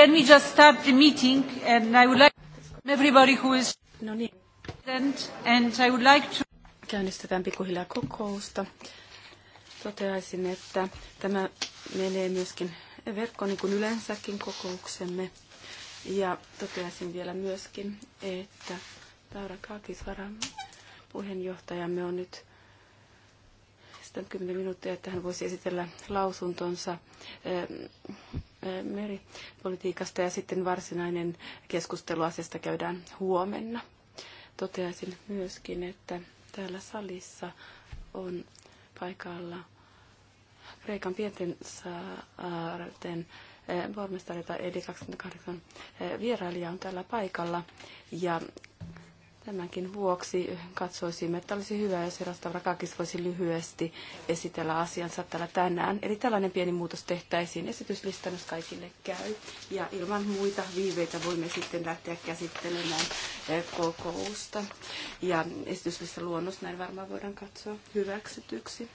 Let me just start the meeting? And I would like everybody who is no niin. present, and I would like to... Käynnistetään pikkuhiljaa kokousta. Toteaisin, että tämä menee myöskin verkkoon niin kuin yleensäkin kokouksemme. Ja toteaisin vielä myöskin, että Laura Kaakisvaran puheenjohtajamme, on nyt sitten 10 minuuttia, että hän voisi esitellä lausuntonsa ähm, äh, meripolitiikasta ja sitten varsinainen keskustelu asiasta käydään huomenna. Toteaisin myöskin, että täällä salissa on paikalla Kreikan pienten saarten äh, pormestari eli 28 äh, vierailija on täällä paikalla ja Tämänkin vuoksi katsoisimme, että olisi hyvä, jos Rakakis voisi lyhyesti esitellä asiansa täällä tänään. Eli tällainen pieni muutos tehtäisiin esityslistan, jos kaikille käy. Ja ilman muita viiveitä voimme sitten lähteä käsittelemään eh, kokousta. Ja esityslistan luonnos näin varmaan voidaan katsoa hyväksytyksi.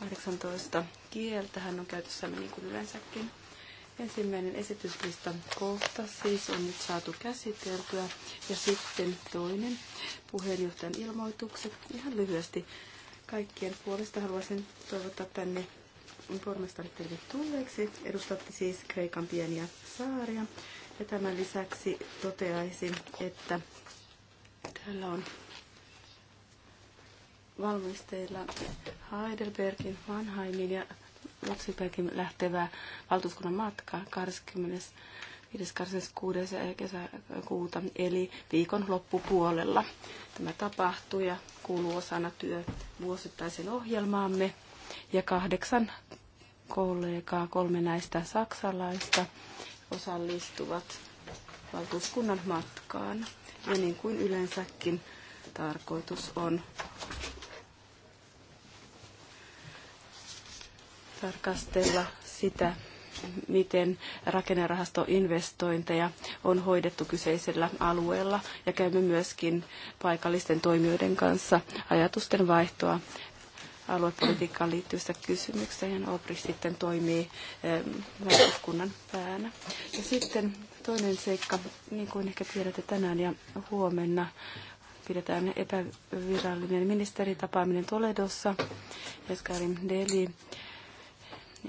18 kieltähän on käytössämme niin kuin yleensäkin. Ensimmäinen esityslistan kohta siis on nyt saatu käsiteltyä. Ja sitten toinen puheenjohtajan ilmoitukset. Ihan lyhyesti kaikkien puolesta haluaisin toivottaa tänne pormestari tervetulleeksi. Edustatte siis Kreikan pieniä saaria. Ja tämän lisäksi toteaisin, että täällä on valmisteilla Heidelbergin, Mannheimin ja Lutsipäkin lähtevä valtuuskunnan matka 20. kesäkuuta, eli viikon loppupuolella. Tämä tapahtuu ja kuuluu osana työ vuosittaisen ohjelmaamme. Ja kahdeksan kollegaa, kolme näistä saksalaista, osallistuvat valtuuskunnan matkaan. Ja niin kuin yleensäkin tarkoitus on tarkastella sitä, miten rakennerahastoinvestointeja on hoidettu kyseisellä alueella ja käymme myöskin paikallisten toimijoiden kanssa ajatusten vaihtoa aluepolitiikkaan liittyvistä kysymyksistä ja OPRI sitten toimii valtuuskunnan päänä. Ja sitten toinen seikka, niin kuin ehkä tiedätte tänään ja huomenna, pidetään epävirallinen ministeritapaaminen Toledossa. Eskarin Deli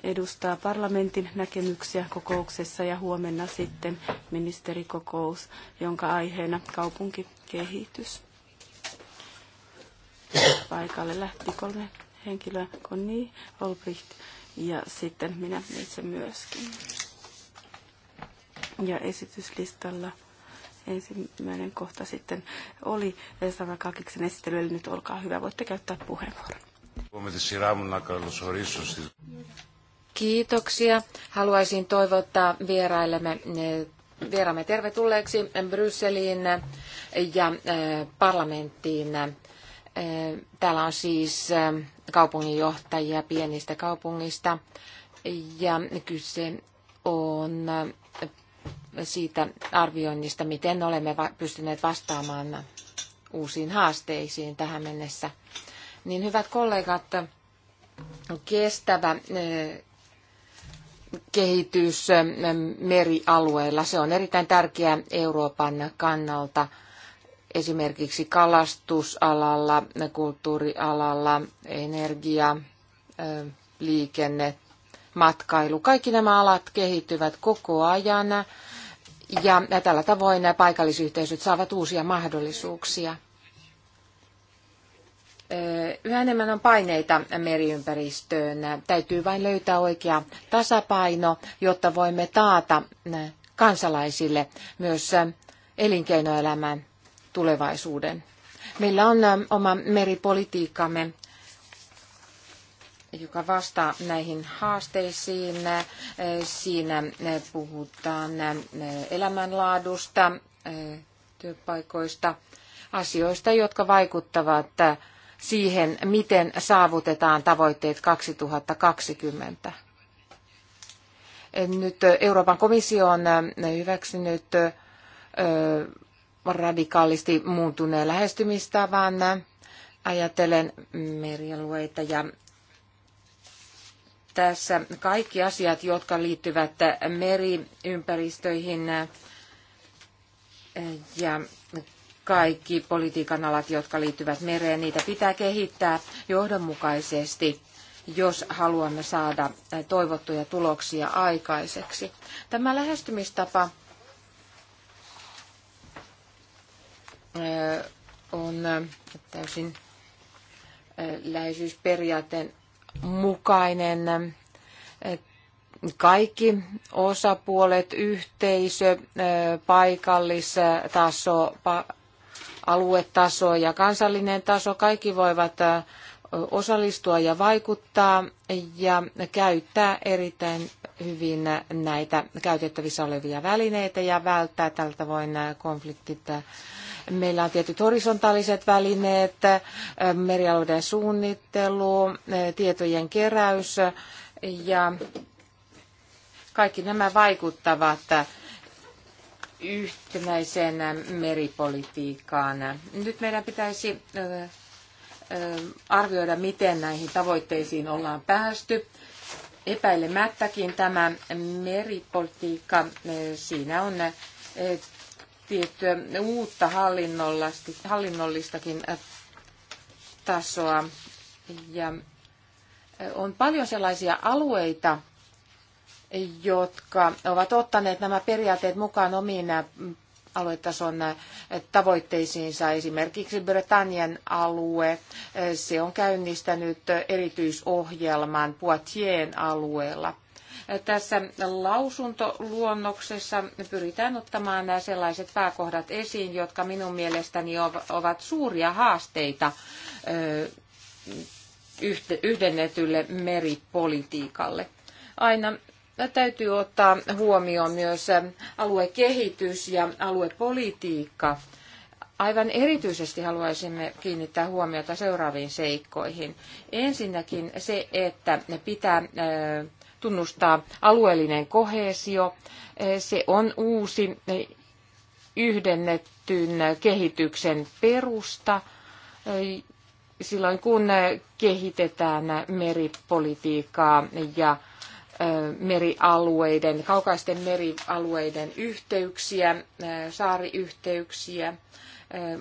edustaa parlamentin näkemyksiä kokouksessa ja huomenna sitten ministerikokous, jonka aiheena kaupunkikehitys. Paikalle lähti kolme henkilöä, Conny Olbricht ja sitten minä itse myöskin. Ja esityslistalla ensimmäinen kohta sitten oli Sara Kakiksen esittely, eli nyt olkaa hyvä, voitte käyttää puheenvuoron. Voimme siraamun Kiitoksia. Haluaisin toivottaa vieraillemme vieraamme tervetulleeksi Brysseliin ja e, parlamenttiin. E, täällä on siis e, kaupunginjohtajia pienistä kaupungista ja kyse on siitä arvioinnista, miten olemme pystyneet vastaamaan uusiin haasteisiin tähän mennessä. Niin hyvät kollegat, kestävä kehitys ähm, merialueilla. Se on erittäin tärkeää Euroopan kannalta esimerkiksi kalastusalalla, kulttuurialalla, energia, ähm, liikenne, matkailu. Kaikki nämä alat kehittyvät koko ajan ja tällä tavoin paikallisyhteisöt saavat uusia mahdollisuuksia. Yhä enemmän on paineita meriympäristöön. Täytyy vain löytää oikea tasapaino, jotta voimme taata kansalaisille myös elinkeinoelämän tulevaisuuden. Meillä on oma meripolitiikkamme, joka vastaa näihin haasteisiin. Siinä puhutaan elämänlaadusta, työpaikoista, asioista, jotka vaikuttavat siihen, miten saavutetaan tavoitteet 2020. Nyt Euroopan komissio on hyväksynyt radikaalisti muuntuneen lähestymistavan. Ajatellen merialueita ja tässä kaikki asiat, jotka liittyvät meriympäristöihin ja kaikki politiikan alat, jotka liittyvät mereen, niitä pitää kehittää johdonmukaisesti, jos haluamme saada toivottuja tuloksia aikaiseksi. Tämä lähestymistapa on täysin läheisyysperiaatteen mukainen. Kaikki osapuolet, yhteisö, paikallistaso, aluetaso ja kansallinen taso, kaikki voivat osallistua ja vaikuttaa ja käyttää erittäin hyvin näitä käytettävissä olevia välineitä ja välttää tällä tavoin nämä konfliktit. Meillä on tietyt horisontaaliset välineet, merialueiden suunnittelu, tietojen keräys ja kaikki nämä vaikuttavat yhtenäiseen meripolitiikkaan. Nyt meidän pitäisi arvioida, miten näihin tavoitteisiin ollaan päästy. Epäilemättäkin tämä meripolitiikka, siinä on tiettyä uutta hallinnollistakin tasoa. Ja on paljon sellaisia alueita, jotka ovat ottaneet nämä periaatteet mukaan omiin äh, aluetason äh, tavoitteisiinsa. Esimerkiksi Britannian alue, äh, se on käynnistänyt erityisohjelman Poitien alueella. Tässä lausuntoluonnoksessa pyritään ottamaan nämä sellaiset pääkohdat esiin, jotka minun mielestäni ovat suuria haasteita yhdennetylle meripolitiikalle. Aina täytyy ottaa huomioon myös eh, aluekehitys ja aluepolitiikka. Aivan erityisesti haluaisimme kiinnittää huomiota seuraaviin seikkoihin. Ensinnäkin se, että pitää eh, tunnustaa alueellinen kohesio. Eh, se on uusi yhdennettyn kehityksen perusta silloin, kun kehitetään meripolitiikkaa ja merialueiden, kaukaisten merialueiden yhteyksiä, saariyhteyksiä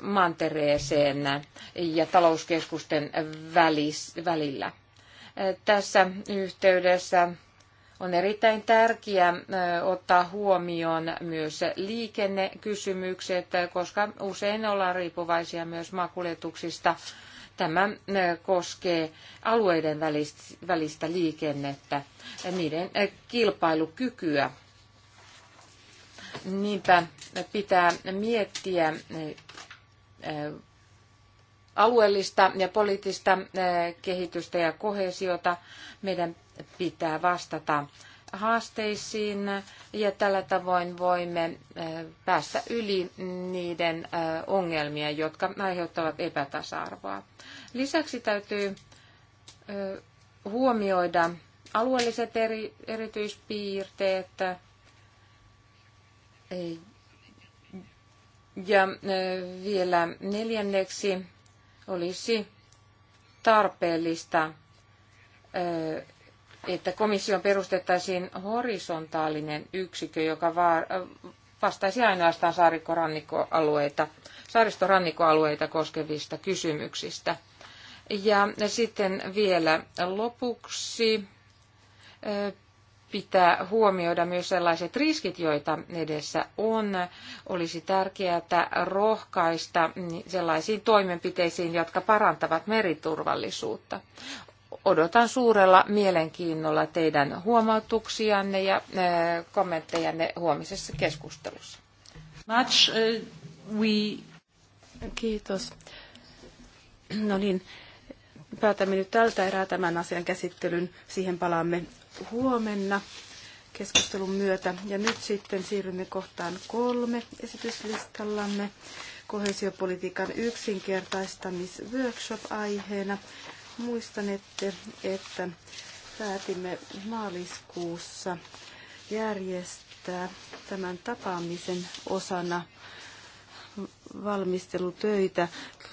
mantereeseen ja talouskeskusten välillä. Tässä yhteydessä on erittäin tärkeää ottaa huomioon myös liikennekysymykset, koska usein ollaan riippuvaisia myös maakuljetuksista Tämä koskee alueiden välistä liikennettä, niiden kilpailukykyä. Niinpä pitää miettiä alueellista ja poliittista kehitystä ja kohesiota. Meidän pitää vastata haasteisiin ja tällä tavoin voimme päästä yli niiden ongelmia, jotka aiheuttavat epätasa-arvoa. Lisäksi täytyy huomioida alueelliset eri, erityispiirteet ja vielä neljänneksi olisi tarpeellista että komission perustettaisiin horisontaalinen yksikö, joka vastaisi ainoastaan saarikkorannikkoalueita, saaristorannikkoalueita koskevista kysymyksistä. Ja sitten vielä lopuksi pitää huomioida myös sellaiset riskit, joita edessä on. Olisi tärkeää rohkaista sellaisiin toimenpiteisiin, jotka parantavat meriturvallisuutta odotan suurella mielenkiinnolla teidän huomautuksianne ja äh, kommenttejanne huomisessa keskustelussa. Much, äh, we... Kiitos. No niin, päätämme nyt tältä erää tämän asian käsittelyn. Siihen palaamme huomenna keskustelun myötä. Ja nyt sitten siirrymme kohtaan kolme esityslistallamme kohesiopolitiikan yksinkertaistamisworkshop aiheena Muistanette, että päätimme maaliskuussa järjestää tämän tapaamisen osana valmistelutöitä,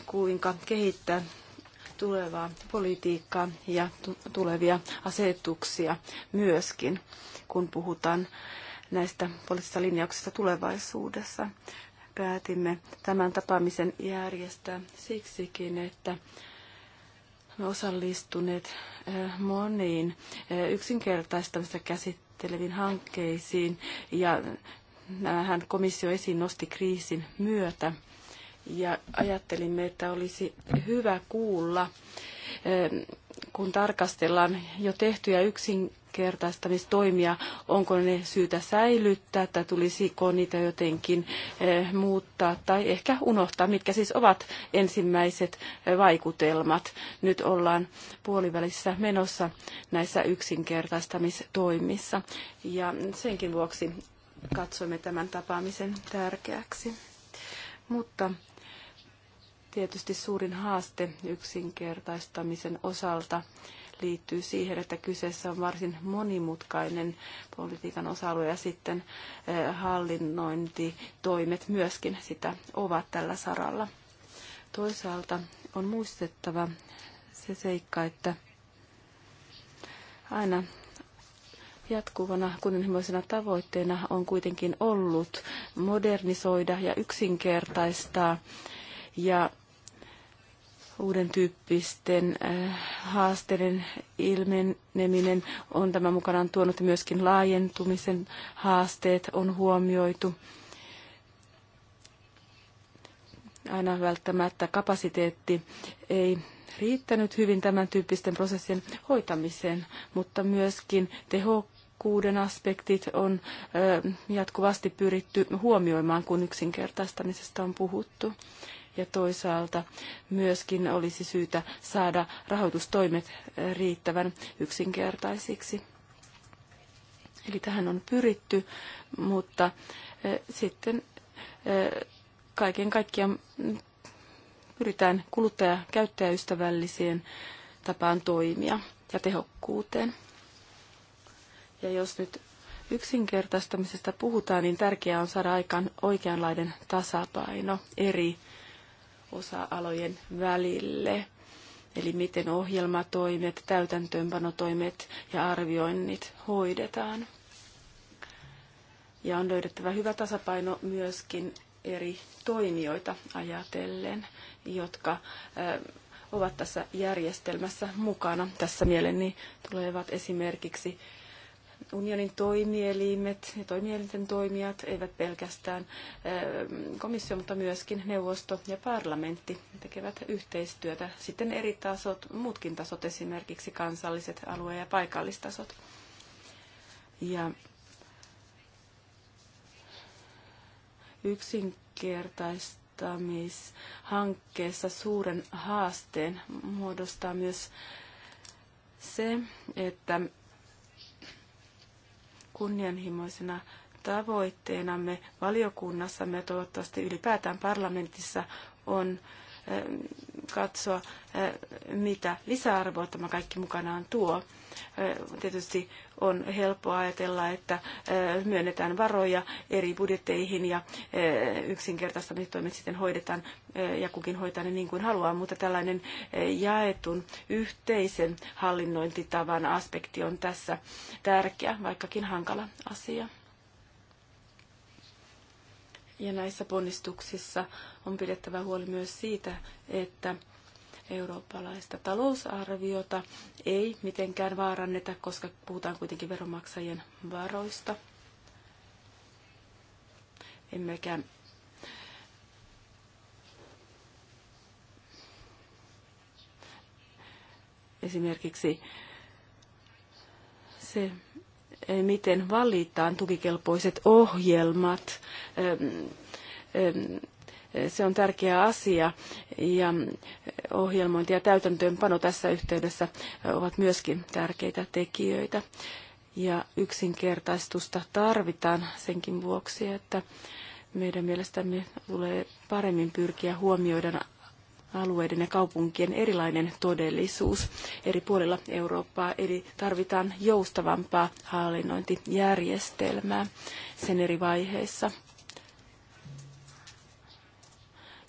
kuinka kehittää tulevaa politiikkaa ja tulevia asetuksia myöskin, kun puhutaan näistä poliittisista linjauksista tulevaisuudessa. Päätimme tämän tapaamisen järjestää siksikin, että osallistuneet eh, moniin eh, yksinkertaistamista käsitteleviin hankkeisiin ja nämähän komissio esiin nosti kriisin myötä. Ja ajattelimme, että olisi hyvä kuulla, eh, kun tarkastellaan jo tehtyjä yksin yksinkertaistamistoimia, onko ne syytä säilyttää tai tulisiko niitä jotenkin eh, muuttaa tai ehkä unohtaa, mitkä siis ovat ensimmäiset eh, vaikutelmat. Nyt ollaan puolivälissä menossa näissä yksinkertaistamistoimissa ja senkin vuoksi katsoimme tämän tapaamisen tärkeäksi. Mutta tietysti suurin haaste yksinkertaistamisen osalta liittyy siihen, että kyseessä on varsin monimutkainen politiikan osa-alue ja sitten eh, hallinnointitoimet myöskin sitä ovat tällä saralla. Toisaalta on muistettava se seikka, että aina jatkuvana kunnianhimoisena tavoitteena on kuitenkin ollut modernisoida ja yksinkertaistaa ja uuden tyyppisten äh, haasteiden ilmeneminen on tämä mukanaan tuonut ja myöskin laajentumisen haasteet on huomioitu. Aina välttämättä kapasiteetti ei riittänyt hyvin tämän tyyppisten prosessien hoitamiseen, mutta myöskin tehokkuuden aspektit on äh, jatkuvasti pyritty huomioimaan, kun yksinkertaistamisesta on puhuttu ja toisaalta myöskin olisi syytä saada rahoitustoimet riittävän yksinkertaisiksi. Eli tähän on pyritty, mutta e, sitten e, kaiken kaikkiaan pyritään kuluttaja- käyttäjäystävälliseen tapaan toimia ja tehokkuuteen. Ja jos nyt yksinkertaistamisesta puhutaan, niin tärkeää on saada aikaan oikeanlainen tasapaino eri osa-alojen välille. Eli miten ohjelmatoimet, täytäntöönpanotoimet ja arvioinnit hoidetaan. Ja on löydettävä hyvä tasapaino myöskin eri toimijoita ajatellen, jotka ovat tässä järjestelmässä mukana. Tässä mieleni tulevat esimerkiksi unionin toimielimet ja toimielinten toimijat, eivät pelkästään eh, komissio, mutta myöskin neuvosto ja parlamentti tekevät yhteistyötä. Sitten eri tasot, muutkin tasot, esimerkiksi kansalliset alue- ja paikallistasot. Ja yksinkertaistamishankkeessa suuren haasteen muodostaa myös se, että kunnianhimoisena tavoitteenamme valiokunnassamme ja toivottavasti ylipäätään parlamentissa on eh, katsoa, eh, mitä lisäarvoa tämä kaikki mukanaan tuo. Tietysti on helppo ajatella, että myönnetään varoja eri budjetteihin ja yksinkertaistamistoimet sitten hoidetaan ja kukin hoitaa ne niin kuin haluaa, mutta tällainen jaetun yhteisen hallinnointitavan aspekti on tässä tärkeä, vaikkakin hankala asia. Ja näissä ponnistuksissa on pidettävä huoli myös siitä, että eurooppalaista talousarviota ei mitenkään vaaranneta, koska puhutaan kuitenkin veronmaksajien varoista. Emmekä esimerkiksi se, miten valitaan tukikelpoiset ohjelmat, se on tärkeä asia ja ohjelmointi ja täytäntöönpano tässä yhteydessä ovat myöskin tärkeitä tekijöitä. Ja yksinkertaistusta tarvitaan senkin vuoksi, että meidän mielestämme tulee paremmin pyrkiä huomioida alueiden ja kaupunkien erilainen todellisuus eri puolilla Eurooppaa, eli tarvitaan joustavampaa hallinnointijärjestelmää sen eri vaiheissa.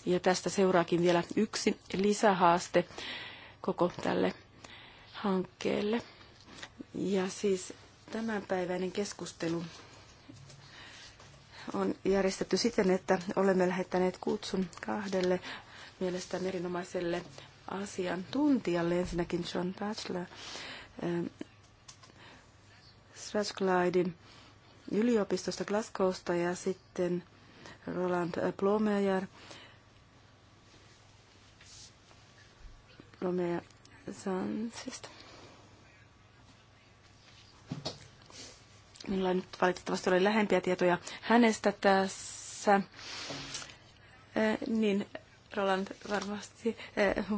Ja tästä seuraakin vielä yksi lisähaaste koko tälle hankkeelle. Ja siis tämänpäiväinen keskustelu on järjestetty siten, että olemme lähettäneet kutsun kahdelle mielestäni erinomaiselle asiantuntijalle, ensinnäkin John Batchelor, ähm, Strathclyden yliopistosta Glasgowsta ja sitten Roland Blomeyer sen sist. Minulla nyt valitettavasti ole lähempiä tietoja hänestä tässä. Niin Roland, varmasti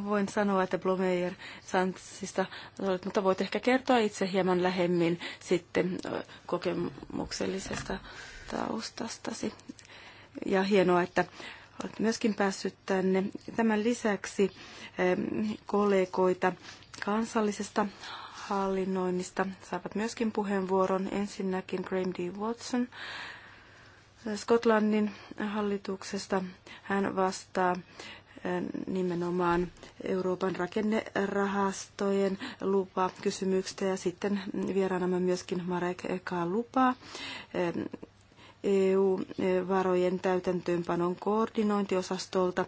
voin sanoa, että Blomeyer Santsista olet, mutta voit ehkä kertoa itse hieman lähemmin sitten kokemuksellisesta taustastasi. Ja hienoa, että Olet myöskin päässyt tänne. Tämän lisäksi kollegoita kansallisesta hallinnoinnista saavat myöskin puheenvuoron. Ensinnäkin Graham D. Watson eh, Skotlannin hallituksesta. Hän vastaa nimenomaan Euroopan rakennerahastojen lupakysymyksistä ja sitten vieraanamme myöskin Marek K. Lupa EU-varojen täytäntöönpanon koordinointiosastolta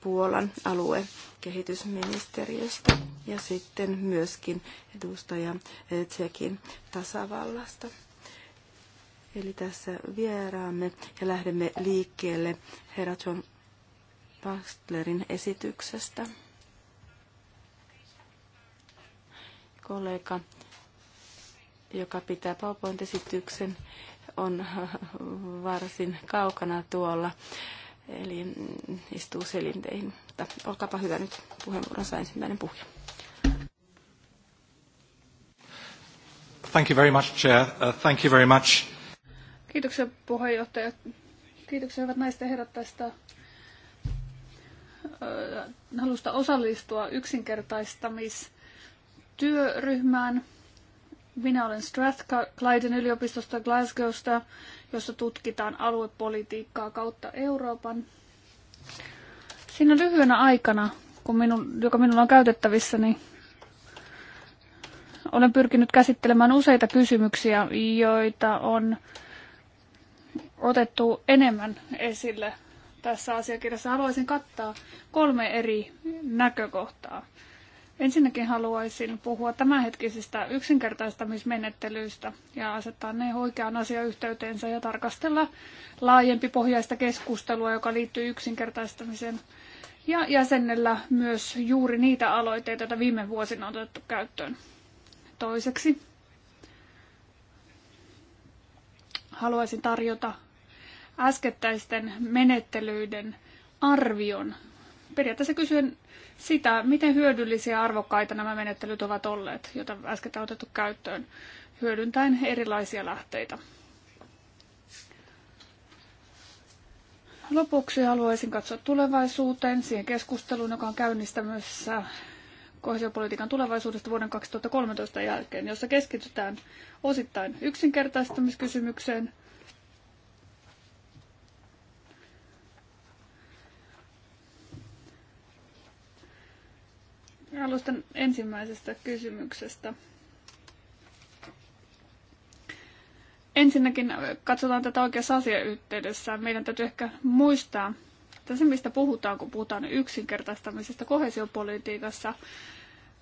Puolan aluekehitysministeriöstä ja sitten myöskin edustaja Tsekin tasavallasta. Eli tässä vieraamme ja lähdemme liikkeelle herra John Bastlerin esityksestä. Kollega, joka pitää PowerPoint-esityksen, on varsin kaukana tuolla, eli istuu selinteihin. Mutta olkaapa hyvä nyt puheenvuoronsa ensimmäinen puhuja. Thank you very much, Chair. Uh, thank you very much. Kiitoksia puheenjohtaja. Kiitoksia hyvät naisten herrat tästä äh, halusta osallistua yksinkertaistamistyöryhmään. Minä olen Strathclyden yliopistosta Glasgowsta, jossa tutkitaan aluepolitiikkaa kautta Euroopan. Siinä lyhyenä aikana, kun minun, joka minulla on käytettävissä, niin olen pyrkinyt käsittelemään useita kysymyksiä, joita on otettu enemmän esille tässä asiakirjassa. Haluaisin kattaa kolme eri näkökohtaa. Ensinnäkin haluaisin puhua tämänhetkisistä yksinkertaistamismenettelyistä ja asettaa ne oikeaan asiayhteyteensä ja tarkastella laajempi pohjaista keskustelua, joka liittyy yksinkertaistamiseen ja jäsennellä myös juuri niitä aloitteita, joita viime vuosina on otettu käyttöön. Toiseksi haluaisin tarjota äskettäisten menettelyiden arvion. Periaatteessa kysyn sitä, miten hyödyllisiä ja arvokkaita nämä menettelyt ovat olleet, joita äsken on otettu käyttöön, hyödyntäen erilaisia lähteitä. Lopuksi haluaisin katsoa tulevaisuuteen, siihen keskusteluun, joka on myös kohesiopolitiikan tulevaisuudesta vuoden 2013 jälkeen, jossa keskitytään osittain yksinkertaistamiskysymykseen, Alustan ensimmäisestä kysymyksestä. Ensinnäkin katsotaan tätä oikeassa asiayhteydessä. Meidän täytyy ehkä muistaa, että se mistä puhutaan, kun puhutaan yksinkertaistamisesta kohesiopolitiikassa,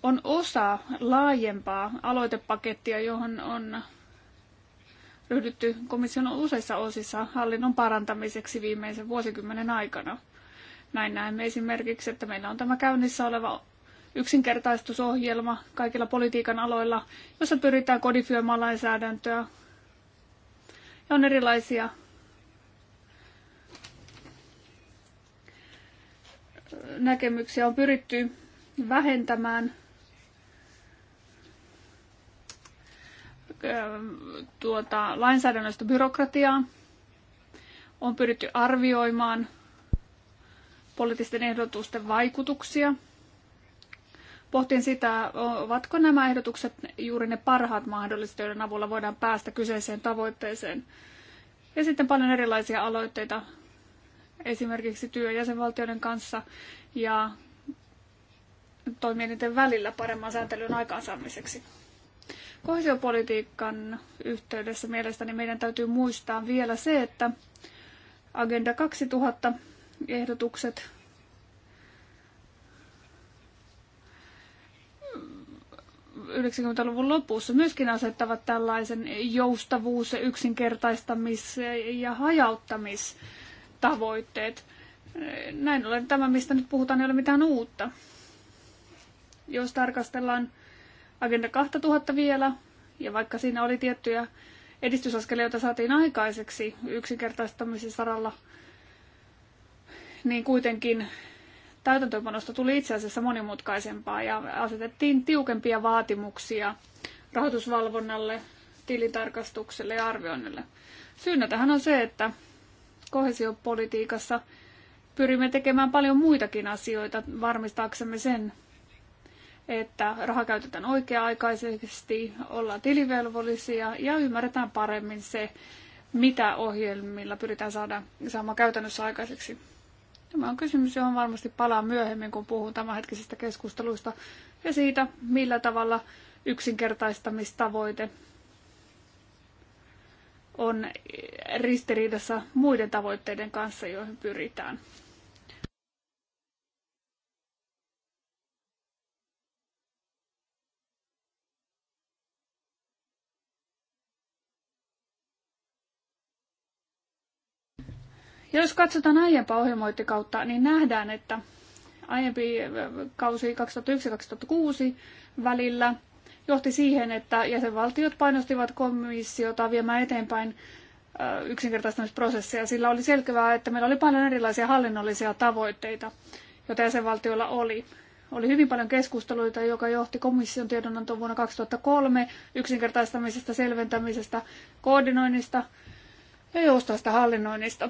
on osa laajempaa aloitepakettia, johon on ryhdytty komission useissa osissa hallinnon parantamiseksi viimeisen vuosikymmenen aikana. Näin näemme esimerkiksi, että meillä on tämä käynnissä oleva yksinkertaistusohjelma kaikilla politiikan aloilla, jossa pyritään kodifioimaan lainsäädäntöä. Ja on erilaisia näkemyksiä on pyritty vähentämään tuota, lainsäädännöstä byrokratiaa. On pyritty arvioimaan poliittisten ehdotusten vaikutuksia – Pohtin sitä, ovatko nämä ehdotukset juuri ne parhaat mahdolliset, joiden avulla voidaan päästä kyseiseen tavoitteeseen. Ja sitten paljon erilaisia aloitteita, esimerkiksi työjäsenvaltioiden kanssa ja toimijoiden välillä paremman sääntelyn aikaansaamiseksi. Kohesiopolitiikan yhteydessä mielestäni meidän täytyy muistaa vielä se, että Agenda 2000 ehdotukset 90-luvun lopussa myöskin asettavat tällaisen joustavuus- ja yksinkertaistamis- ja hajauttamistavoitteet. Näin ollen tämä, mistä nyt puhutaan, ei ole mitään uutta. Jos tarkastellaan Agenda 2000 vielä, ja vaikka siinä oli tiettyjä edistysaskeleita, joita saatiin aikaiseksi yksinkertaistamisen saralla, niin kuitenkin täytäntöönpanosta tuli itse asiassa monimutkaisempaa ja asetettiin tiukempia vaatimuksia rahoitusvalvonnalle, tilitarkastukselle ja arvioinnille. Syynä tähän on se, että kohesiopolitiikassa pyrimme tekemään paljon muitakin asioita varmistaaksemme sen, että raha käytetään oikea-aikaisesti, ollaan tilivelvollisia ja ymmärretään paremmin se, mitä ohjelmilla pyritään saada saamaan käytännössä aikaiseksi. Tämä on kysymys, johon varmasti palaan myöhemmin, kun puhun tämänhetkisistä keskusteluista ja siitä, millä tavalla yksinkertaistamistavoite on ristiriidassa muiden tavoitteiden kanssa, joihin pyritään. Ja jos katsotaan aiempaa ohjelmointikautta, niin nähdään, että aiempi äh, kausi 2001-2006 välillä johti siihen, että jäsenvaltiot painostivat komissiota viemään eteenpäin äh, yksinkertaistamisprosessia. Sillä oli selkeää, että meillä oli paljon erilaisia hallinnollisia tavoitteita, joita jäsenvaltioilla oli. Oli hyvin paljon keskusteluita, joka johti komission tiedonantoon vuonna 2003 yksinkertaistamisesta, selventämisestä, koordinoinnista ja joustavasta hallinnoinnista.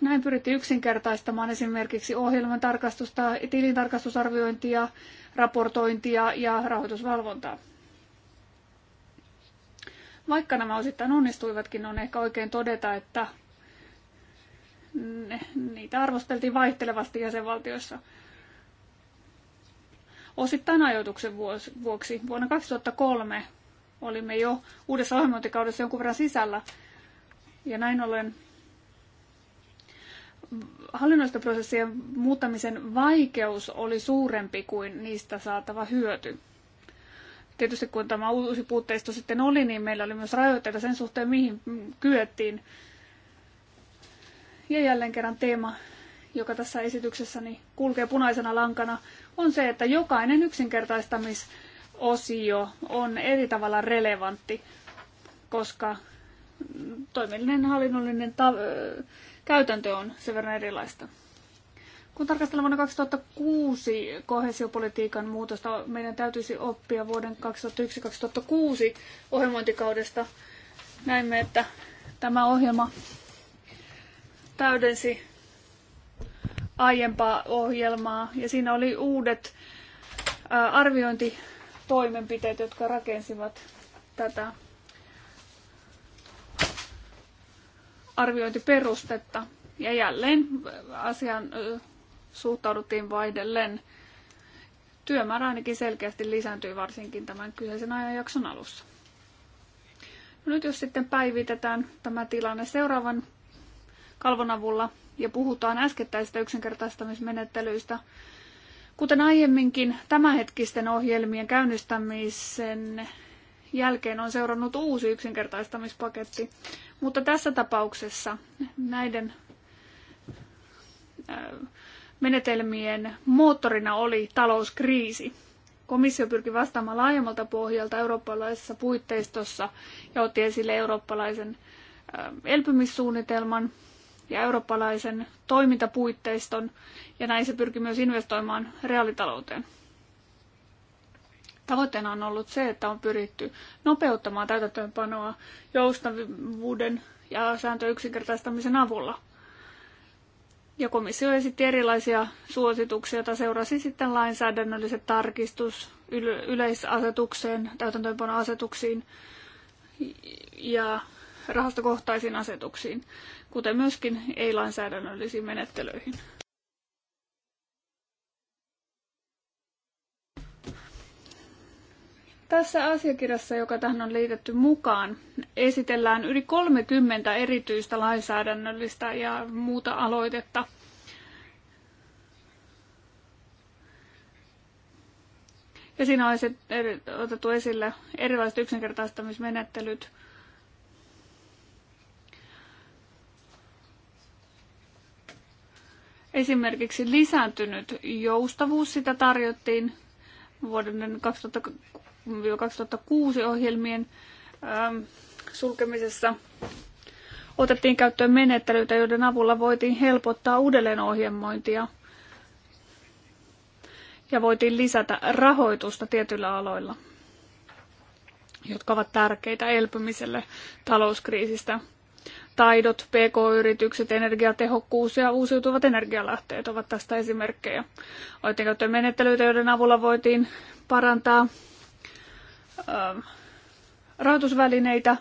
Näin pyrittiin yksinkertaistamaan esimerkiksi ohjelman tarkastusta, tilintarkastusarviointia, raportointia ja rahoitusvalvontaa. Vaikka nämä osittain onnistuivatkin, on ehkä oikein todeta, että niitä arvosteltiin vaihtelevasti jäsenvaltioissa. Osittain ajoituksen vuoksi vuonna 2003 olimme jo uudessa ohjelmointikaudessa jonkun verran sisällä, ja näin ollen hallinnollisten prosessien muuttamisen vaikeus oli suurempi kuin niistä saatava hyöty. Tietysti kun tämä uusi puutteisto sitten oli, niin meillä oli myös rajoitteita sen suhteen, mihin kyettiin. Ja jälleen kerran teema, joka tässä esityksessäni kulkee punaisena lankana, on se, että jokainen yksinkertaistamisosio on eri tavalla relevantti, koska toimillinen hallinnollinen ta- käytäntö on sen verran erilaista. Kun tarkastellaan vuonna 2006 kohesiopolitiikan muutosta, meidän täytyisi oppia vuoden 2001-2006 ohjelmointikaudesta. Näimme, että tämä ohjelma täydensi aiempaa ohjelmaa ja siinä oli uudet arviointitoimenpiteet, jotka rakensivat tätä arviointiperustetta. Ja jälleen asian suhtauduttiin vaihdellen. Työmäärä ainakin selkeästi lisääntyi varsinkin tämän kyseisen ajanjakson alussa. No nyt jos sitten päivitetään tämä tilanne seuraavan kalvon avulla ja puhutaan äskettäisistä yksinkertaistamismenettelyistä, kuten aiemminkin tämänhetkisten ohjelmien käynnistämisen jälkeen on seurannut uusi yksinkertaistamispaketti. Mutta tässä tapauksessa näiden äh, menetelmien moottorina oli talouskriisi. Komissio pyrki vastaamaan laajemmalta pohjalta eurooppalaisessa puitteistossa ja otti esille eurooppalaisen äh, elpymissuunnitelman ja eurooppalaisen toimintapuitteiston, ja näin se pyrki myös investoimaan reaalitalouteen. Tavoitteena on ollut se, että on pyritty nopeuttamaan täytäntöönpanoa joustavuuden ja sääntöyksinkertaistamisen avulla. Ja komissio esitti erilaisia suosituksia, joita seurasi sitten lainsäädännölliset tarkistus yleisasetukseen, täytäntöönpanoasetuksiin ja rahastokohtaisiin asetuksiin, kuten myöskin ei-lainsäädännöllisiin menettelyihin. Tässä asiakirjassa, joka tähän on liitetty mukaan, esitellään yli 30 erityistä lainsäädännöllistä ja muuta aloitetta. Ja siinä on otettu esille erilaiset yksinkertaistamismenettelyt, Esimerkiksi lisääntynyt joustavuus, sitä tarjottiin vuoden 2000 ohjelmien ähm, sulkemisessa otettiin käyttöön menettelyitä, joiden avulla voitiin helpottaa uudelleenohjelmointia ja voitiin lisätä rahoitusta tietyillä aloilla, jotka ovat tärkeitä elpymiselle talouskriisistä. Taidot, pk-yritykset, energiatehokkuus ja uusiutuvat energialähteet ovat tästä esimerkkejä. Oitin käyttöön menettelyitä, joiden avulla voitiin parantaa Ähm, rahoitusvälineitä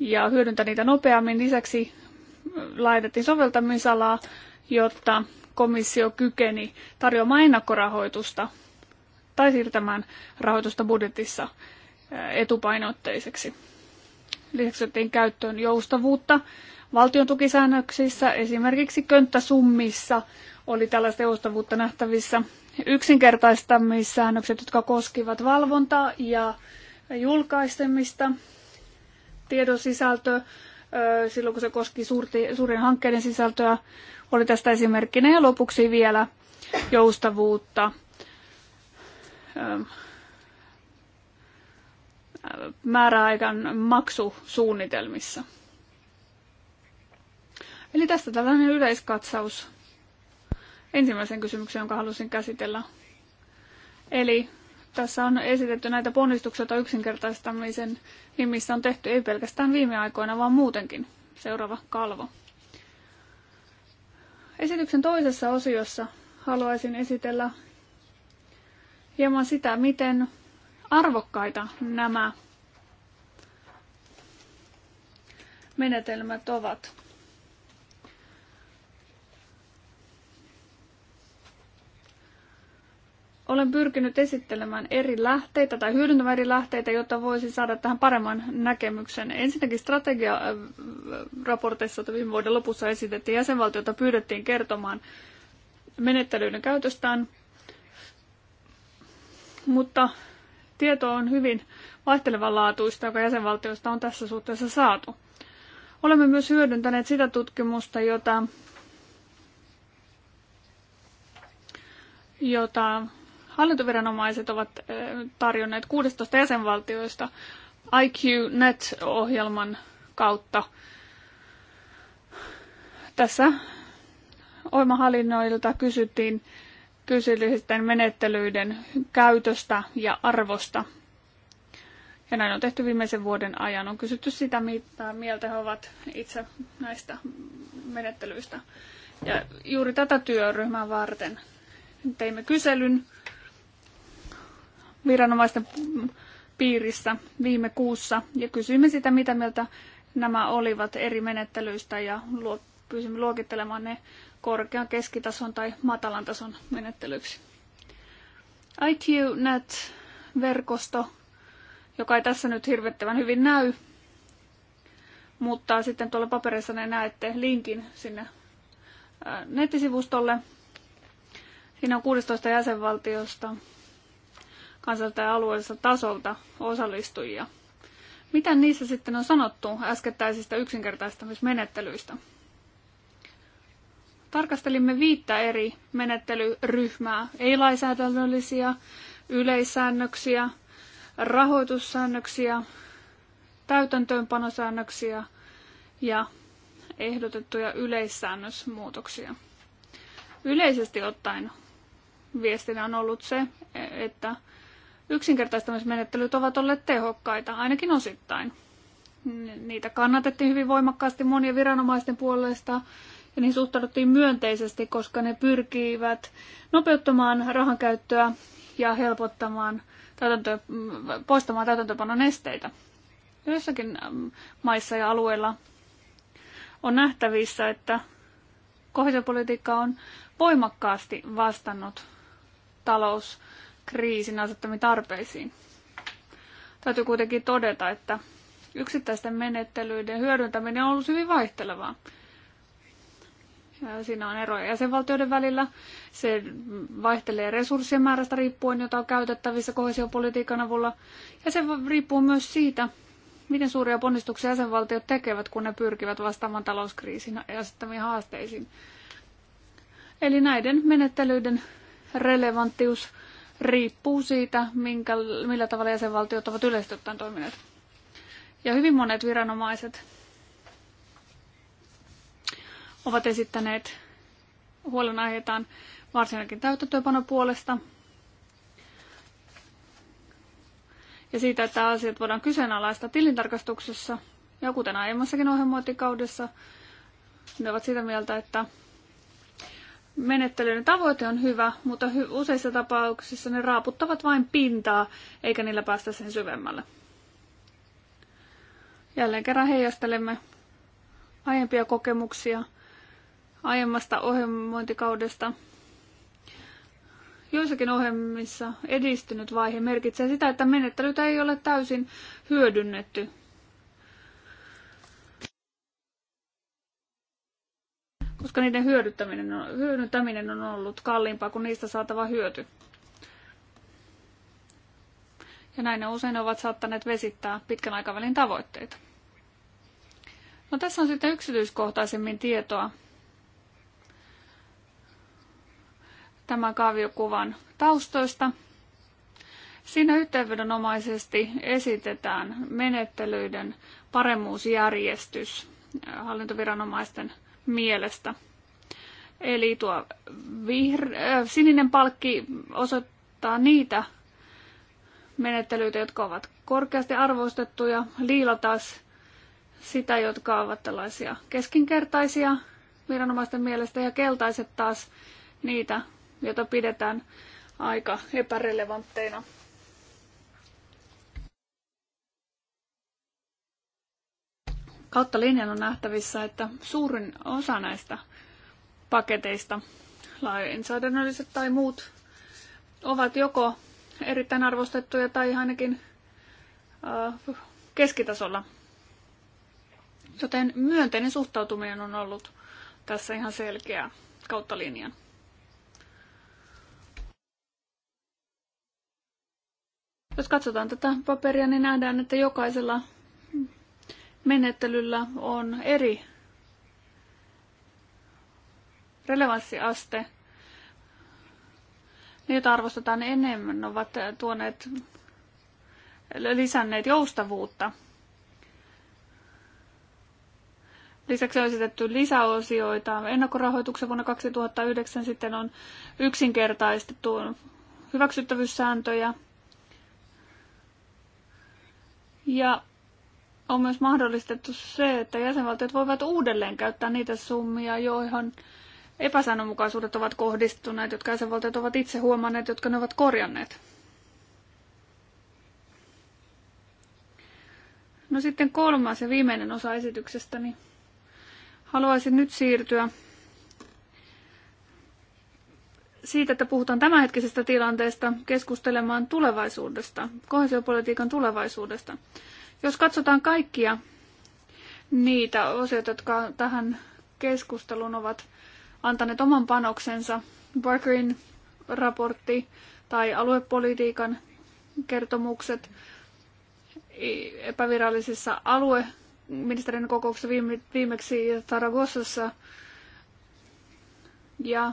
ja hyödyntää niitä nopeammin. Lisäksi laitettiin soveltamisalaa, jotta komissio kykeni tarjoamaan ennakkorahoitusta tai siirtämään rahoitusta budjetissa äh, etupainotteiseksi. Lisäksi otettiin käyttöön joustavuutta valtion tukisäännöksissä, esimerkiksi könttäsummissa oli tällaista joustavuutta nähtävissä – yksinkertaistamissäännökset, jotka koskivat valvontaa ja julkaisemista, tiedon sisältö, silloin kun se koski suurti, suurien hankkeiden sisältöä, oli tästä esimerkkinä. Ja lopuksi vielä joustavuutta määräaikan maksusuunnitelmissa. Eli tästä tällainen yleiskatsaus ensimmäisen kysymyksen, jonka halusin käsitellä. Eli tässä on esitetty näitä ponnistuksia yksinkertaistamisen nimissä on tehty ei pelkästään viime aikoina, vaan muutenkin. Seuraava kalvo. Esityksen toisessa osiossa haluaisin esitellä hieman sitä, miten arvokkaita nämä menetelmät ovat. Olen pyrkinyt esittelemään eri lähteitä tai hyödyntämään eri lähteitä, jotta voisi saada tähän paremman näkemyksen. Ensinnäkin strategiaraporteissa, äh, jota viime vuoden lopussa esitettiin, jäsenvaltiota pyydettiin kertomaan menettelyiden käytöstään, mutta tieto on hyvin laatuista, joka jäsenvaltioista on tässä suhteessa saatu. Olemme myös hyödyntäneet sitä tutkimusta, jota, jota Hallintoviranomaiset ovat tarjonneet 16 jäsenvaltioista IQ-net-ohjelman kautta tässä oimahallinnoilta kysyttiin kysymysten menettelyiden käytöstä ja arvosta. Ja näin on tehty viimeisen vuoden ajan. On kysytty sitä, mitä mieltä he ovat itse näistä menettelyistä. Ja juuri tätä työryhmää varten teimme kyselyn viranomaisten piirissä viime kuussa ja kysyimme sitä, mitä mieltä nämä olivat eri menettelyistä ja luo, pyysimme luokittelemaan ne korkean keskitason tai matalan tason menettelyksi. itunet verkosto joka ei tässä nyt hirvettävän hyvin näy, mutta sitten tuolla paperissa ne näette linkin sinne äh, nettisivustolle. Siinä on 16 jäsenvaltiosta kansalta ja alueelliselta tasolta osallistujia. Mitä niissä sitten on sanottu äskettäisistä yksinkertaistamismenettelyistä? Tarkastelimme viittä eri menettelyryhmää, ei-lainsäädännöllisiä, yleissäännöksiä, rahoitussäännöksiä, täytäntöönpanosäännöksiä ja ehdotettuja yleissäännösmuutoksia. Yleisesti ottaen viestinä on ollut se, että yksinkertaistamismenettelyt ovat olleet tehokkaita, ainakin osittain. Niitä kannatettiin hyvin voimakkaasti monien viranomaisten puolesta ja niihin suhtauduttiin myönteisesti, koska ne pyrkivät nopeuttamaan rahankäyttöä ja helpottamaan täytäntö, poistamaan täytäntöpanon esteitä. Joissakin maissa ja alueilla on nähtävissä, että kohesiopolitiikka on voimakkaasti vastannut talous- kriisin asettamiin tarpeisiin. Täytyy kuitenkin todeta, että yksittäisten menettelyiden hyödyntäminen on ollut hyvin vaihtelevaa. Ja siinä on eroja jäsenvaltioiden välillä. Se vaihtelee resurssien määrästä riippuen, jota on käytettävissä kohesiopolitiikan avulla. Ja se riippuu myös siitä, miten suuria ponnistuksia jäsenvaltiot tekevät, kun ne pyrkivät vastaamaan talouskriisin asettamiin haasteisiin. Eli näiden menettelyiden relevanttius riippuu siitä, minkä, millä tavalla jäsenvaltiot ovat yleisesti ottaen toimineet. Ja hyvin monet viranomaiset ovat esittäneet huolenaiheitaan varsinkin täytäntöönpanopuolesta ja siitä, että asiat voidaan kyseenalaista tilintarkastuksessa. Ja kuten aiemmassakin ohjelmointikaudessa, ne ovat sitä mieltä, että menettelyiden tavoite on hyvä, mutta useissa tapauksissa ne raaputtavat vain pintaa, eikä niillä päästä sen syvemmälle. Jälleen kerran heijastelemme aiempia kokemuksia aiemmasta ohjelmointikaudesta. Joissakin ohjelmissa edistynyt vaihe merkitsee sitä, että menettelytä ei ole täysin hyödynnetty koska niiden hyödyttäminen on, hyödyntäminen on ollut kalliimpaa kuin niistä saatava hyöty. Ja näin ne usein ovat saattaneet vesittää pitkän aikavälin tavoitteita. No tässä on sitten yksityiskohtaisemmin tietoa tämän kaaviokuvan taustoista. Siinä yhteenvedonomaisesti esitetään menettelyiden paremmuusjärjestys hallintoviranomaisten mielestä. Eli tuo vihr- äh, sininen palkki osoittaa niitä menettelyitä, jotka ovat korkeasti arvostettuja. Liila taas sitä, jotka ovat tällaisia keskinkertaisia viranomaisten mielestä, ja keltaiset taas niitä, joita pidetään aika epärelevantteina kautta linjan on nähtävissä, että suurin osa näistä paketeista, lainsäädännölliset tai muut, ovat joko erittäin arvostettuja tai ainakin äh, keskitasolla. Joten myönteinen suhtautuminen on ollut tässä ihan selkeä kautta linjan. Jos katsotaan tätä paperia, niin nähdään, että jokaisella menettelyllä on eri relevanssiaste. Ne, joita arvostetaan enemmän, ovat tuoneet, lisänneet joustavuutta. Lisäksi on esitetty lisäosioita ennakkorahoituksen vuonna 2009. Sitten on yksinkertaistettu hyväksyttävyyssääntöjä. Ja on myös mahdollistettu se, että jäsenvaltiot voivat uudelleen käyttää niitä summia, joihin epäsäännönmukaisuudet ovat kohdistuneet, jotka jäsenvaltiot ovat itse huomanneet, jotka ne ovat korjanneet. No sitten kolmas ja viimeinen osa esityksestäni. Niin haluaisin nyt siirtyä siitä, että puhutaan tämänhetkisestä tilanteesta, keskustelemaan tulevaisuudesta, kohesiopolitiikan tulevaisuudesta. Jos katsotaan kaikkia niitä osioita, jotka tähän keskusteluun ovat antaneet oman panoksensa, Barkerin raportti tai aluepolitiikan kertomukset epävirallisissa ministerin kokouksessa viime, viimeksi Taragossassa ja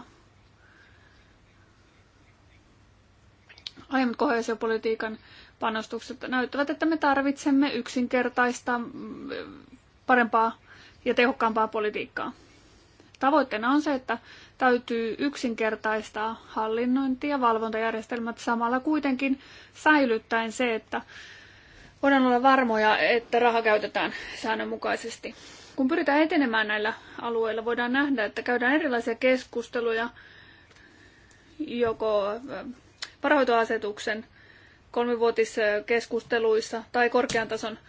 aiemmat kohesiopolitiikan panostukset näyttävät, että me tarvitsemme yksinkertaista, mm, parempaa ja tehokkaampaa politiikkaa. Tavoitteena on se, että täytyy yksinkertaistaa hallinnointi- ja valvontajärjestelmät samalla kuitenkin säilyttäen se, että voidaan olla varmoja, että raha käytetään säännönmukaisesti. Kun pyritään etenemään näillä alueilla, voidaan nähdä, että käydään erilaisia keskusteluja joko varahoitoasetuksen kolmivuotiskeskusteluissa tai korkean tason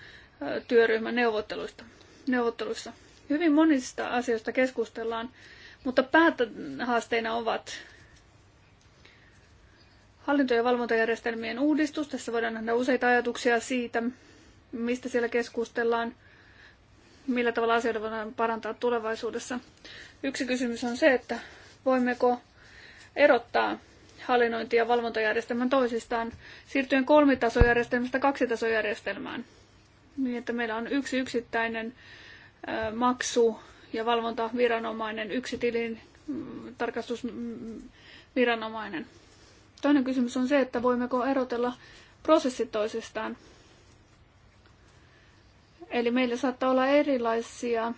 työryhmän neuvotteluista, neuvotteluissa. Hyvin monista asioista keskustellaan, mutta päähaasteina ovat hallinto- ja valvontajärjestelmien uudistus. Tässä voidaan nähdä useita ajatuksia siitä, mistä siellä keskustellaan, millä tavalla asioita voidaan parantaa tulevaisuudessa. Yksi kysymys on se, että voimmeko erottaa hallinnointi- ja valvontajärjestelmän toisistaan siirtyen kolmitasojärjestelmästä kaksitasojärjestelmään. Niin, että meillä on yksi yksittäinen maksu- ja valvontaviranomainen, yksi tilin mm, tarkastusviranomainen. Toinen kysymys on se, että voimmeko erotella prosessit toisistaan. Eli meillä saattaa olla erilaisia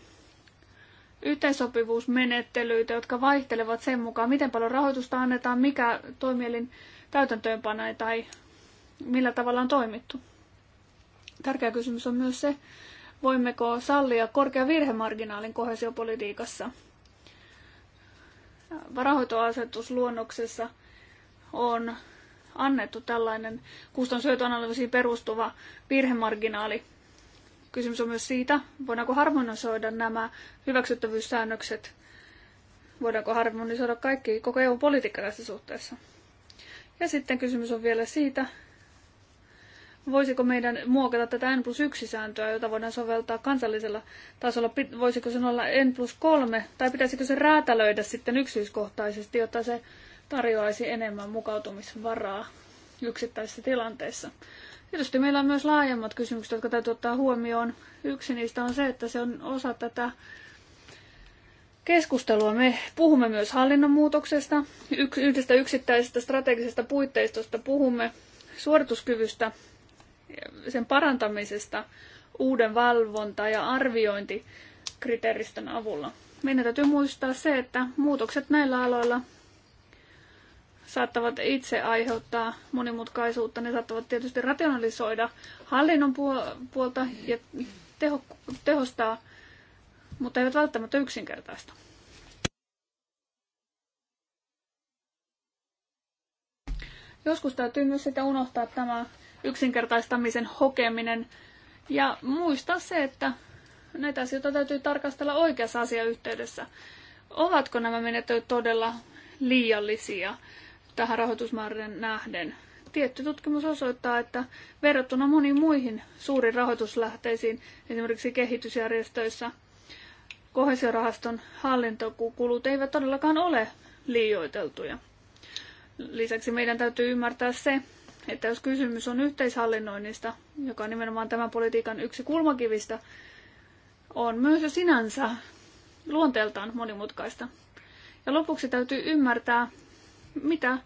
yhteensopivuusmenettelyitä, jotka vaihtelevat sen mukaan, miten paljon rahoitusta annetaan, mikä toimielin täytäntöönpanee tai millä tavalla on toimittu. Tärkeä kysymys on myös se, voimmeko sallia korkean virhemarginaalin kohesiopolitiikassa. Rahoitoasetusluonnoksessa on annettu tällainen kustannushyötyanalyysiin perustuva virhemarginaali Kysymys on myös siitä, voidaanko harmonisoida nämä hyväksyttävyyssäännökset, voidaanko harmonisoida kaikki koko EUn politiikka tässä suhteessa. Ja sitten kysymys on vielä siitä, voisiko meidän muokata tätä N plus 1 sääntöä, jota voidaan soveltaa kansallisella tasolla, voisiko se olla N plus 3, tai pitäisikö se räätälöidä sitten yksityiskohtaisesti, jotta se tarjoaisi enemmän mukautumisvaraa yksittäisissä tilanteissa. Tietysti meillä on myös laajemmat kysymykset, jotka täytyy ottaa huomioon. Yksi niistä on se, että se on osa tätä keskustelua. Me puhumme myös hallinnon muutoksesta, yhdestä yksittäisestä strategisesta puitteistosta puhumme, suorituskyvystä, sen parantamisesta uuden valvonta- ja arviointikriteeristön avulla. Meidän täytyy muistaa se, että muutokset näillä aloilla saattavat itse aiheuttaa monimutkaisuutta. Ne saattavat tietysti rationalisoida hallinnon puolta ja teho, tehostaa, mutta eivät välttämättä yksinkertaista. Joskus täytyy myös sitä unohtaa tämä yksinkertaistamisen hokeminen ja muistaa se, että näitä asioita täytyy tarkastella oikeassa asiayhteydessä. Ovatko nämä menettelyt todella liiallisia? tähän rahoitusmäärään nähden. Tietty tutkimus osoittaa, että verrattuna moniin muihin suuriin rahoituslähteisiin, esimerkiksi kehitysjärjestöissä, kohesiorahaston hallintokulut eivät todellakaan ole liioiteltuja. Lisäksi meidän täytyy ymmärtää se, että jos kysymys on yhteishallinnoinnista, joka on nimenomaan tämän politiikan yksi kulmakivistä, on myös jo sinänsä luonteeltaan monimutkaista. Ja lopuksi täytyy ymmärtää mitä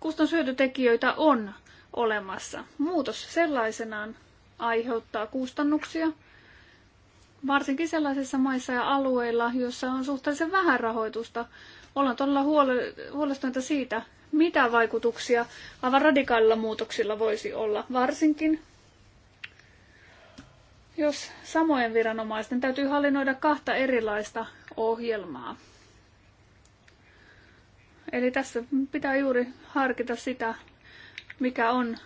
kustannushyötytekijöitä on olemassa. Muutos sellaisenaan aiheuttaa kustannuksia, varsinkin sellaisissa maissa ja alueilla, joissa on suhteellisen vähän rahoitusta. Ollaan todella huolestuneita siitä, mitä vaikutuksia aivan radikaalilla muutoksilla voisi olla, varsinkin jos samojen viranomaisten täytyy hallinnoida kahta erilaista ohjelmaa. Eli tässä pitää juuri harkita sitä, mikä on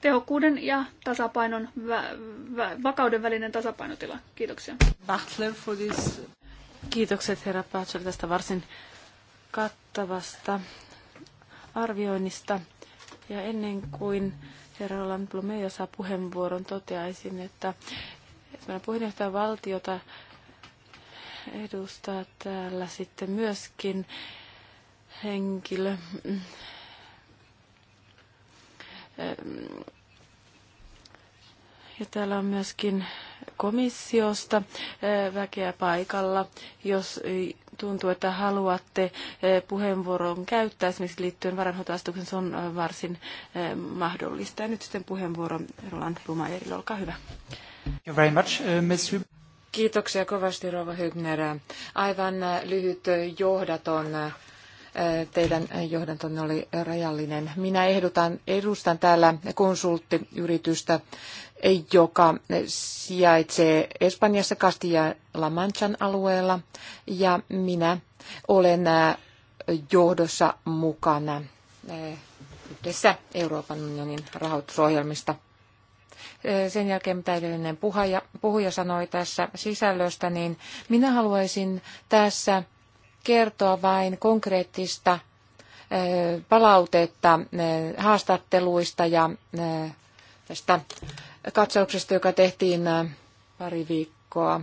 tehokkuuden ja tasapainon, vä- vä- vakauden välinen tasapainotila. Kiitoksia. for this. Kiitokset herra Pachel tästä varsin kattavasta arvioinnista. Ja ennen kuin herra Roland Blumeja saa puheenvuoron, toteaisin, että puheenjohtaja valtiota edustaa täällä sitten myöskin henkilö ja täällä on myöskin komissiosta väkeä paikalla. Jos tuntuu, että haluatte puheenvuoron käyttää esimerkiksi liittyen varanhoitoasetukseen, se on varsin mahdollista. Ja nyt sitten puheenvuoro Roland Rumajerille, olkaa hyvä. Thank you very much, uh, Kiitoksia kovasti, Rova hygner. Aivan lyhyt johdaton teidän johdantonne oli rajallinen. Minä ehdotan, edustan täällä konsulttiyritystä, joka sijaitsee Espanjassa Castilla-La Manchan alueella ja minä olen äh, johdossa mukana äh, yhdessä Euroopan unionin rahoitusohjelmista. Äh, sen jälkeen, mitä edellinen puhuja, puhuja sanoi tässä sisällöstä, niin minä haluaisin tässä kertoa vain konkreettista palautetta haastatteluista ja tästä katsauksesta, joka tehtiin pari viikkoa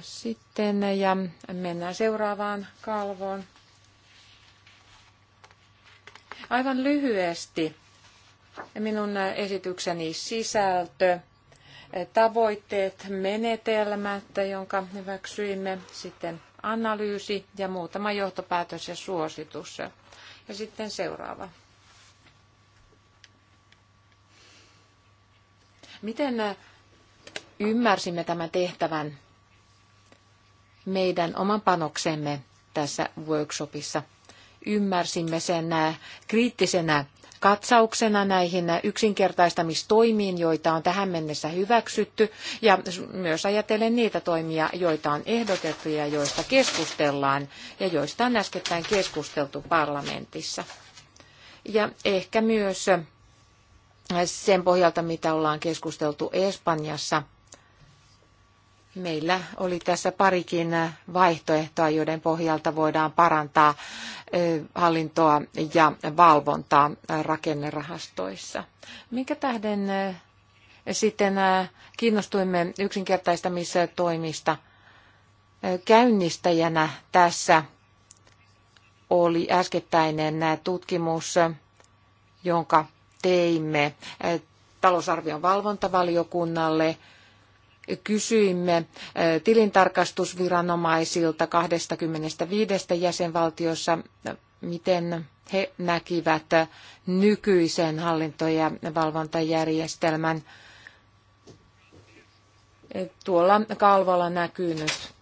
sitten. Ja mennään seuraavaan kalvoon. Aivan lyhyesti minun esitykseni sisältö, tavoitteet, menetelmät, jonka hyväksyimme sitten analyysi ja muutama johtopäätös ja suositus. Ja sitten seuraava. Miten äh, ymmärsimme tämän tehtävän meidän oman panoksemme tässä workshopissa? Ymmärsimme sen äh, kriittisenä katsauksena näihin yksinkertaistamistoimiin, joita on tähän mennessä hyväksytty, ja myös ajatellen niitä toimia, joita on ehdotettu ja joista keskustellaan, ja joista on äskettäin keskusteltu parlamentissa. Ja ehkä myös sen pohjalta, mitä ollaan keskusteltu Espanjassa – Meillä oli tässä parikin vaihtoehtoa, joiden pohjalta voidaan parantaa hallintoa ja valvontaa rakennerahastoissa. Minkä tähden sitten kiinnostuimme yksinkertaistamistoimista käynnistäjänä tässä oli äskettäinen tutkimus, jonka teimme talousarvion valvontavaliokunnalle – kysyimme eh, tilintarkastusviranomaisilta 25 jäsenvaltiossa, miten he näkivät nykyisen hallinto- ja valvontajärjestelmän. Tuolla kalvolla näkyy nyt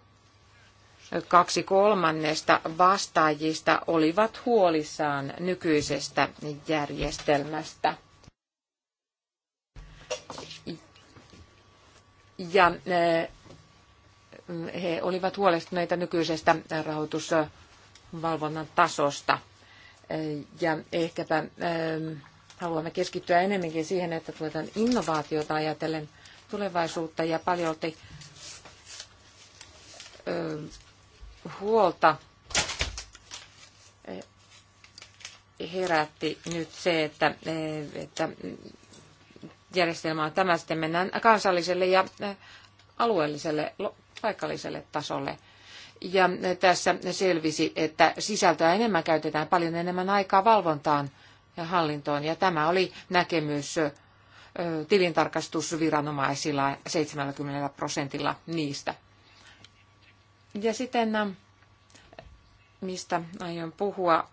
kaksi kolmannesta vastaajista olivat huolissaan nykyisestä järjestelmästä ja eh, he olivat huolestuneita nykyisestä rahoitusvalvonnan tasosta. Eh, ja ehkäpä eh, haluamme keskittyä enemmänkin siihen, että tuetaan innovaatiota ajatellen tulevaisuutta ja paljolti huolta herätti nyt se, että, että järjestelmään. Tämä sitten mennään kansalliselle ja äh, alueelliselle, paikalliselle tasolle. Ja äh, tässä selvisi, että sisältöä enemmän käytetään, paljon enemmän aikaa valvontaan ja hallintoon. Ja tämä oli näkemys äh, tilintarkastusviranomaisilla 70 prosentilla niistä. Ja sitten, mistä aion puhua,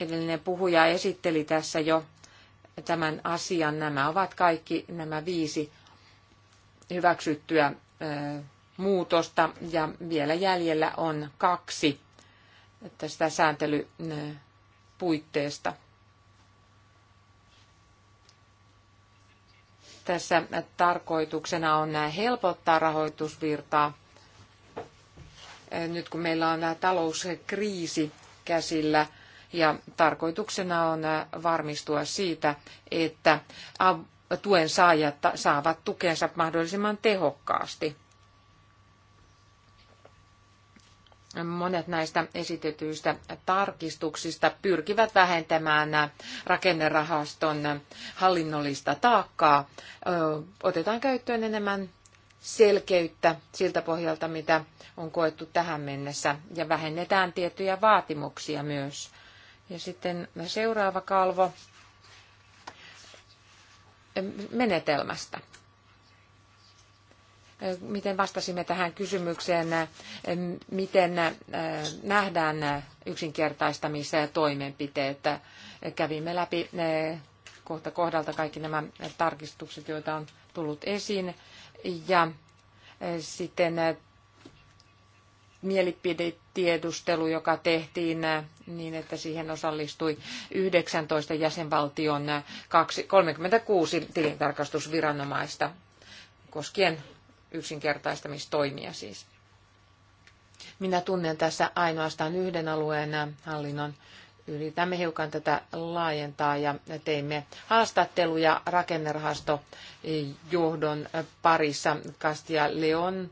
edellinen puhuja esitteli tässä jo tämän asian. Nämä ovat kaikki nämä viisi hyväksyttyä muutosta ja vielä jäljellä on kaksi tästä sääntelypuitteesta. Tässä tarkoituksena on helpottaa rahoitusvirtaa. Nyt kun meillä on talouskriisi käsillä, ja tarkoituksena on äh, varmistua siitä, että tuen saajat saavat tukensa mahdollisimman tehokkaasti. Monet näistä esitetyistä tarkistuksista pyrkivät vähentämään äh, rakennerahaston äh, hallinnollista taakkaa. Otetaan käyttöön enemmän selkeyttä siltä pohjalta, mitä on koettu tähän mennessä, ja vähennetään tiettyjä vaatimuksia myös ja sitten seuraava kalvo menetelmästä. Miten vastasimme tähän kysymykseen, miten nähdään yksinkertaistamisen toimenpiteet? Kävimme läpi kohta kohdalta kaikki nämä tarkistukset, joita on tullut esiin. Ja sitten mielipide tiedustelu, joka tehtiin äh, niin, että siihen osallistui 19 jäsenvaltion 36 äh, tilintarkastusviranomaista koskien yksinkertaistamistoimia siis. Minä tunnen tässä ainoastaan yhden alueen äh, hallinnon. Yritämme hiukan tätä laajentaa ja teimme haastatteluja rakennerahastojohdon parissa Kastia Leon,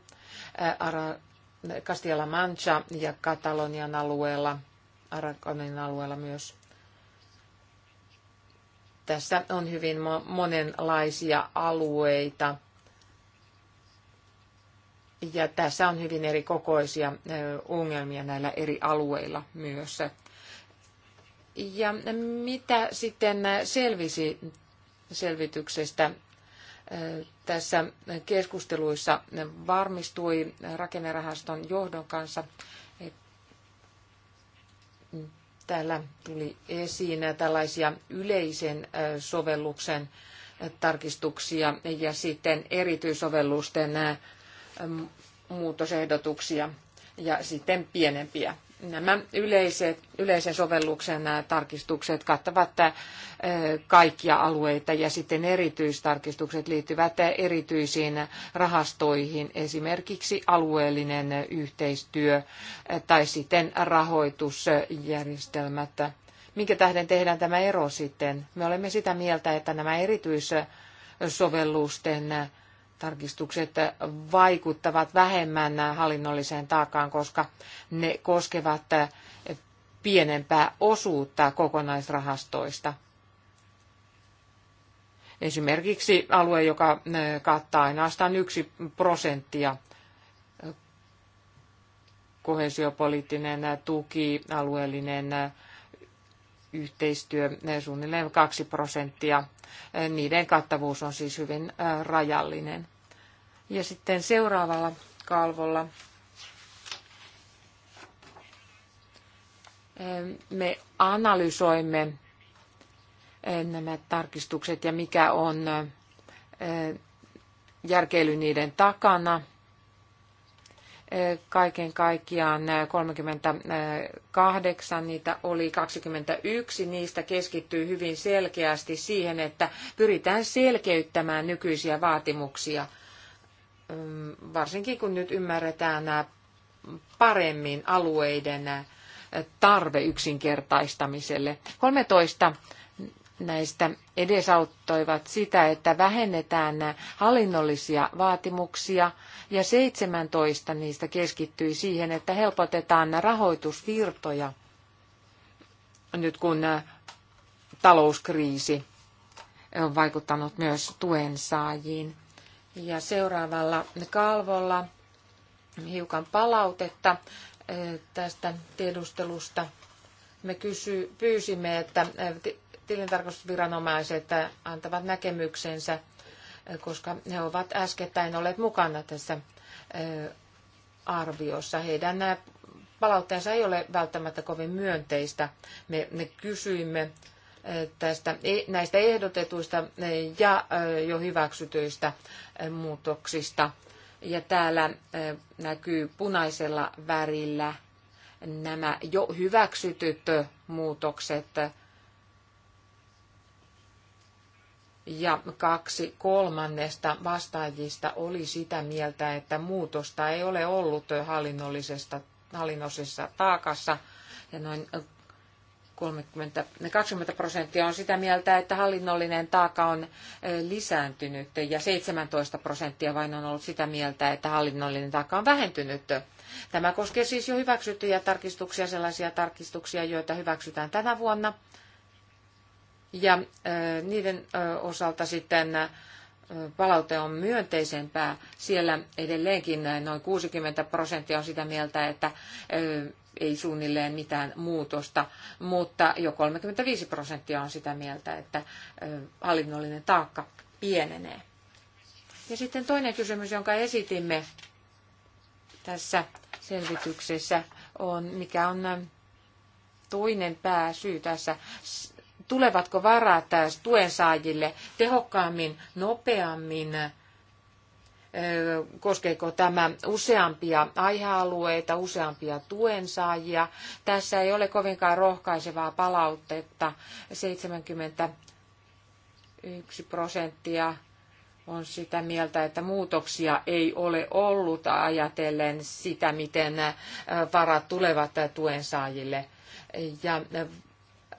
Castilla Mancha ja Katalonian alueella, Aragonin alueella myös. Tässä on hyvin monenlaisia alueita. Ja tässä on hyvin eri kokoisia ongelmia näillä eri alueilla myös. Ja mitä sitten selvisi selvityksestä tässä keskusteluissa varmistui rakennerahaston johdon kanssa. Täällä tuli esiin tällaisia yleisen sovelluksen tarkistuksia ja sitten erityisovellusten muutosehdotuksia ja sitten pienempiä nämä yleiset, yleisen sovelluksen äh, tarkistukset kattavat äh, kaikkia alueita ja sitten erityistarkistukset liittyvät äh, erityisiin rahastoihin, esimerkiksi alueellinen yhteistyö tai sitten rahoitusjärjestelmät. Minkä tähden tehdään tämä ero sitten? Me olemme sitä mieltä, että nämä erityissovellusten tarkistukset vaikuttavat vähemmän hallinnolliseen taakkaan, koska ne koskevat pienempää osuutta kokonaisrahastoista. Esimerkiksi alue, joka kattaa ainoastaan yksi prosenttia kohesiopoliittinen tuki, alueellinen yhteistyö suunnilleen 2 prosenttia. Niiden kattavuus on siis hyvin rajallinen. Ja sitten seuraavalla kalvolla me analysoimme nämä tarkistukset ja mikä on järkeily niiden takana – kaiken kaikkiaan 38, niitä oli 21, niistä keskittyy hyvin selkeästi siihen, että pyritään selkeyttämään nykyisiä vaatimuksia, mm, varsinkin kun nyt ymmärretään paremmin alueiden tarve yksinkertaistamiselle. 13 näistä edesauttoivat sitä, että vähennetään hallinnollisia vaatimuksia ja 17 niistä keskittyi siihen, että helpotetaan rahoitusvirtoja nyt kun äh, talouskriisi on vaikuttanut myös tuen saajiin. Ja seuraavalla kalvolla hiukan palautetta äh, tästä tiedustelusta. Me kysy, pyysimme, että äh, tilintarkastusviranomaiset antavat näkemyksensä, koska he ovat äskettäin olleet mukana tässä arviossa. Heidän palautteensa ei ole välttämättä kovin myönteistä. Me, me kysyimme tästä, e, näistä ehdotetuista ja jo hyväksytyistä muutoksista. Ja täällä näkyy punaisella värillä nämä jo hyväksytyt muutokset ja kaksi kolmannesta vastaajista oli sitä mieltä, että muutosta ei ole ollut hallinnollisesta, hallinnollisessa taakassa ja noin 30, 20 prosenttia on sitä mieltä, että hallinnollinen taakka on lisääntynyt ja 17 prosenttia vain on ollut sitä mieltä, että hallinnollinen taakka on vähentynyt. Tämä koskee siis jo hyväksyttyjä tarkistuksia, sellaisia tarkistuksia, joita hyväksytään tänä vuonna – ja niiden osalta sitten palaute on myönteisempää. Siellä edelleenkin noin 60 prosenttia on sitä mieltä, että ei suunnilleen mitään muutosta, mutta jo 35 prosenttia on sitä mieltä, että hallinnollinen taakka pienenee. Ja sitten toinen kysymys, jonka esitimme tässä selvityksessä, on mikä on toinen pääsyy tässä tulevatko varat tuen saajille tehokkaammin, nopeammin, koskeeko tämä useampia aihealueita, useampia tuensaajia. Tässä ei ole kovinkaan rohkaisevaa palautetta. 71 prosenttia on sitä mieltä, että muutoksia ei ole ollut ajatellen sitä, miten varat tulevat tuensaajille. Ja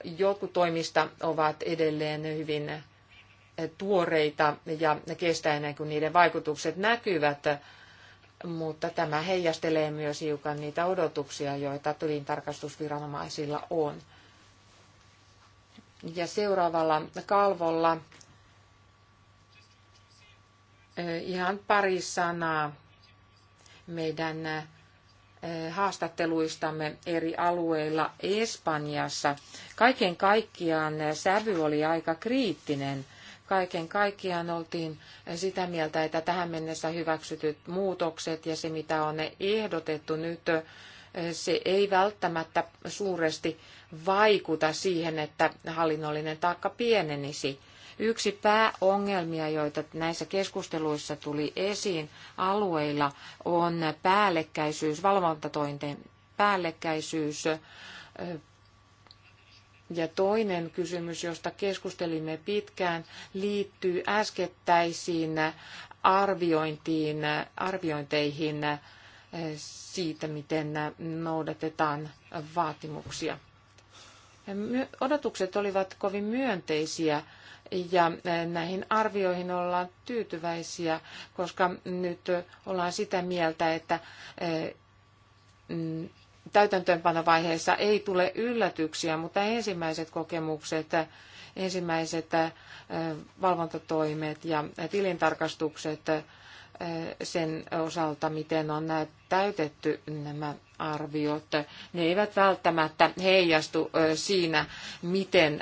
Jotkut toimista ovat edelleen hyvin tuoreita ja kestää ennen kuin niiden vaikutukset näkyvät, mutta tämä heijastelee myös hiukan niitä odotuksia, joita tilintarkastusviranomaisilla on. Ja seuraavalla kalvolla eh, ihan pari sanaa meidän eh, Eh, haastatteluistamme eri alueilla Espanjassa. Kaiken kaikkiaan eh, sävy oli aika kriittinen. Kaiken kaikkiaan oltiin eh, sitä mieltä, että tähän mennessä hyväksytyt muutokset ja se, mitä on ehdotettu nyt, se ei välttämättä suuresti vaikuta siihen, että hallinnollinen taakka pienenisi. Yksi pääongelmia, joita näissä keskusteluissa tuli esiin alueilla, on päällekkäisyys, valvontatointen päällekkäisyys. Ja toinen kysymys, josta keskustelimme pitkään, liittyy äskettäisiin arviointiin, arviointeihin siitä, miten noudatetaan vaatimuksia. Odotukset olivat kovin myönteisiä ja eh, näihin arvioihin ollaan tyytyväisiä, koska nyt ollaan sitä mieltä, että eh, mm, täytäntöönpanovaiheessa ei tule yllätyksiä, mutta ensimmäiset kokemukset, ensimmäiset eh, valvontatoimet ja tilintarkastukset Eh, sen osalta, miten on täytetty nämä arviot. Ne eivät välttämättä heijastu eh, siinä, miten eh,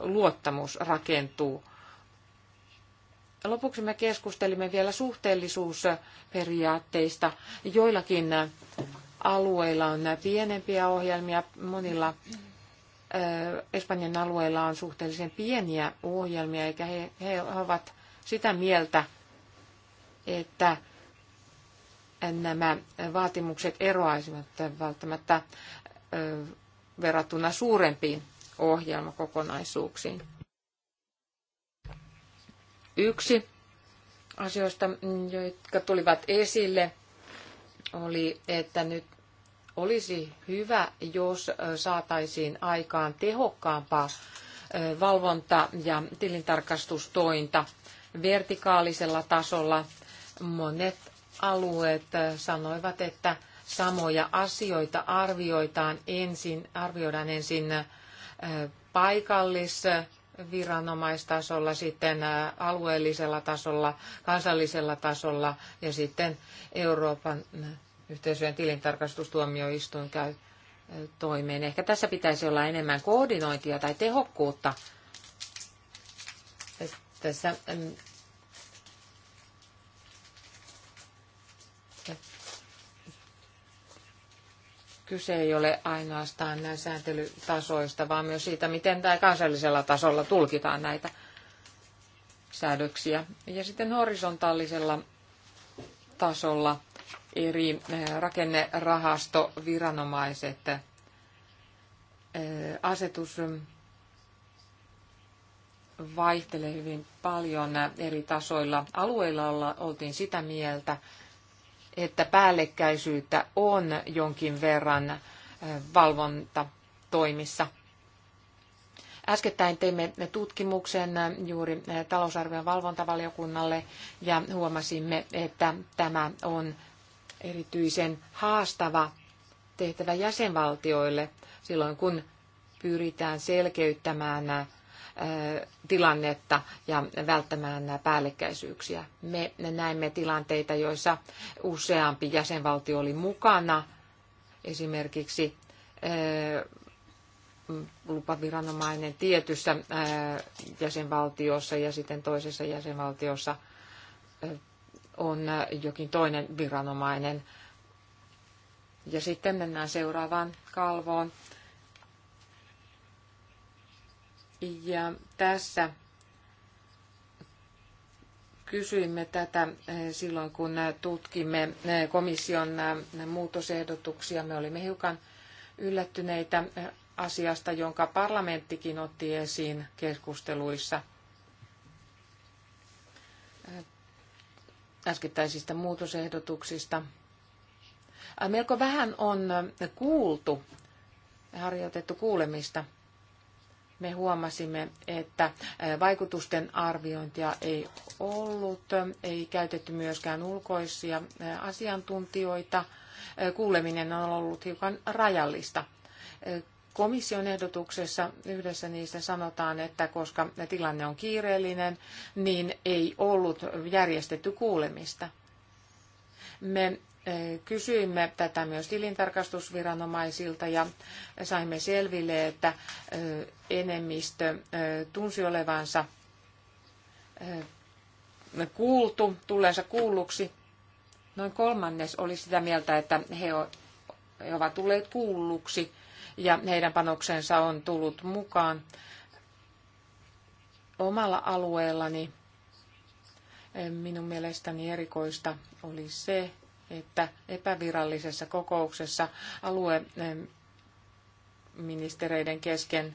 luottamus rakentuu. Lopuksi me keskustelimme vielä suhteellisuusperiaatteista. Joillakin alueilla on pienempiä ohjelmia, monilla Espanjan alueilla on suhteellisen pieniä ohjelmia, eikä he, he ovat sitä mieltä, että nämä vaatimukset eroaisivat välttämättä verrattuna suurempiin ohjelmakokonaisuuksiin. Yksi asioista, jotka tulivat esille, oli, että nyt olisi hyvä, jos saataisiin aikaan tehokkaampaa valvonta- ja tilintarkastustointa vertikaalisella tasolla – monet alueet sanoivat, että samoja asioita arvioitaan ensin, arvioidaan ensin paikallis viranomaistasolla, sitten alueellisella tasolla, kansallisella tasolla ja sitten Euroopan yhteisöjen tilintarkastustuomioistuin käy toimeen. Ehkä tässä pitäisi olla enemmän koordinointia tai tehokkuutta. Tässä mm, kyse ei ole ainoastaan näistä sääntelytasoista, vaan myös siitä, miten tämä kansallisella tasolla tulkitaan näitä säädöksiä. Ja sitten horisontaalisella tasolla eri eh, rakennerahastoviranomaiset eh, asetus mm, vaihtelee hyvin paljon eh, eri tasoilla. Alueilla oltiin sitä mieltä, että päällekkäisyyttä on jonkin verran valvontatoimissa. Äskettäin teimme tutkimuksen juuri talousarvion valvontavaliokunnalle ja huomasimme, että tämä on erityisen haastava tehtävä jäsenvaltioille silloin, kun pyritään selkeyttämään tilannetta ja välttämään nämä päällekkäisyyksiä. Me näimme tilanteita, joissa useampi jäsenvaltio oli mukana, esimerkiksi lupaviranomainen tietyssä jäsenvaltiossa ja sitten toisessa jäsenvaltiossa on jokin toinen viranomainen. Ja sitten mennään seuraavaan kalvoon. Ja tässä kysyimme tätä eh, silloin, kun eh, tutkimme eh, komission muutosehdotuksia. Me olimme hiukan yllättyneitä asiasta, jonka parlamenttikin otti esiin keskusteluissa äskettäisistä muutosehdotuksista. Melko vähän on kuultu, harjoitettu kuulemista – me huomasimme, että vaikutusten arviointia ei ollut, ei käytetty myöskään ulkoisia asiantuntijoita. Kuuleminen on ollut hiukan rajallista. Komission ehdotuksessa yhdessä niistä sanotaan, että koska tilanne on kiireellinen, niin ei ollut järjestetty kuulemista. Me Kysyimme tätä myös tilintarkastusviranomaisilta ja saimme selville, että enemmistö tunsi olevansa kuultu, tulleensa kuulluksi. Noin kolmannes oli sitä mieltä, että he ovat tulleet kuulluksi ja heidän panoksensa on tullut mukaan. Omalla alueellani minun mielestäni erikoista oli se, että epävirallisessa kokouksessa alueministereiden kesken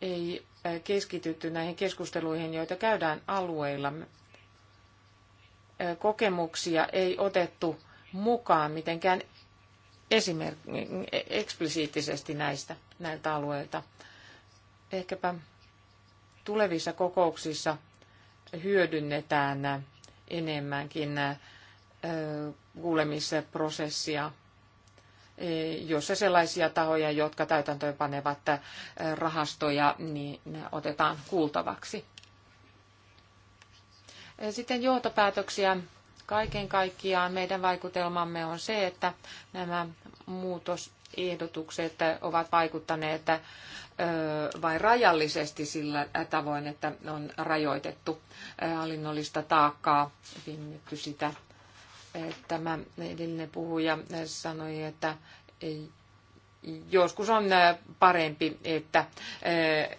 ei keskitytty näihin keskusteluihin, joita käydään alueilla. Kokemuksia ei otettu mukaan mitenkään eksplisiittisesti näistä, näiltä alueilta. Ehkäpä tulevissa kokouksissa hyödynnetään enemmänkin kuulemisprosessia, e, jossa sellaisia tahoja, jotka täytäntöönpanevat rahastoja, niin otetaan kuultavaksi. E, sitten johtopäätöksiä. Kaiken kaikkiaan meidän vaikutelmamme on se, että nämä muutosehdotukset ovat vaikuttaneet vain rajallisesti sillä tavoin, että on rajoitettu hallinnollista taakkaa, pinnetty sitä. Tämä edellinen puhuja sanoi, että ei joskus on parempi, että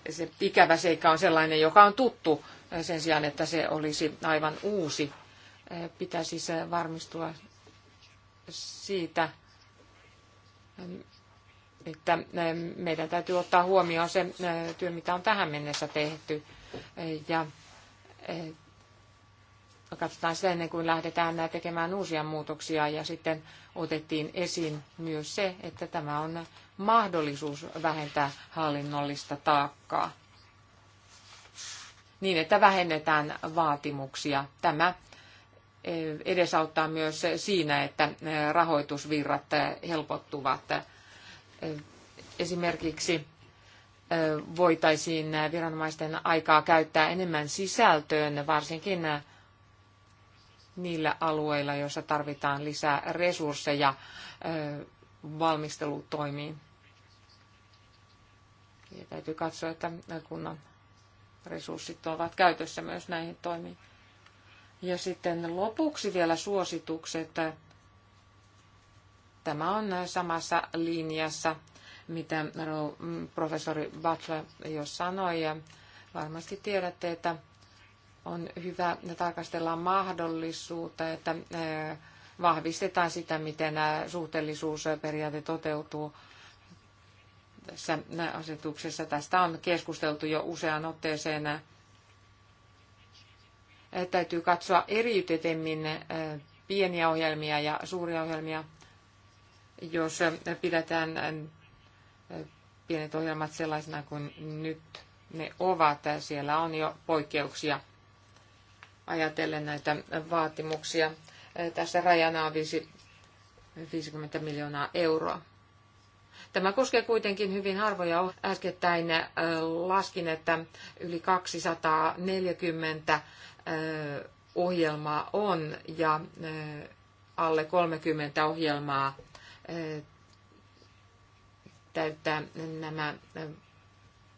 se ikävä seikka on sellainen, joka on tuttu sen sijaan, että se olisi aivan uusi. Pitäisi siis varmistua siitä, että meidän täytyy ottaa huomioon se työ, mitä on tähän mennessä tehty. Ja katsotaan sitä ennen kuin lähdetään tekemään uusia muutoksia. Ja sitten otettiin esiin myös se, että tämä on mahdollisuus vähentää hallinnollista taakkaa niin, että vähennetään vaatimuksia. Tämä edesauttaa myös siinä, että rahoitusvirrat helpottuvat Esimerkiksi voitaisiin viranomaisten aikaa käyttää enemmän sisältöön, varsinkin niillä alueilla, joissa tarvitaan lisää resursseja valmistelutoimiin. Ja täytyy katsoa, että kunnan resurssit ovat käytössä myös näihin toimiin. Ja sitten lopuksi vielä suositukset Tämä on samassa linjassa, mitä mm, professori Butler jo sanoi, ja varmasti tiedätte, että on hyvä tarkastella mahdollisuutta, että vahvistetaan sitä, miten suhteellisuusperiaate toteutuu tässä asetuksessa. Tästä on keskusteltu jo useaan otteeseen. Täytyy katsoa eriytetemmin pieniä ohjelmia ja suuria ohjelmia jos pidetään pienet ohjelmat sellaisena kuin nyt ne ovat. Siellä on jo poikkeuksia ajatellen näitä vaatimuksia. Tässä rajana on 50 miljoonaa euroa. Tämä koskee kuitenkin hyvin harvoja. Äskettäin laskin, että yli 240 ohjelmaa on ja alle 30 ohjelmaa Eh, täyttää nämä eh, niin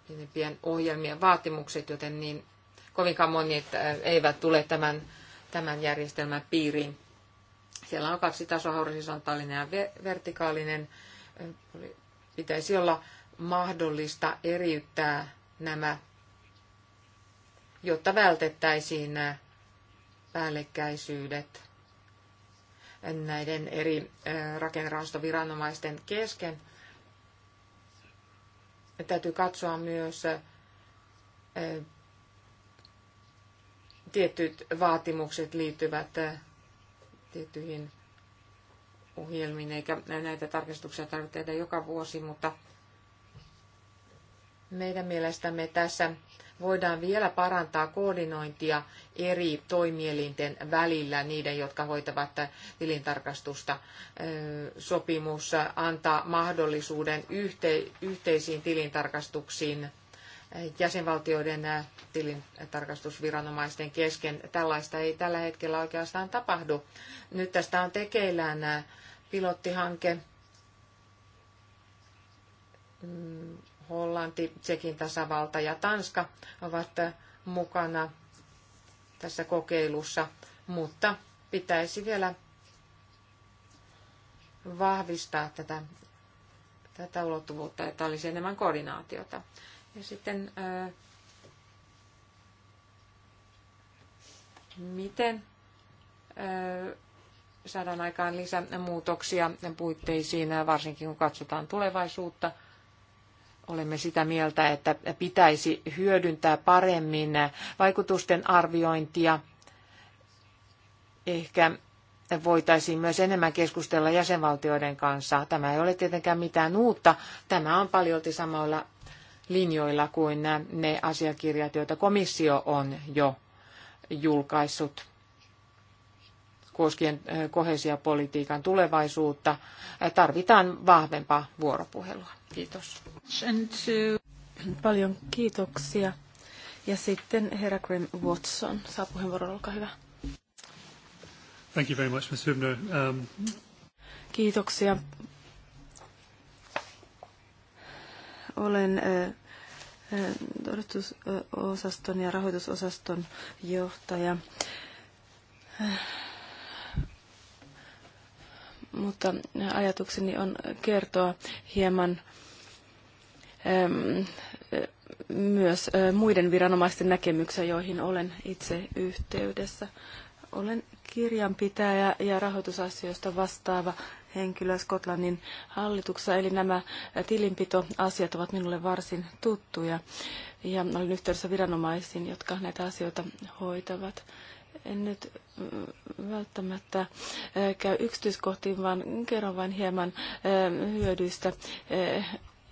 pienempien ohjelmien vaatimukset, joten niin kovinkaan moni eh, eivät tule tämän, tämän järjestelmän piiriin. Siellä on kaksi tasoa, horisontaalinen ja vertikaalinen. Pitäisi olla mahdollista eriyttää nämä, jotta vältettäisiin nämä päällekkäisyydet näiden eri rakennerahastoviranomaisten kesken. Täytyy katsoa myös tietyt vaatimukset liittyvät tiettyihin ohjelmiin, eikä näitä tarkistuksia tarvitse tehdä joka vuosi, mutta meidän mielestämme tässä voidaan vielä parantaa koordinointia eri toimielinten välillä, niiden, jotka hoitavat tilintarkastusta. Sopimus antaa mahdollisuuden yhteisiin tilintarkastuksiin jäsenvaltioiden tilintarkastusviranomaisten kesken. Tällaista ei tällä hetkellä oikeastaan tapahdu. Nyt tästä on tekeillään pilottihanke mm, Hollanti, Tsekin tasavalta ja Tanska ovat mukana tässä kokeilussa, mutta pitäisi vielä vahvistaa tätä, tätä ulottuvuutta, että olisi enemmän koordinaatiota. Ja sitten, ää, miten ää, saadaan aikaan lisämuutoksia puitteisiin, varsinkin kun katsotaan tulevaisuutta – olemme sitä mieltä, että pitäisi hyödyntää paremmin vaikutusten arviointia. Ehkä voitaisiin myös enemmän keskustella jäsenvaltioiden kanssa. Tämä ei ole tietenkään mitään uutta. Tämä on paljolti samoilla linjoilla kuin ne asiakirjat, joita komissio on jo julkaissut koskien eh, kohesiopolitiikan tulevaisuutta. Tarvitaan vahvempaa vuoropuhelua. Kiitos. Paljon kiitoksia. Ja sitten herra Graham Watson saa puheenvuoron, olkaa hyvä. Thank you very much, Ms. Hübner. Um... Kiitoksia. Olen todistusosaston ja rahoitusosaston johtaja. Mutta ajatukseni on kertoa hieman myös muiden viranomaisten näkemyksiä, joihin olen itse yhteydessä. Olen kirjanpitäjä ja rahoitusasioista vastaava henkilö Skotlannin hallituksessa, eli nämä tilinpitoasiat ovat minulle varsin tuttuja. Ja olen yhteydessä viranomaisiin, jotka näitä asioita hoitavat. En nyt välttämättä käy yksityiskohtiin, vaan kerron vain hieman hyödyistä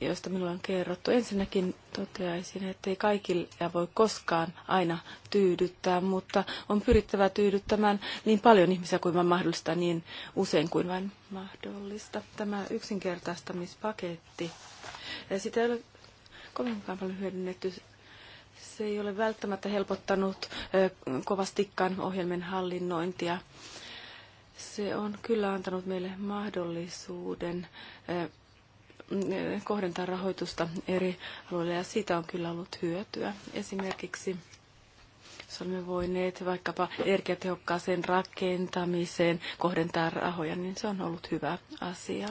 joista minulla on kerrottu. Ensinnäkin toteaisin, että ei kaikille voi koskaan aina tyydyttää, mutta on pyrittävä tyydyttämään niin paljon ihmisiä kuin vain mahdollista, niin usein kuin vain mahdollista. Tämä yksinkertaistamispaketti, sitä ei ole kovinkaan paljon hyödynnetty se ei ole välttämättä helpottanut kovastikkaan ohjelmien hallinnointia. Se on kyllä antanut meille mahdollisuuden kohdentaa rahoitusta eri alueille ja siitä on kyllä ollut hyötyä. Esimerkiksi jos olemme voineet vaikkapa energiatehokkaaseen rakentamiseen kohdentaa rahoja, niin se on ollut hyvä asia.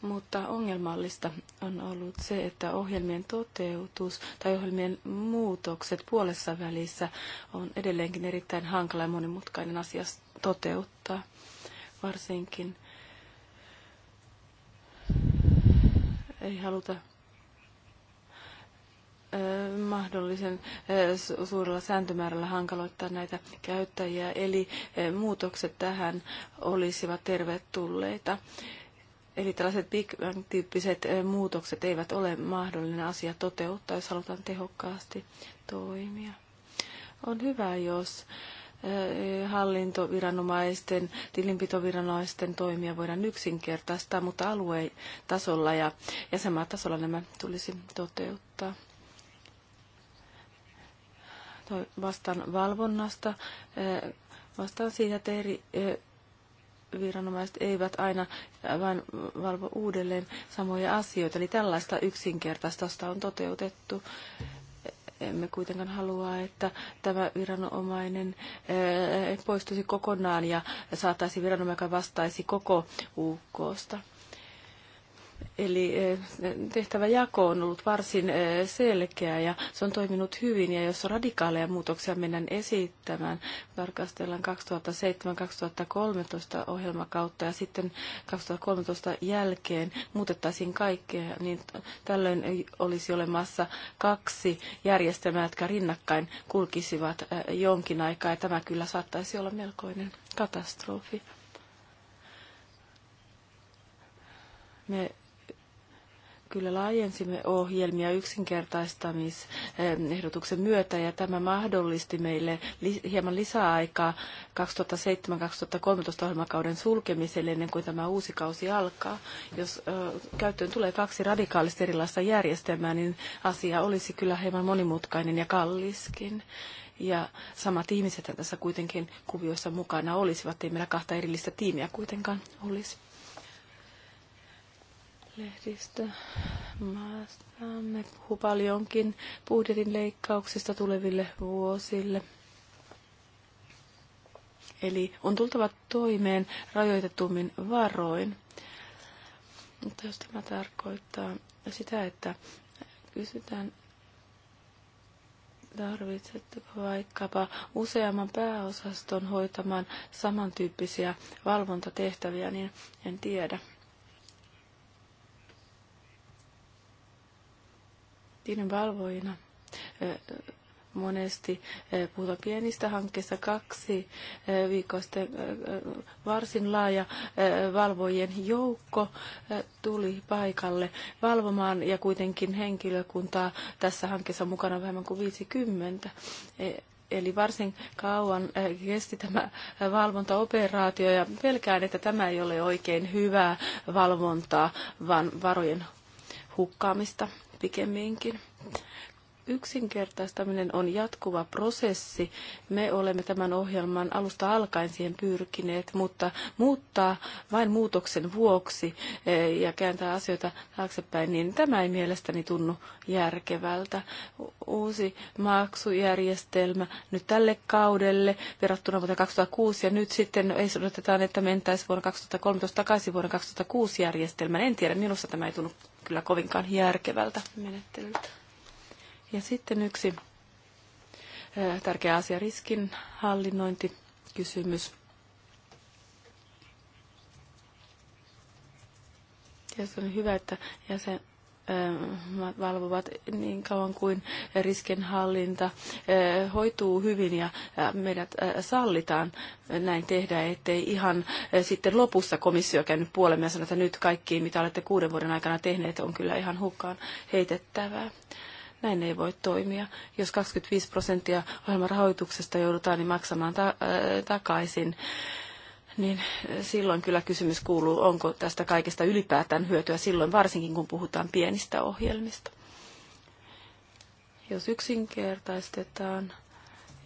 Mutta ongelmallista on ollut se, että ohjelmien toteutus tai ohjelmien muutokset puolessa välissä on edelleenkin erittäin hankala ja monimutkainen asia toteuttaa. Varsinkin ei haluta mahdollisen suurella sääntömäärällä hankaloittaa näitä käyttäjiä, eli muutokset tähän olisivat tervetulleita. Eli tällaiset Big Bang-tyyppiset muutokset eivät ole mahdollinen asia toteuttaa, jos halutaan tehokkaasti toimia. On hyvä, jos hallintoviranomaisten, tilinpitoviranomaisten toimia voidaan yksinkertaistaa, mutta tasolla ja tasolla nämä tulisi toteuttaa. Vastaan valvonnasta, vastaan siitä, että eri viranomaiset eivät aina vain valvo uudelleen samoja asioita. Eli tällaista yksinkertaistusta on toteutettu emme kuitenkaan halua, että tämä viranomainen eh, poistuisi kokonaan ja saataisiin viranomainen, joka vastaisi koko UKsta. Eli e, jako on ollut varsin e, selkeä ja se on toiminut hyvin. Ja jos radikaaleja muutoksia mennään esittämään, tarkastellaan 2007-2013 ohjelmakautta ja sitten 2013 jälkeen muutettaisiin kaikkea, niin tällöin olisi olemassa kaksi järjestelmää, jotka rinnakkain kulkisivat e, jonkin aikaa. Ja tämä kyllä saattaisi olla melkoinen katastrofi. Me Kyllä laajensimme ohjelmia yksinkertaistamisehdotuksen myötä ja tämä mahdollisti meille hieman lisäaikaa 2007-2013 ohjelmakauden sulkemiselle ennen kuin tämä uusi kausi alkaa. Jos käyttöön tulee kaksi radikaalisti erilaista järjestelmää, niin asia olisi kyllä hieman monimutkainen ja kalliskin ja samat ihmiset tässä kuitenkin kuvioissa mukana olisivat. Ei meillä kahta erillistä tiimiä kuitenkaan olisi lehdistä maastamme puhuu paljonkin budjetin leikkauksista tuleville vuosille. Eli on tultava toimeen rajoitetummin varoin. Mutta jos tämä tarkoittaa sitä, että kysytään, tarvitsetteko vaikkapa useamman pääosaston hoitamaan samantyyppisiä valvontatehtäviä, niin en tiedä. tilin valvojina monesti puhutaan pienistä hankkeista. Kaksi viikosta varsin laaja valvojien joukko tuli paikalle valvomaan ja kuitenkin henkilökuntaa tässä hankkeessa mukana vähemmän kuin 50. E, eli varsin kauan kesti tämä valvontaoperaatio ja pelkään, että tämä ei ole oikein hyvää valvontaa, vaan varojen hukkaamista pikemminkin. Yksinkertaistaminen on jatkuva prosessi. Me olemme tämän ohjelman alusta alkaen siihen pyrkineet, mutta muuttaa vain muutoksen vuoksi eh, ja kääntää asioita taaksepäin, niin tämä ei mielestäni tunnu järkevältä. Uusi maksujärjestelmä nyt tälle kaudelle verrattuna vuoteen 2006 ja nyt sitten ei odotetaan, että mentäisiin vuonna 2013 takaisin vuoden 2006 järjestelmään. En tiedä, minusta tämä ei tunnu kyllä kovinkaan järkevältä menettelyltä. Ja sitten yksi tärkeä asia, riskin hallinnointikysymys. Ja se on hyvä, että jäsen valvovat niin kauan kuin riskenhallinta hoituu hyvin ja meidät sallitaan näin tehdä, ettei ihan sitten lopussa komissio käynyt puolemme ja sanota, että nyt kaikkiin, mitä olette kuuden vuoden aikana tehneet, on kyllä ihan hukkaan heitettävää. Näin ei voi toimia. Jos 25 prosenttia ohjelman rahoituksesta joudutaan niin maksamaan ta- takaisin, niin silloin kyllä kysymys kuuluu, onko tästä kaikesta ylipäätään hyötyä silloin, varsinkin kun puhutaan pienistä ohjelmista. Jos yksinkertaistetaan,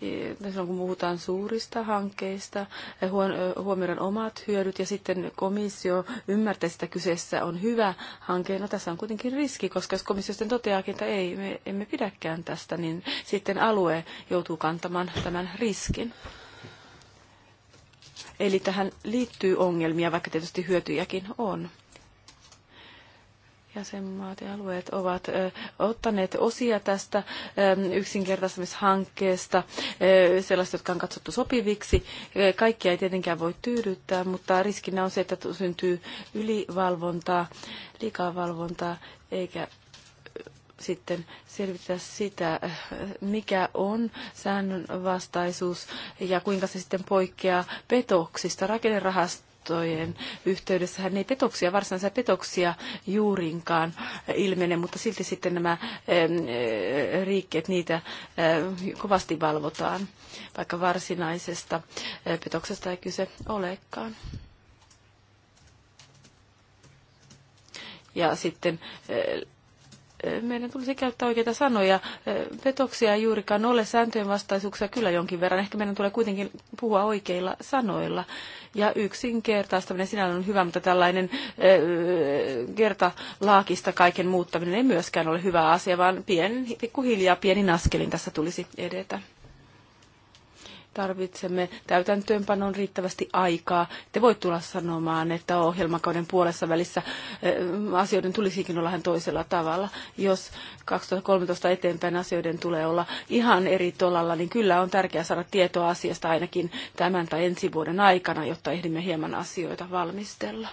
niin silloin kun puhutaan suurista hankkeista, huomioidaan omat hyödyt ja sitten komissio ymmärtää, että kyseessä on hyvä hanke. No tässä on kuitenkin riski, koska jos komissio sitten toteaakin, että ei, me emme pidäkään tästä, niin sitten alue joutuu kantamaan tämän riskin. Eli tähän liittyy ongelmia, vaikka tietysti hyötyjäkin on. Jäsenmaat ja alueet ovat ottaneet osia tästä yksinkertaistamishankkeesta, sellaiset, jotka on katsottu sopiviksi. Kaikkia ei tietenkään voi tyydyttää, mutta riskinä on se, että syntyy ylivalvontaa, liikaa valvontaa, eikä sitten selvittää sitä, mikä on säännönvastaisuus ja kuinka se sitten poikkeaa petoksista, rakennerahasta yhteydessä, ei petoksia, varsinaisia petoksia juurinkaan ilmene, mutta silti sitten nämä riikkeet, niitä kovasti valvotaan, vaikka varsinaisesta petoksesta ei kyse olekaan. Ja sitten meidän tulisi käyttää oikeita sanoja. Petoksia ei juurikaan ole, sääntöjen vastaisuuksia kyllä jonkin verran. Ehkä meidän tulee kuitenkin puhua oikeilla sanoilla. Ja yksinkertaistaminen sinällään on hyvä, mutta tällainen kerta laakista kaiken muuttaminen ei myöskään ole hyvä asia, vaan pien, pikkuhiljaa pienin askelin tässä tulisi edetä tarvitsemme täytäntöönpanon riittävästi aikaa. Te voit tulla sanomaan, että ohjelmakauden puolessa välissä eh, asioiden tulisikin olla ihan toisella tavalla. Jos 2013 eteenpäin asioiden tulee olla ihan eri tolalla, niin kyllä on tärkeää saada tietoa asiasta ainakin tämän tai ensi vuoden aikana, jotta ehdimme hieman asioita valmistella.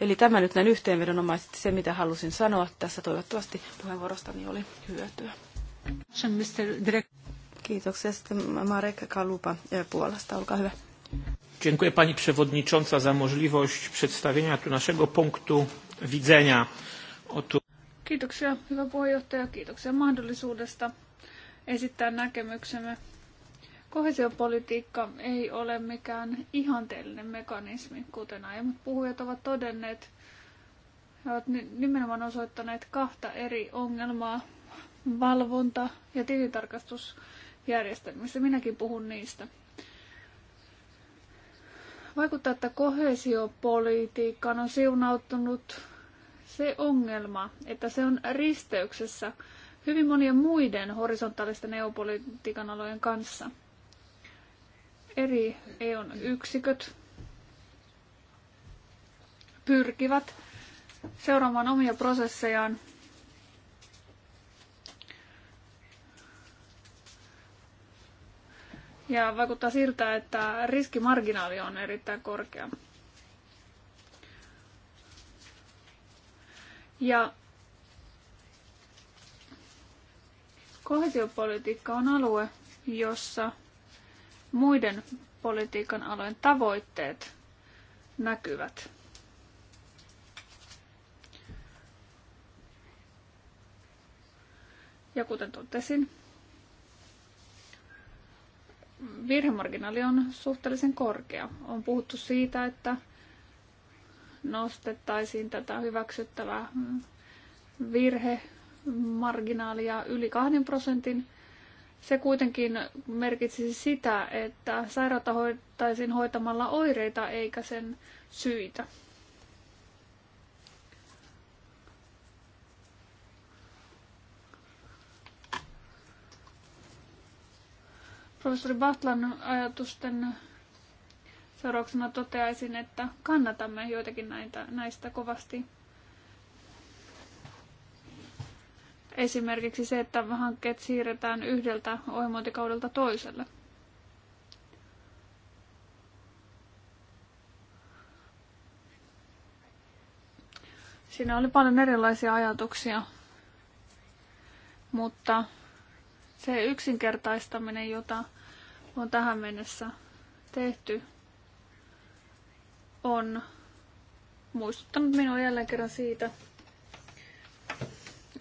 Eli tämä nyt näin yhteenvedonomaisesti se, mitä halusin sanoa tässä. Toivottavasti puheenvuorostani oli hyötyä. Kiitoksia sitten Marek Kalupa eh, Puolasta, olkaa hyvä. Dziękuję Pani Przewodnicząca za możliwość przedstawienia tu naszego punktu widzenia. Otu... Kiitoksia, hyvä puheenjohtaja. Kiitoksia mahdollisuudesta esittää näkemyksemme. Kohesiopolitiikka ei ole mikään ihanteellinen mekanismi, kuten aiemmat puhujat ovat todenneet. He ovat nimenomaan osoittaneet kahta eri ongelmaa, valvonta- ja tilintarkastus järjestelmissä. Minäkin puhun niistä. Vaikuttaa, että kohesiopolitiikkaan on siunautunut se ongelma, että se on risteyksessä hyvin monien muiden horisontaalisten EU-politiikan alojen kanssa. Eri EUn yksiköt pyrkivät seuraamaan omia prosessejaan Ja vaikuttaa siltä, että riskimarginaali on erittäin korkea. Ja kohesiopolitiikka on alue, jossa muiden politiikan alojen tavoitteet näkyvät. Ja kuten totesin, virhemarginaali on suhteellisen korkea. On puhuttu siitä, että nostettaisiin tätä hyväksyttävää virhemarginaalia yli 2 prosentin. Se kuitenkin merkitsisi sitä, että sairautta hoitaisiin hoitamalla oireita eikä sen syitä. professori Batlan ajatusten seurauksena toteaisin, että kannatamme joitakin näitä, näistä kovasti. Esimerkiksi se, että hankkeet siirretään yhdeltä ohjelmointikaudelta toiselle. Siinä oli paljon erilaisia ajatuksia, mutta se yksinkertaistaminen, jota on tähän mennessä tehty, on muistuttanut minua jälleen kerran siitä,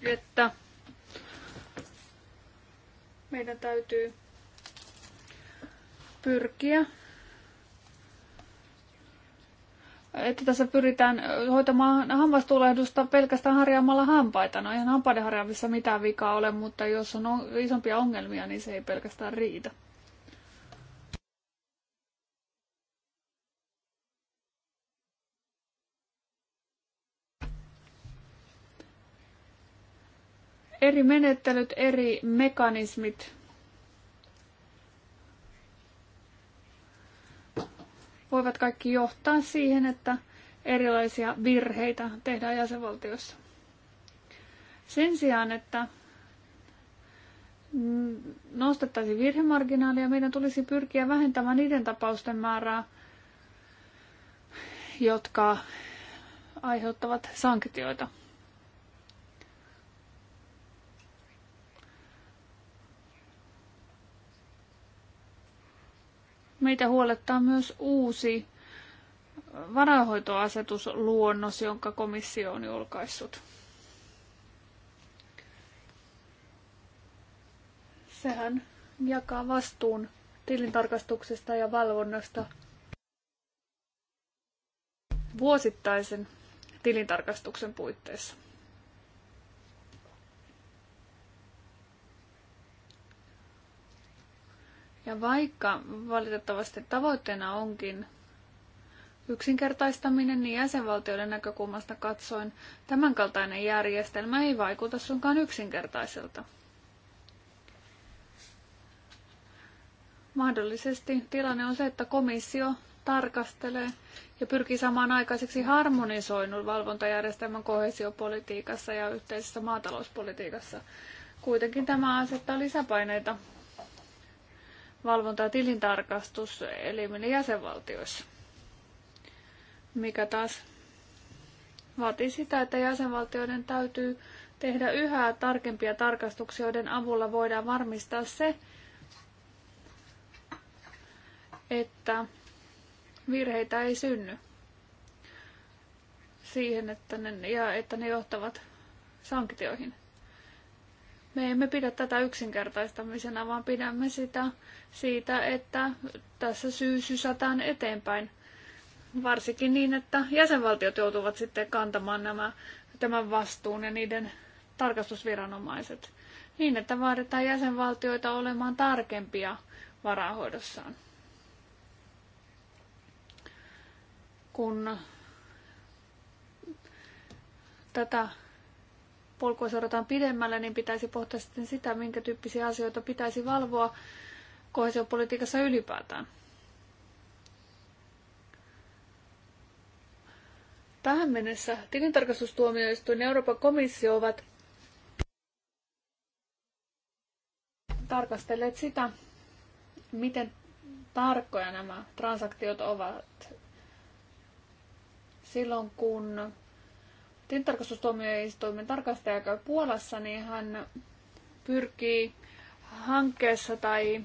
että meidän täytyy pyrkiä että tässä pyritään hoitamaan hammastulehdusta pelkästään harjaamalla hampaita. No eihän hampaiden harjaamissa mitään vikaa ole, mutta jos on isompia ongelmia, niin se ei pelkästään riitä. Eri menettelyt, eri mekanismit voivat kaikki johtaa siihen, että erilaisia virheitä tehdään jäsenvaltiossa. Sen sijaan, että nostettaisiin virhemarginaalia, meidän tulisi pyrkiä vähentämään niiden tapausten määrää, jotka aiheuttavat sanktioita. Meitä huolettaa myös uusi varainhoitoasetusluonnos, jonka komissio on julkaissut. Sehän jakaa vastuun tilintarkastuksesta ja valvonnasta vuosittaisen tilintarkastuksen puitteissa. Ja vaikka valitettavasti tavoitteena onkin yksinkertaistaminen, niin jäsenvaltioiden näkökulmasta katsoen tämänkaltainen järjestelmä ei vaikuta suinkaan yksinkertaiselta. Mahdollisesti tilanne on se, että komissio tarkastelee ja pyrkii samaan aikaiseksi harmonisoinnun valvontajärjestelmän kohesiopolitiikassa ja yhteisessä maatalouspolitiikassa. Kuitenkin tämä asettaa lisäpaineita valvonta- ja tilintarkastuselimille jäsenvaltioissa, mikä taas vaatii sitä, että jäsenvaltioiden täytyy tehdä yhä tarkempia tarkastuksia, joiden avulla voidaan varmistaa se, että virheitä ei synny siihen, että ne, ja että ne johtavat sanktioihin. Me emme pidä tätä yksinkertaistamisena, vaan pidämme sitä siitä, että tässä syy sysätään eteenpäin. Varsinkin niin, että jäsenvaltiot joutuvat sitten kantamaan nämä, tämän vastuun ja niiden tarkastusviranomaiset. Niin, että vaaditaan jäsenvaltioita olemaan tarkempia varahoidossaan. Kun tätä polkua seurataan pidemmälle, niin pitäisi pohtia sitten sitä, minkä tyyppisiä asioita pitäisi valvoa kohesiopolitiikassa ylipäätään. Tähän mennessä tilintarkastustuomioistuin ja Euroopan komissio ovat tarkastelleet sitä, miten tarkkoja nämä transaktiot ovat silloin, kun tilintarkastustuomioistuimen tarkastaja käy Puolassa, niin hän pyrkii hankkeessa tai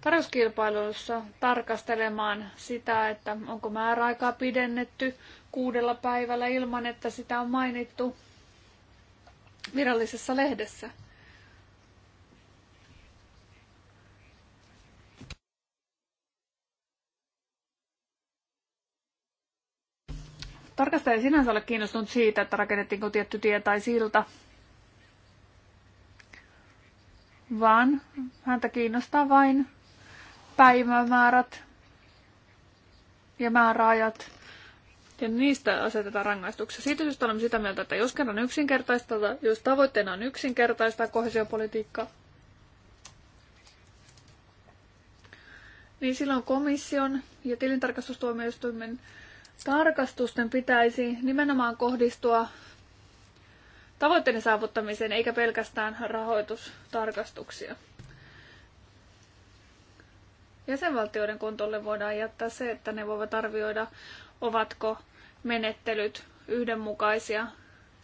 tarjouskilpailussa tarkastelemaan sitä, että onko määräaikaa pidennetty kuudella päivällä ilman, että sitä on mainittu virallisessa lehdessä. Tarkastaja ei sinänsä ole kiinnostunut siitä, että rakennettiinko tietty tie tai silta, vaan häntä kiinnostaa vain päivämäärät ja määräajat. Ja niistä asetetaan rangaistuksia. Siitä syystä olemme sitä mieltä, että jos kerran yksinkertaista, jos tavoitteena on yksinkertaista kohesiopolitiikka, niin silloin komission ja tilintarkastustuomioistuimen Tarkastusten pitäisi nimenomaan kohdistua tavoitteiden saavuttamiseen eikä pelkästään rahoitustarkastuksia. Jäsenvaltioiden kontolle voidaan jättää se, että ne voivat arvioida, ovatko menettelyt yhdenmukaisia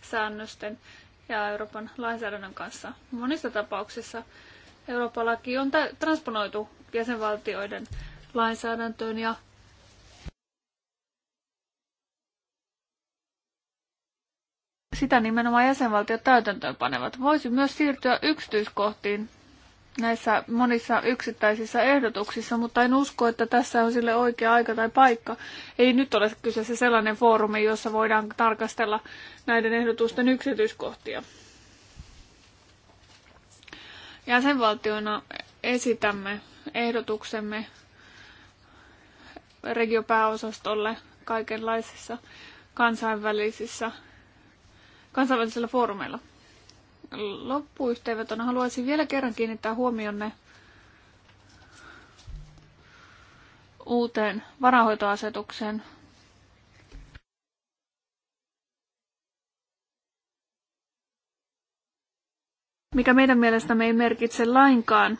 säännösten ja Euroopan lainsäädännön kanssa. Monissa tapauksissa Euroopan laki on transponoitu jäsenvaltioiden lainsäädäntöön ja sitä nimenomaan jäsenvaltiot täytäntöön panevat. Voisi myös siirtyä yksityiskohtiin näissä monissa yksittäisissä ehdotuksissa, mutta en usko, että tässä on sille oikea aika tai paikka. Ei nyt ole kyseessä sellainen foorumi, jossa voidaan tarkastella näiden ehdotusten yksityiskohtia. Jäsenvaltiona esitämme ehdotuksemme regiopääosastolle kaikenlaisissa kansainvälisissä kansainvälisillä foorumeilla. Loppuyhteenvetona haluaisin vielä kerran kiinnittää huomionne uuteen varahoitoasetukseen. mikä meidän mielestämme ei merkitse lainkaan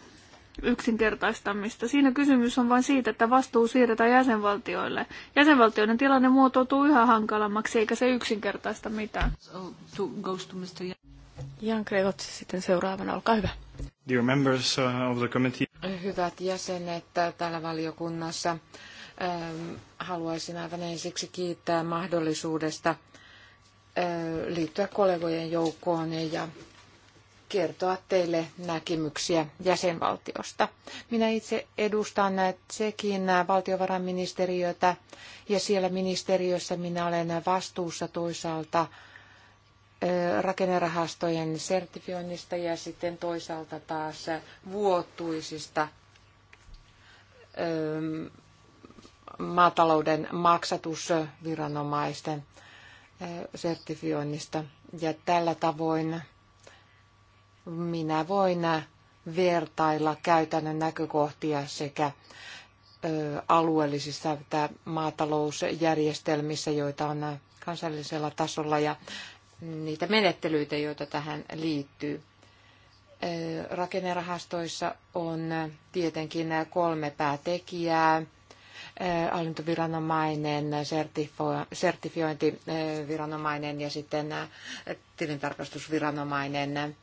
yksinkertaistamista. Siinä kysymys on vain siitä, että vastuu siirretään jäsenvaltioille. Jäsenvaltioiden tilanne muotoutuu yhä hankalammaksi, eikä se yksinkertaista mitään. So, goes to Mr. Jan sitten seuraavana, olkaa hyvä. Dear members uh, of the committee. Hyvät jäsenet äh, täällä valiokunnassa, ähm, haluaisin aivan ensiksi kiittää mahdollisuudesta äh, liittyä kollegojen joukkoon ja kertoa teille näkemyksiä jäsenvaltiosta. Minä itse edustan Tsekin valtiovarainministeriötä ja siellä ministeriössä minä olen vastuussa toisaalta rakennerahastojen sertifioinnista ja sitten toisaalta taas vuotuisista maatalouden maksatusviranomaisten sertifioinnista. Ja tällä tavoin minä voin vertailla käytännön näkökohtia sekä alueellisissa että maatalousjärjestelmissä, joita on kansallisella tasolla ja niitä menettelyitä, joita tähän liittyy. Rakennerahastoissa on tietenkin kolme päätekijää. Hallintoviranomainen, sertifiointiviranomainen ja sitten tilintarkastusviranomainen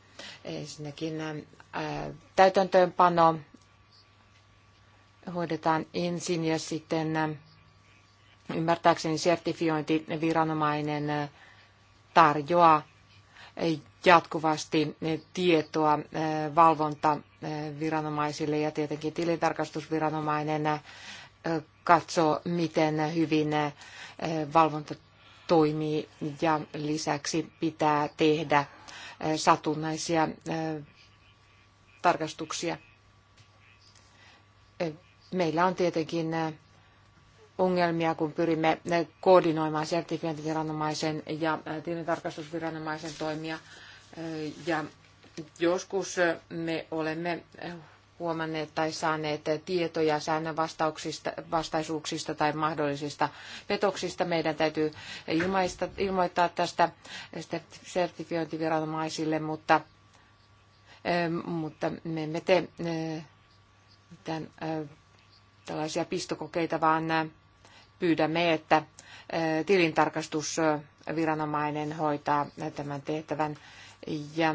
Ensinnäkin täytäntöönpano hoidetaan ensin ja sitten ymmärtääkseni sertifiointiviranomainen tarjoaa jatkuvasti tietoa valvontaviranomaisille ja tietenkin tilintarkastusviranomainen katsoo, miten hyvin valvonta toimii ja lisäksi pitää tehdä satunnaisia tarkastuksia. Meillä on tietenkin ongelmia, kun pyrimme koordinoimaan sertifiointiviranomaisen ja tilintarkastusviranomaisen toimia. Ja joskus me olemme huomanneet tai saaneet tietoja säännön vastaisuuksista tai mahdollisista petoksista. Meidän täytyy ilmaista, ilmoittaa tästä sertifiointiviranomaisille, mutta, eh, mutta me emme tee eh, mitään eh, tällaisia pistokokeita, vaan pyydämme, että tilintarkastusviranomainen hoitaa tämän tehtävän ja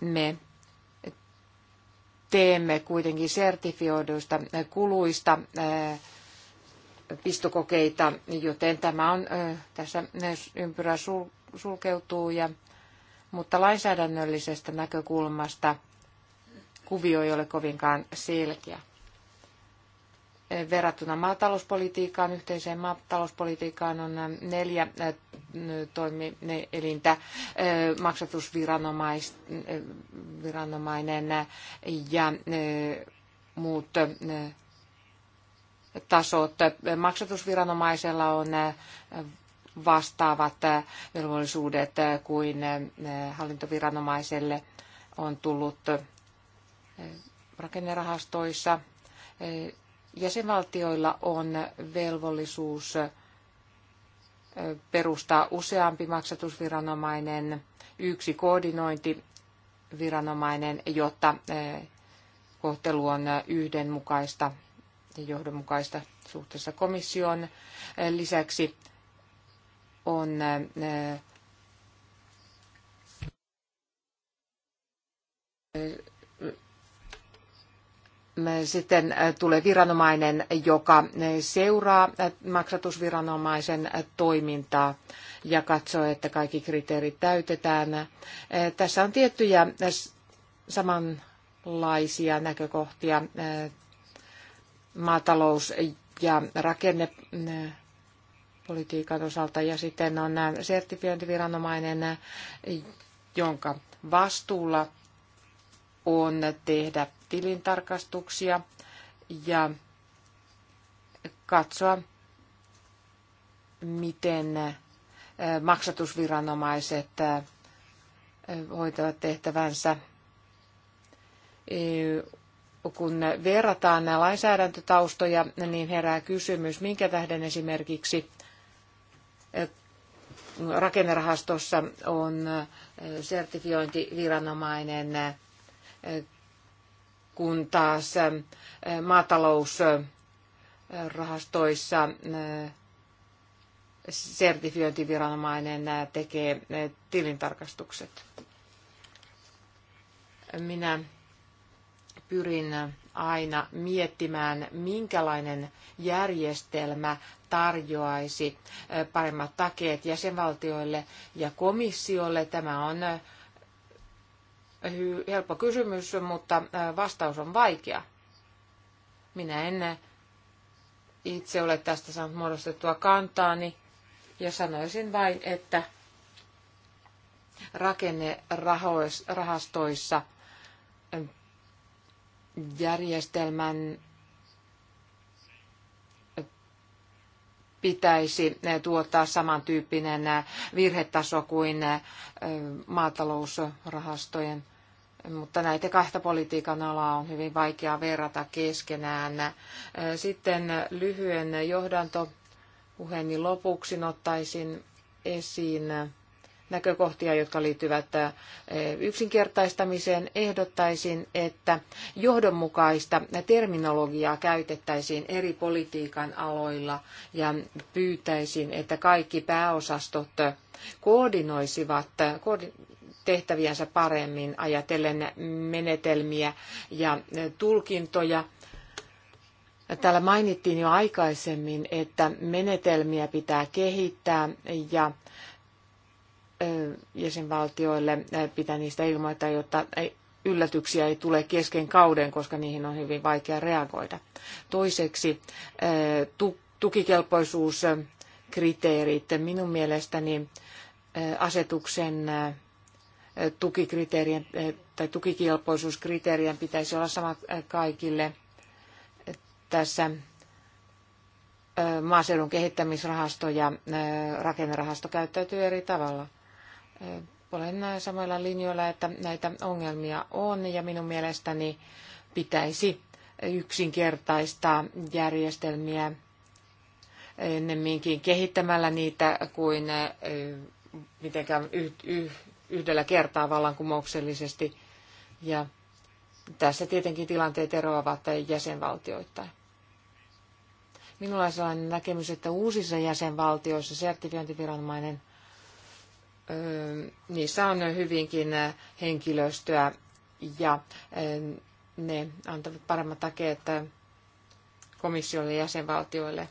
me teemme kuitenkin sertifioiduista kuluista eh, pistokokeita, joten tämä on eh, tässä eh, ympyrä sulkeutuu. Ja, mutta lainsäädännöllisestä näkökulmasta kuvio ei ole kovinkaan selkeä. Eh, verrattuna maatalouspolitiikkaan, yhteiseen maatalouspolitiikkaan on eh, neljä eh, toimielintä, maksatusviranomainen ja muut tasot. Maksatusviranomaisella on vastaavat velvollisuudet kuin hallintoviranomaiselle on tullut rakennerahastoissa jäsenvaltioilla on velvollisuus perustaa useampi maksatusviranomainen, yksi koordinointiviranomainen, jotta kohtelu on yhdenmukaista ja johdonmukaista suhteessa komissioon. Lisäksi on sitten tulee viranomainen, joka seuraa maksatusviranomaisen toimintaa ja katsoo, että kaikki kriteerit täytetään. Tässä on tiettyjä samanlaisia näkökohtia maatalous- ja rakennepolitiikan osalta ja sitten on sertifiointiviranomainen, jonka vastuulla on tehdä tilintarkastuksia ja katsoa, miten äh, maksatusviranomaiset äh, hoitavat tehtävänsä. Äh, kun verrataan lainsäädäntötaustoja, niin herää kysymys, minkä tähden esimerkiksi rakennerahastossa on sertifiointiviranomainen kun taas maatalousrahastoissa sertifiointiviranomainen tekee tilintarkastukset. Minä pyrin aina miettimään, minkälainen järjestelmä tarjoaisi paremmat takeet jäsenvaltioille ja komissiolle. Tämä on helppo kysymys, mutta vastaus on vaikea. Minä en itse ole tästä saanut muodostettua kantaani ja sanoisin vain, että rakennerahastoissa järjestelmän pitäisi eh, tuottaa samantyyppinen eh, virhetaso kuin eh, maatalousrahastojen. Mutta näitä kahta politiikan alaa on hyvin vaikea verrata keskenään. Sitten lyhyen johdantopuheeni lopuksi ottaisin esiin näkökohtia, jotka liittyvät yksinkertaistamiseen, ehdottaisin, että johdonmukaista terminologiaa käytettäisiin eri politiikan aloilla ja pyytäisin, että kaikki pääosastot koordinoisivat tehtäviänsä paremmin ajatellen menetelmiä ja tulkintoja. Täällä mainittiin jo aikaisemmin, että menetelmiä pitää kehittää ja jäsenvaltioille pitää niistä ilmoittaa, jotta yllätyksiä ei tule kesken kauden, koska niihin on hyvin vaikea reagoida. Toiseksi tukikelpoisuuskriteerit. Minun mielestäni asetuksen tukikriteerien tai tukikelpoisuuskriteerien pitäisi olla samat kaikille tässä maaseudun kehittämisrahasto ja rakennerahasto käyttäytyy eri tavalla olen samoilla linjoilla, että näitä ongelmia on ja minun mielestäni pitäisi yksinkertaistaa järjestelmiä ennemminkin kehittämällä niitä kuin mitenkään yhdellä kertaa vallankumouksellisesti. Ja tässä tietenkin tilanteet eroavat jäsenvaltioittain. Minulla on sellainen näkemys, että uusissa jäsenvaltioissa sertifiointiviranomainen niissä on hyvinkin henkilöstöä ja ne antavat paremmat takeet komissiolle ja jäsenvaltioille.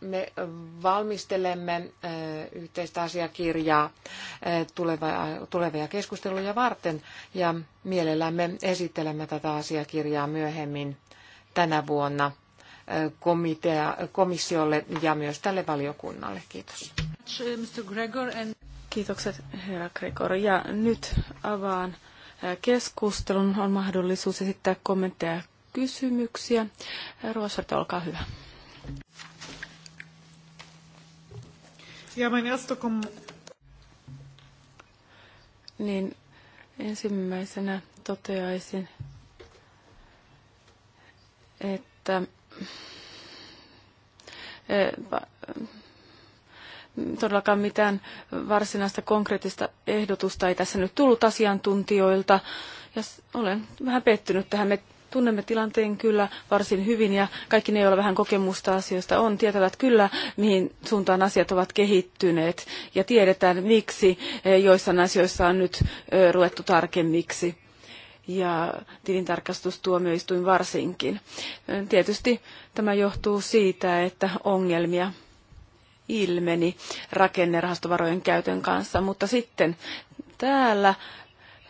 Me valmistelemme yhteistä asiakirjaa tulevia keskusteluja varten ja mielellämme esittelemme tätä asiakirjaa myöhemmin tänä vuonna – komitea, komissiolle ja myös tälle valiokunnalle. Kiitos. Kiitokset herra Gregor. Ja nyt avaan keskustelun. On mahdollisuus esittää kommentteja ja kysymyksiä. Ruosvart, olkaa hyvä. Ja Niin ensimmäisenä toteaisin, että todellakaan mitään varsinaista konkreettista ehdotusta ei tässä nyt tullut asiantuntijoilta. Ja olen vähän pettynyt tähän. Me tunnemme tilanteen kyllä varsin hyvin ja kaikki ne, joilla vähän kokemusta asioista on, tietävät kyllä, mihin suuntaan asiat ovat kehittyneet ja tiedetään, miksi eh, joissain asioissa on nyt eh, ruvettu tarkemmiksi ja tilintarkastustuomioistuin varsinkin. Tietysti tämä johtuu siitä, että ongelmia ilmeni rakennerahastovarojen käytön kanssa, mutta sitten täällä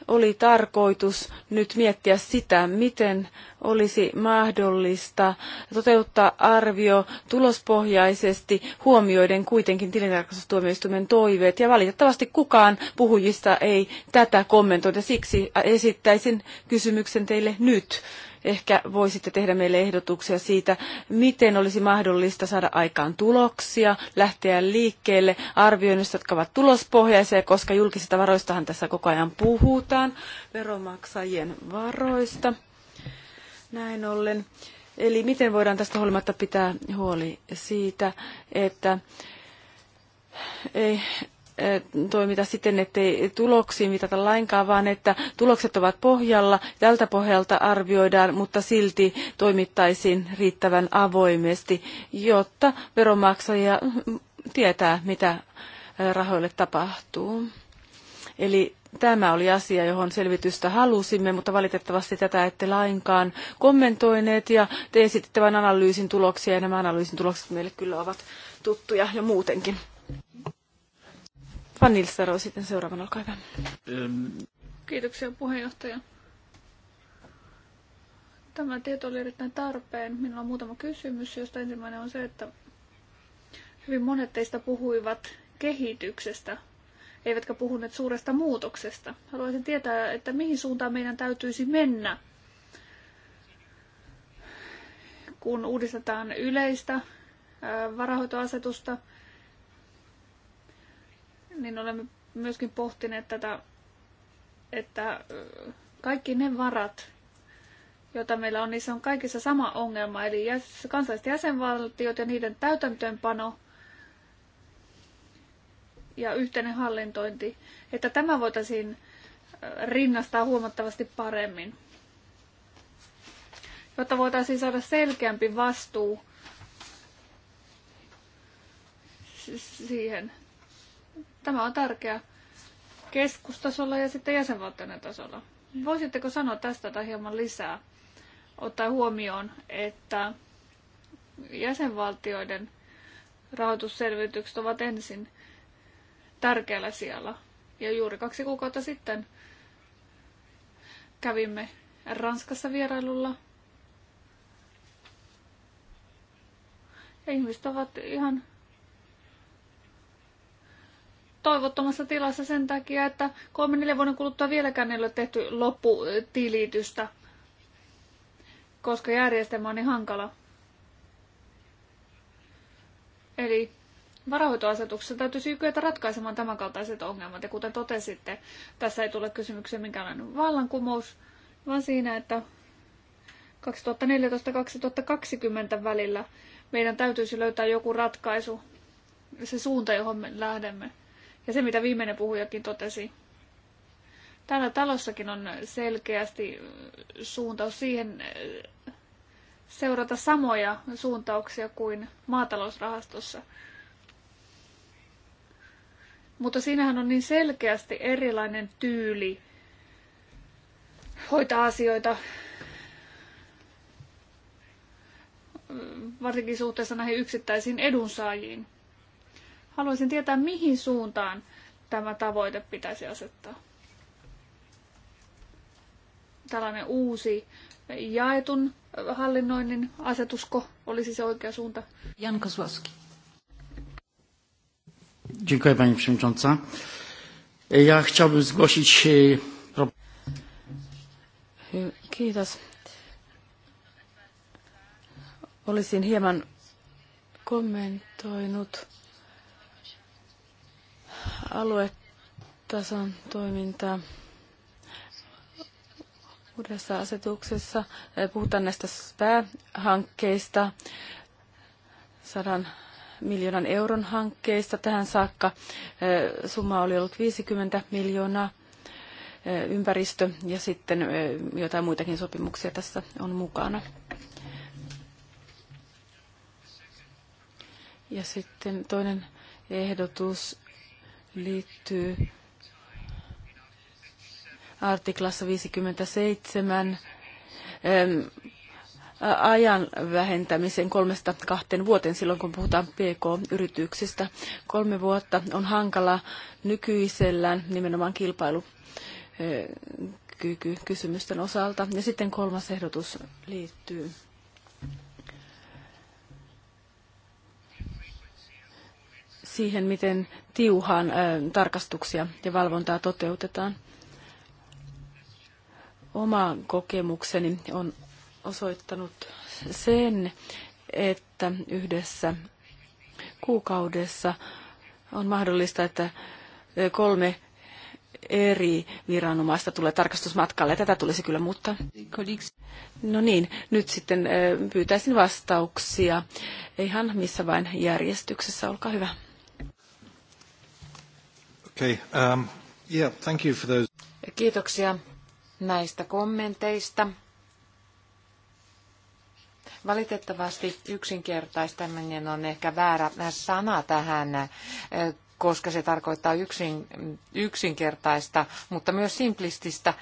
oli tarkoitus nyt miettiä sitä, miten olisi mahdollista toteuttaa arvio tulospohjaisesti huomioiden kuitenkin tilintarkastustuomioistuimen toiveet. Ja valitettavasti kukaan puhujista ei tätä kommentoida. Siksi esittäisin kysymyksen teille nyt. Ehkä voisitte tehdä meille ehdotuksia siitä, miten olisi mahdollista saada aikaan tuloksia, lähteä liikkeelle arvioinnista, jotka ovat tulospohjaisia, koska julkisista varoistahan tässä koko ajan puhutaan, veromaksajien varoista. Näin ollen. Eli miten voidaan tästä huolimatta pitää huoli siitä, että ei Eh, toimita siten, ettei tuloksiin mitata lainkaan, vaan että tulokset ovat pohjalla, tältä pohjalta arvioidaan, mutta silti toimittaisiin riittävän avoimesti, jotta veronmaksaja tietää, mitä eh, rahoille tapahtuu. Eli tämä oli asia, johon selvitystä halusimme, mutta valitettavasti tätä ette lainkaan kommentoineet ja te esititte vain analyysin tuloksia ja nämä analyysin tulokset meille kyllä ovat tuttuja jo muutenkin. Van Nilsero sitten seuraavan, olkaa hyvä. Kiitoksia puheenjohtaja. Tämä tieto oli erittäin tarpeen. Minulla on muutama kysymys, josta ensimmäinen on se, että hyvin monet teistä puhuivat kehityksestä, eivätkä puhuneet suuresta muutoksesta. Haluaisin tietää, että mihin suuntaan meidän täytyisi mennä, kun uudistetaan yleistä varahoitoasetusta – niin olemme myöskin pohtineet tätä, että kaikki ne varat, joita meillä on, niissä on kaikissa sama ongelma, eli kansalliset jäsenvaltiot ja niiden täytäntöönpano ja yhteinen hallintointi, että tämä voitaisiin rinnastaa huomattavasti paremmin, jotta voitaisiin saada selkeämpi vastuu siihen Tämä on tärkeä keskustasolla ja sitten jäsenvaltioiden tasolla. Voisitteko sanoa tästä tai hieman lisää, ottaa huomioon, että jäsenvaltioiden rahoitusselvitykset ovat ensin tärkeällä siellä. Ja juuri kaksi kuukautta sitten kävimme Ranskassa vierailulla. Ja ihmiset ovat ihan toivottomassa tilassa sen takia, että kolme neljä vuoden kuluttua vieläkään ei ole tehty lopputilitystä, koska järjestelmä on niin hankala. Eli varahoitoasetuksessa täytyisi siis kyetä ratkaisemaan tämänkaltaiset ongelmat. Ja kuten totesitte, tässä ei tule kysymykseen minkäänlainen vallankumous, vaan siinä, että 2014-2020 välillä meidän täytyisi löytää joku ratkaisu, se suunta, johon me lähdemme. Ja se, mitä viimeinen puhujakin totesi, täällä talossakin on selkeästi suuntaus siihen seurata samoja suuntauksia kuin maatalousrahastossa. Mutta siinähän on niin selkeästi erilainen tyyli hoitaa asioita, varsinkin suhteessa näihin yksittäisiin edunsaajiin. Haluaisin tietää, mihin suuntaan tämä tavoite pitäisi asettaa. Tällainen uusi jaetun hallinnoinnin asetusko olisi se oikea suunta? Jan Kosłowski. Dziękuję Pani Przewodnicząca. Ja chciałbym zgłosić... E, Kiitos. Olisin hieman kommentoinut aluetason toimintaa. Uudessa asetuksessa puhutaan näistä päähankkeista, sadan miljoonan euron hankkeista. Tähän saakka eh, summa oli ollut 50 miljoonaa eh, ympäristö ja sitten eh, jotain muitakin sopimuksia tässä on mukana. Ja sitten toinen ehdotus liittyy artiklassa 57 ajan vähentämisen kolmesta kahteen vuoteen silloin, kun puhutaan PK-yrityksistä. Kolme vuotta on hankala nykyisellään nimenomaan kilpailu kysymysten osalta. Ja sitten kolmas ehdotus liittyy siihen, miten tiuhaan tarkastuksia ja valvontaa toteutetaan. Oma kokemukseni on osoittanut sen, että yhdessä kuukaudessa on mahdollista, että kolme eri viranomaista tulee tarkastusmatkalle. Tätä tulisi kyllä muuttaa. No niin, nyt sitten pyytäisin vastauksia. Ihan missä vain järjestyksessä, olkaa hyvä. Okay, um, yeah, thank you for those. Kiitoksia näistä kommenteista. Valitettavasti yksinkertaistaminen on ehkä väärä sana tähän, eh, koska se tarkoittaa yksin, yksinkertaista, mutta myös simplististä.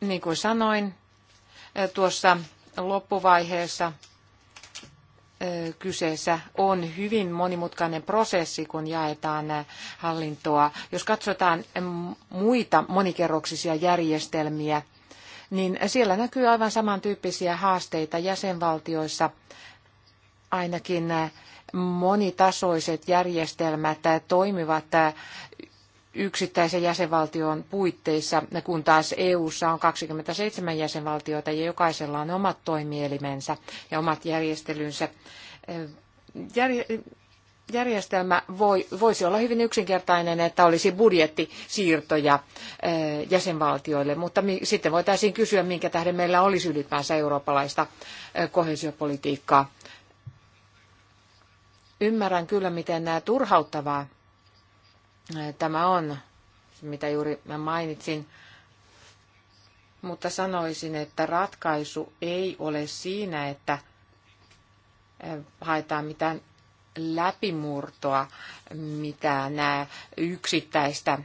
Niin kuin sanoin eh, tuossa loppuvaiheessa, kyseessä on hyvin monimutkainen prosessi, kun jaetaan hallintoa. Jos katsotaan muita monikerroksisia järjestelmiä, niin siellä näkyy aivan samantyyppisiä haasteita jäsenvaltioissa. Ainakin monitasoiset järjestelmät toimivat yksittäisen jäsenvaltion puitteissa, kun taas EU:ssa on 27 jäsenvaltiota ja jokaisella on omat toimielimensä ja omat järjestelynsä. Järjestelmä voi, voisi olla hyvin yksinkertainen, että olisi budjettisiirtoja eh, jäsenvaltioille, mutta sitten voitaisiin kysyä, minkä tähden meillä olisi ylipäänsä eurooppalaista eh, koheesiopolitiikkaa. Ymmärrän kyllä, miten nämä turhauttavaa Tämä on, mitä juuri mä mainitsin, mutta sanoisin, että ratkaisu ei ole siinä, että haetaan mitään läpimurtoa, mitään yksittäistä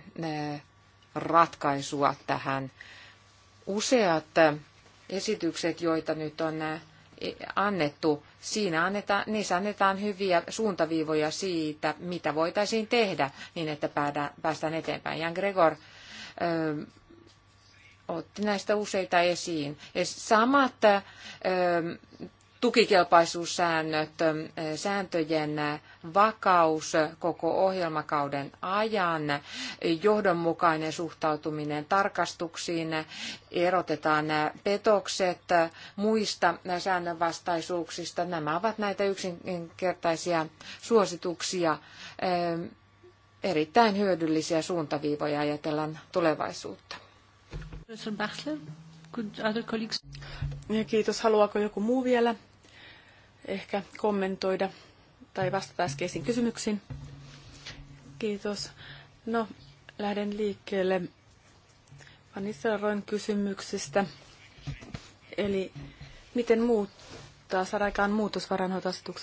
ratkaisua tähän. Useat esitykset, joita nyt on annettu, siinä annetaan, niissä annetaan hyviä suuntaviivoja siitä, mitä voitaisiin tehdä niin, että päästään eteenpäin. Jan Gregor ö, otti näistä useita esiin. Ja samat ö, tukikelpaisuussäännöt, sääntöjen vakaus koko ohjelmakauden ajan, johdonmukainen suhtautuminen tarkastuksiin, erotetaan petokset muista säännönvastaisuuksista. Nämä ovat näitä yksinkertaisia suosituksia, erittäin hyödyllisiä suuntaviivoja ajatellen tulevaisuutta. Kiitos. Haluaako joku muu vielä ehkä kommentoida tai vastata äskeisiin kysymyksiin. Kiitos. No, lähden liikkeelle Vanissa Roin kysymyksistä. Eli miten muut auttaa saada aikaan muutos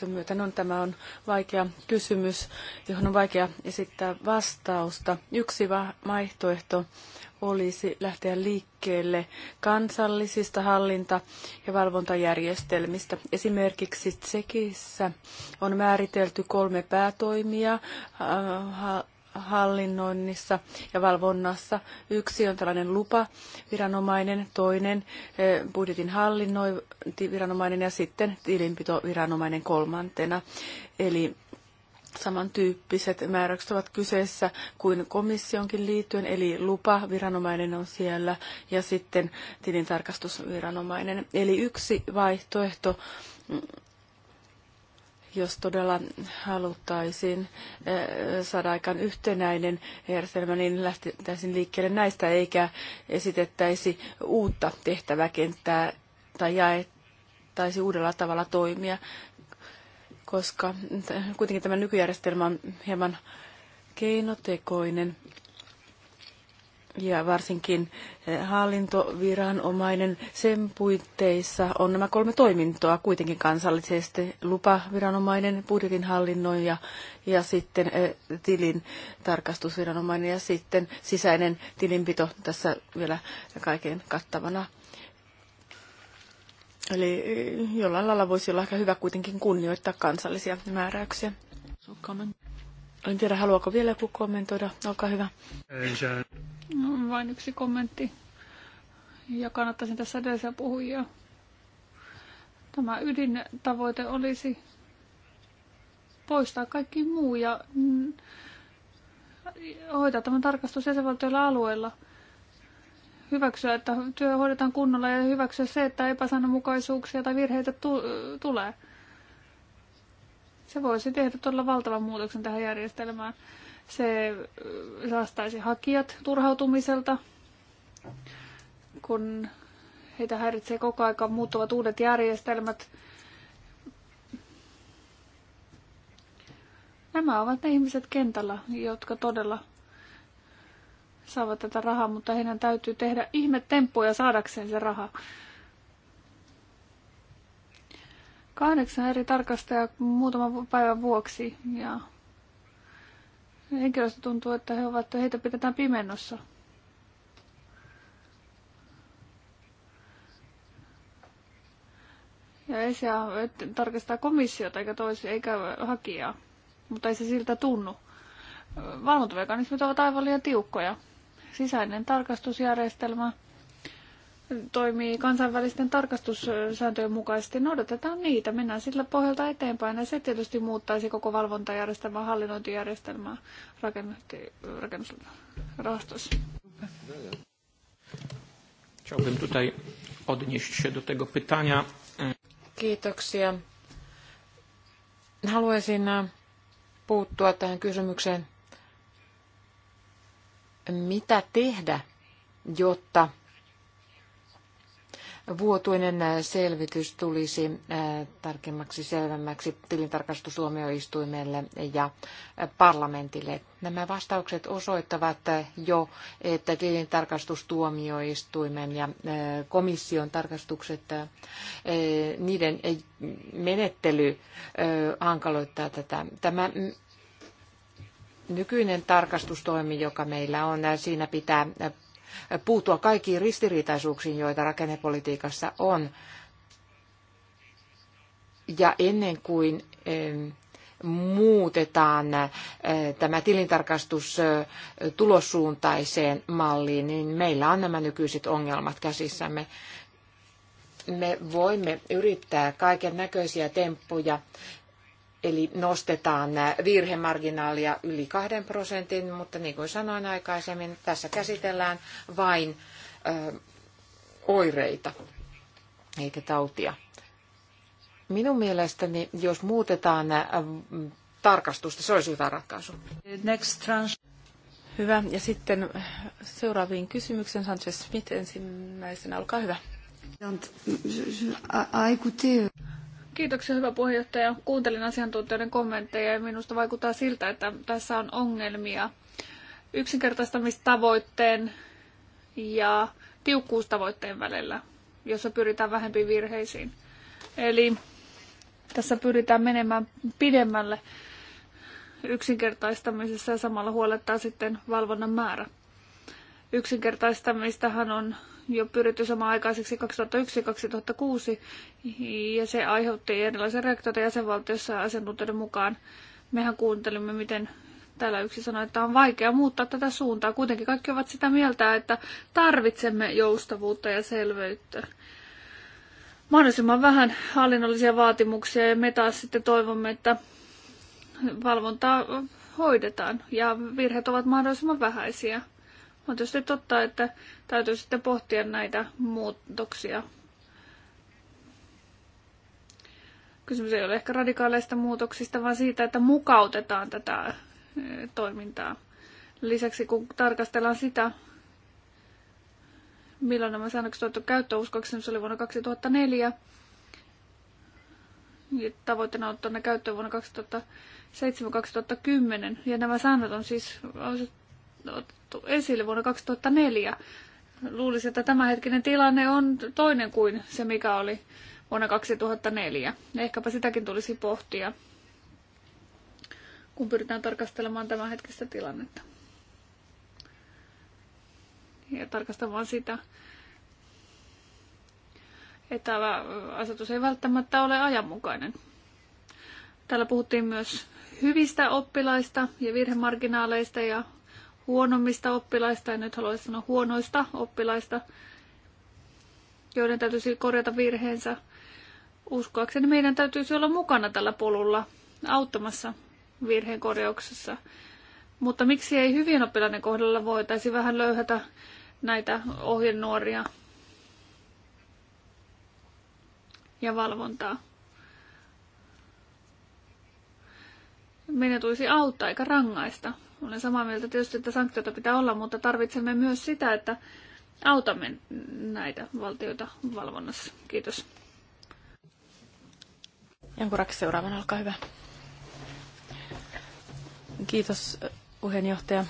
myötä? No, tämä on vaikea kysymys, johon on vaikea esittää vastausta. Yksi vaihtoehto olisi lähteä liikkeelle kansallisista hallinta- ja valvontajärjestelmistä. Esimerkiksi Tsekissä on määritelty kolme päätoimia äh, hallinnoinnissa ja valvonnassa. Yksi on tällainen lupaviranomainen, toinen eh, budjetin hallinnointiviranomainen ja sitten tilinpitoviranomainen kolmantena. Eli samantyyppiset määräykset ovat kyseessä kuin komissionkin liittyen, eli lupa viranomainen on siellä ja sitten tilintarkastusviranomainen. Eli yksi vaihtoehto jos todella haluttaisiin eh, saada aikaan yhtenäinen järjestelmä, niin lähtisin liikkeelle näistä eikä esitettäisi uutta tehtäväkenttää tai jaettaisi uudella tavalla toimia, koska kuitenkin tämä nykyjärjestelmä on hieman keinotekoinen ja varsinkin eh, hallintoviranomainen sen puitteissa on nämä kolme toimintoa kuitenkin kansallisesti lupaviranomainen, budjetin hallinnoija ja sitten eh, tilin tarkastusviranomainen ja sitten sisäinen tilinpito tässä vielä kaiken kattavana. Eli eh, jollain lailla voisi olla aika hyvä kuitenkin kunnioittaa kansallisia määräyksiä. En tiedä, haluaako vielä joku kommentoida. Olkaa hyvä. No, vain yksi kommentti. Ja kannattaisin tässä edellisiä puhujia. Tämä ydintavoite olisi poistaa kaikki muu ja mm, hoitaa tämän tarkastus jäsenvaltioilla alueella. Hyväksyä, että työ hoidetaan kunnolla ja hyväksyä se, että epäsäännönmukaisuuksia tai virheitä tu- tulee. Se voisi tehdä todella valtavan muutoksen tähän järjestelmään. Se äh, saastaisi hakijat turhautumiselta, kun heitä häiritsee koko ajan muuttuvat uudet järjestelmät. Nämä ovat ne ihmiset kentällä, jotka todella saavat tätä rahaa, mutta heidän täytyy tehdä ihmetemppuja saadakseen se raha. kahdeksan eri tarkastajaa muutama päivän vuoksi ja henkilöstö tuntuu, että he ovat, heitä pidetään pimennossa. Ja ei se tarkastaa komissiota eikä toisi, eikä hakijaa, mutta ei se siltä tunnu. Valvontamekanismit ovat aivan liian tiukkoja. Sisäinen tarkastusjärjestelmä toimii kansainvälisten tarkastussääntöjen mukaisesti, noudatetaan niitä, mennään sillä pohjalta eteenpäin ja se tietysti muuttaisi koko valvontajärjestelmää, hallinnointijärjestelmää rakennusrahastossa. Chciałbym tutaj odnieść się do tego pytania. Kiitoksia. Haluaisin äh, puuttua tähän kysymykseen, mitä tehdä, jotta vuotuinen selvitys tulisi tarkemmaksi selvemmäksi tilintarkastustuomioistuimelle ja parlamentille. Nämä vastaukset osoittavat jo, että tilintarkastustuomioistuimen ja komission tarkastukset, niiden menettely hankaloittaa tätä. Tämä nykyinen tarkastustoimi, joka meillä on, siinä pitää puuttua kaikkiin ristiriitaisuuksiin, joita rakennepolitiikassa on. Ja ennen kuin muutetaan tämä tilintarkastus tulossuuntaiseen malliin, niin meillä on nämä nykyiset ongelmat käsissämme. Me voimme yrittää kaiken näköisiä temppuja Eli nostetaan virhemarginaalia yli kahden prosentin, mutta niin kuin sanoin aikaisemmin, tässä käsitellään vain oireita eikä tautia. Minun mielestäni, jos muutetaan tarkastusta, se olisi hyvä ratkaisu. Next trans- hyvä. Ja sitten seuraaviin kysymyksiin Sanchez Smith ensimmäisenä. Olkaa hyvä. Kiitoksia, hyvä puheenjohtaja. Kuuntelin asiantuntijoiden kommentteja ja minusta vaikuttaa siltä, että tässä on ongelmia yksinkertaistamistavoitteen ja tiukkuustavoitteen välillä, jossa pyritään vähempiin virheisiin. Eli tässä pyritään menemään pidemmälle yksinkertaistamisessa ja samalla huolettaa sitten valvonnan määrä. Yksinkertaistamistahan on jo pyritty samaan aikaiseksi 2001-2006, ja se aiheutti erilaisia reaktioita jäsenvaltiossa ja asiantuntijoiden mukaan. Mehän kuuntelimme, miten täällä yksi sanoi, että on vaikea muuttaa tätä suuntaa. Kuitenkin kaikki ovat sitä mieltä, että tarvitsemme joustavuutta ja selveyttä. Mahdollisimman vähän hallinnollisia vaatimuksia ja me taas sitten toivomme, että valvontaa hoidetaan ja virheet ovat mahdollisimman vähäisiä. On tietysti totta, että täytyy sitten pohtia näitä muutoksia. Kysymys ei ole ehkä radikaaleista muutoksista, vaan siitä, että mukautetaan tätä eh, toimintaa. Lisäksi kun tarkastellaan sitä, milloin nämä säännökset on käyttöön, uskoakseni se oli vuonna 2004, ja tavoitteena on ottaa ne käyttöön vuonna 2007-2010. Ja nämä säännöt on siis otettu esille vuonna 2004. Luulisin, että tämänhetkinen tilanne on toinen kuin se, mikä oli vuonna 2004. Ehkäpä sitäkin tulisi pohtia, kun pyritään tarkastelemaan tämänhetkistä tilannetta. Ja tarkastamaan sitä, että asetus ei välttämättä ole ajanmukainen. Täällä puhuttiin myös hyvistä oppilaista ja virhemarginaaleista ja huonommista oppilaista, en nyt haluaisi sanoa huonoista oppilaista, joiden täytyisi korjata virheensä. Uskoakseni meidän täytyisi olla mukana tällä polulla auttamassa virheen korjauksessa. Mutta miksi ei hyvien oppilaiden kohdalla voitaisi vähän löyhätä näitä ohjenuoria ja valvontaa? Meidän tulisi auttaa eikä rangaista. Olen samaa mieltä tietysti, että sanktioita pitää olla, mutta tarvitsemme myös sitä, että autamme näitä valtioita valvonnassa. Kiitos. Jankuraksi seuraavan, olkaa hyvä. Kiitos puheenjohtaja.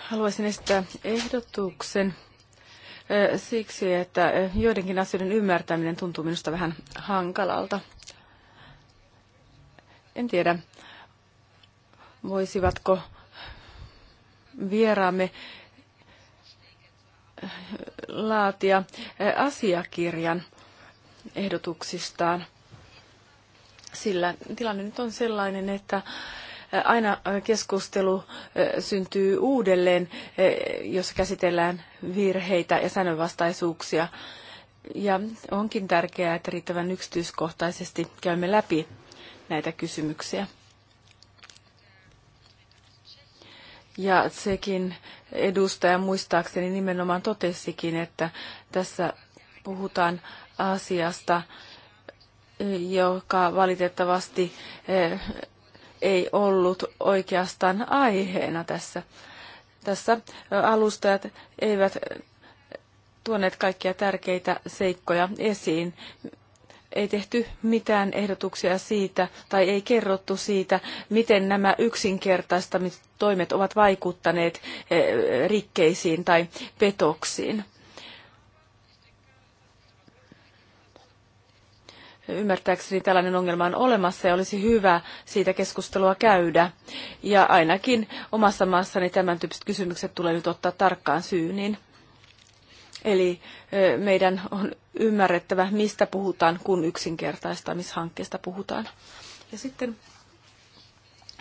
Haluaisin esittää ehdotuksen eh, siksi, että eh, joidenkin asioiden ymmärtäminen tuntuu minusta vähän hankalalta. En tiedä, voisivatko vieraamme laatia asiakirjan ehdotuksistaan, sillä tilanne nyt on sellainen, että aina keskustelu syntyy uudelleen, jos käsitellään virheitä ja säännönvastaisuuksia. Ja onkin tärkeää, että riittävän yksityiskohtaisesti käymme läpi näitä kysymyksiä. Ja sekin edustaja muistaakseni nimenomaan totesikin, että tässä puhutaan asiasta, joka valitettavasti eh, ei ollut oikeastaan aiheena tässä. Tässä eh, alustajat eivät tuoneet kaikkia tärkeitä seikkoja esiin ei tehty mitään ehdotuksia siitä tai ei kerrottu siitä, miten nämä yksinkertaistamistoimet ovat vaikuttaneet eh, rikkeisiin tai petoksiin. Ymmärtääkseni tällainen ongelma on olemassa ja olisi hyvä siitä keskustelua käydä. Ja ainakin omassa maassani tämän tyyppiset kysymykset tulee nyt ottaa tarkkaan syyniin. Eli meidän on ymmärrettävä, mistä puhutaan, kun yksinkertaistamishankkeesta puhutaan. Ja sitten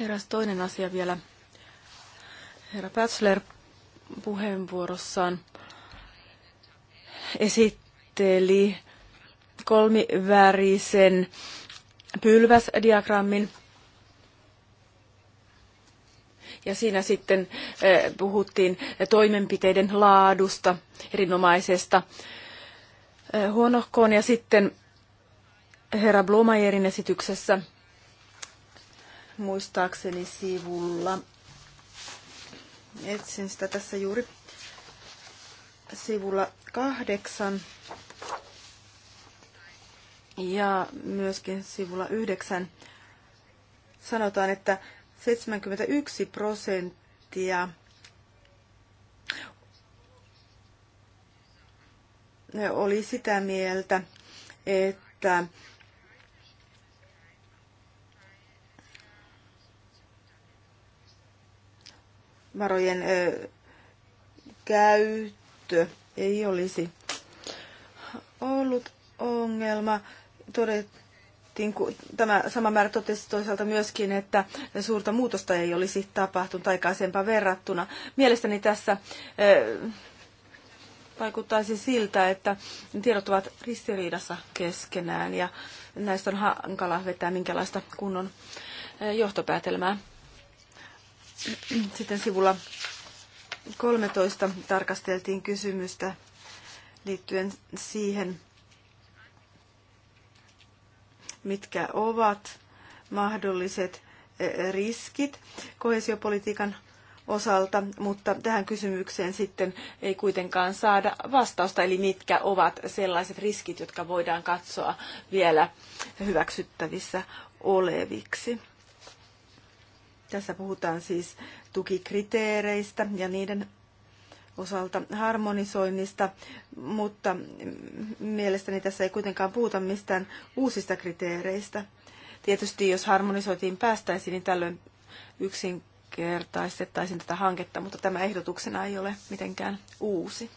eräs toinen asia vielä. Herra Bachelor puheenvuorossaan esitteli kolmivärisen pylväsdiagrammin, ja siinä sitten eh, puhuttiin toimenpiteiden laadusta, erinomaisesta eh, huonohkoon. Ja sitten herra Blumajerin esityksessä muistaakseni sivulla, etsin sitä tässä juuri sivulla kahdeksan ja myöskin sivulla yhdeksän sanotaan, että 71 prosenttia oli sitä mieltä, että varojen käyttö ei olisi ollut ongelma. Todettu tämä sama määrä totesi toisaalta myöskin, että suurta muutosta ei olisi tapahtunut aikaisempaan verrattuna. Mielestäni tässä vaikuttaisi siltä, että tiedot ovat ristiriidassa keskenään ja näistä on hankala vetää minkälaista kunnon johtopäätelmää. Sitten sivulla 13 tarkasteltiin kysymystä liittyen siihen, mitkä ovat mahdolliset eh, riskit kohesiopolitiikan osalta, mutta tähän kysymykseen sitten ei kuitenkaan saada vastausta, eli mitkä ovat sellaiset riskit, jotka voidaan katsoa vielä hyväksyttävissä oleviksi. Tässä puhutaan siis tukikriteereistä ja niiden osalta harmonisoinnista, mutta mielestäni tässä ei kuitenkaan puhuta mistään uusista kriteereistä. Tietysti jos harmonisoitiin päästäisiin, niin tällöin yksinkertaistettaisiin tätä hanketta, mutta tämä ehdotuksena ei ole mitenkään uusi.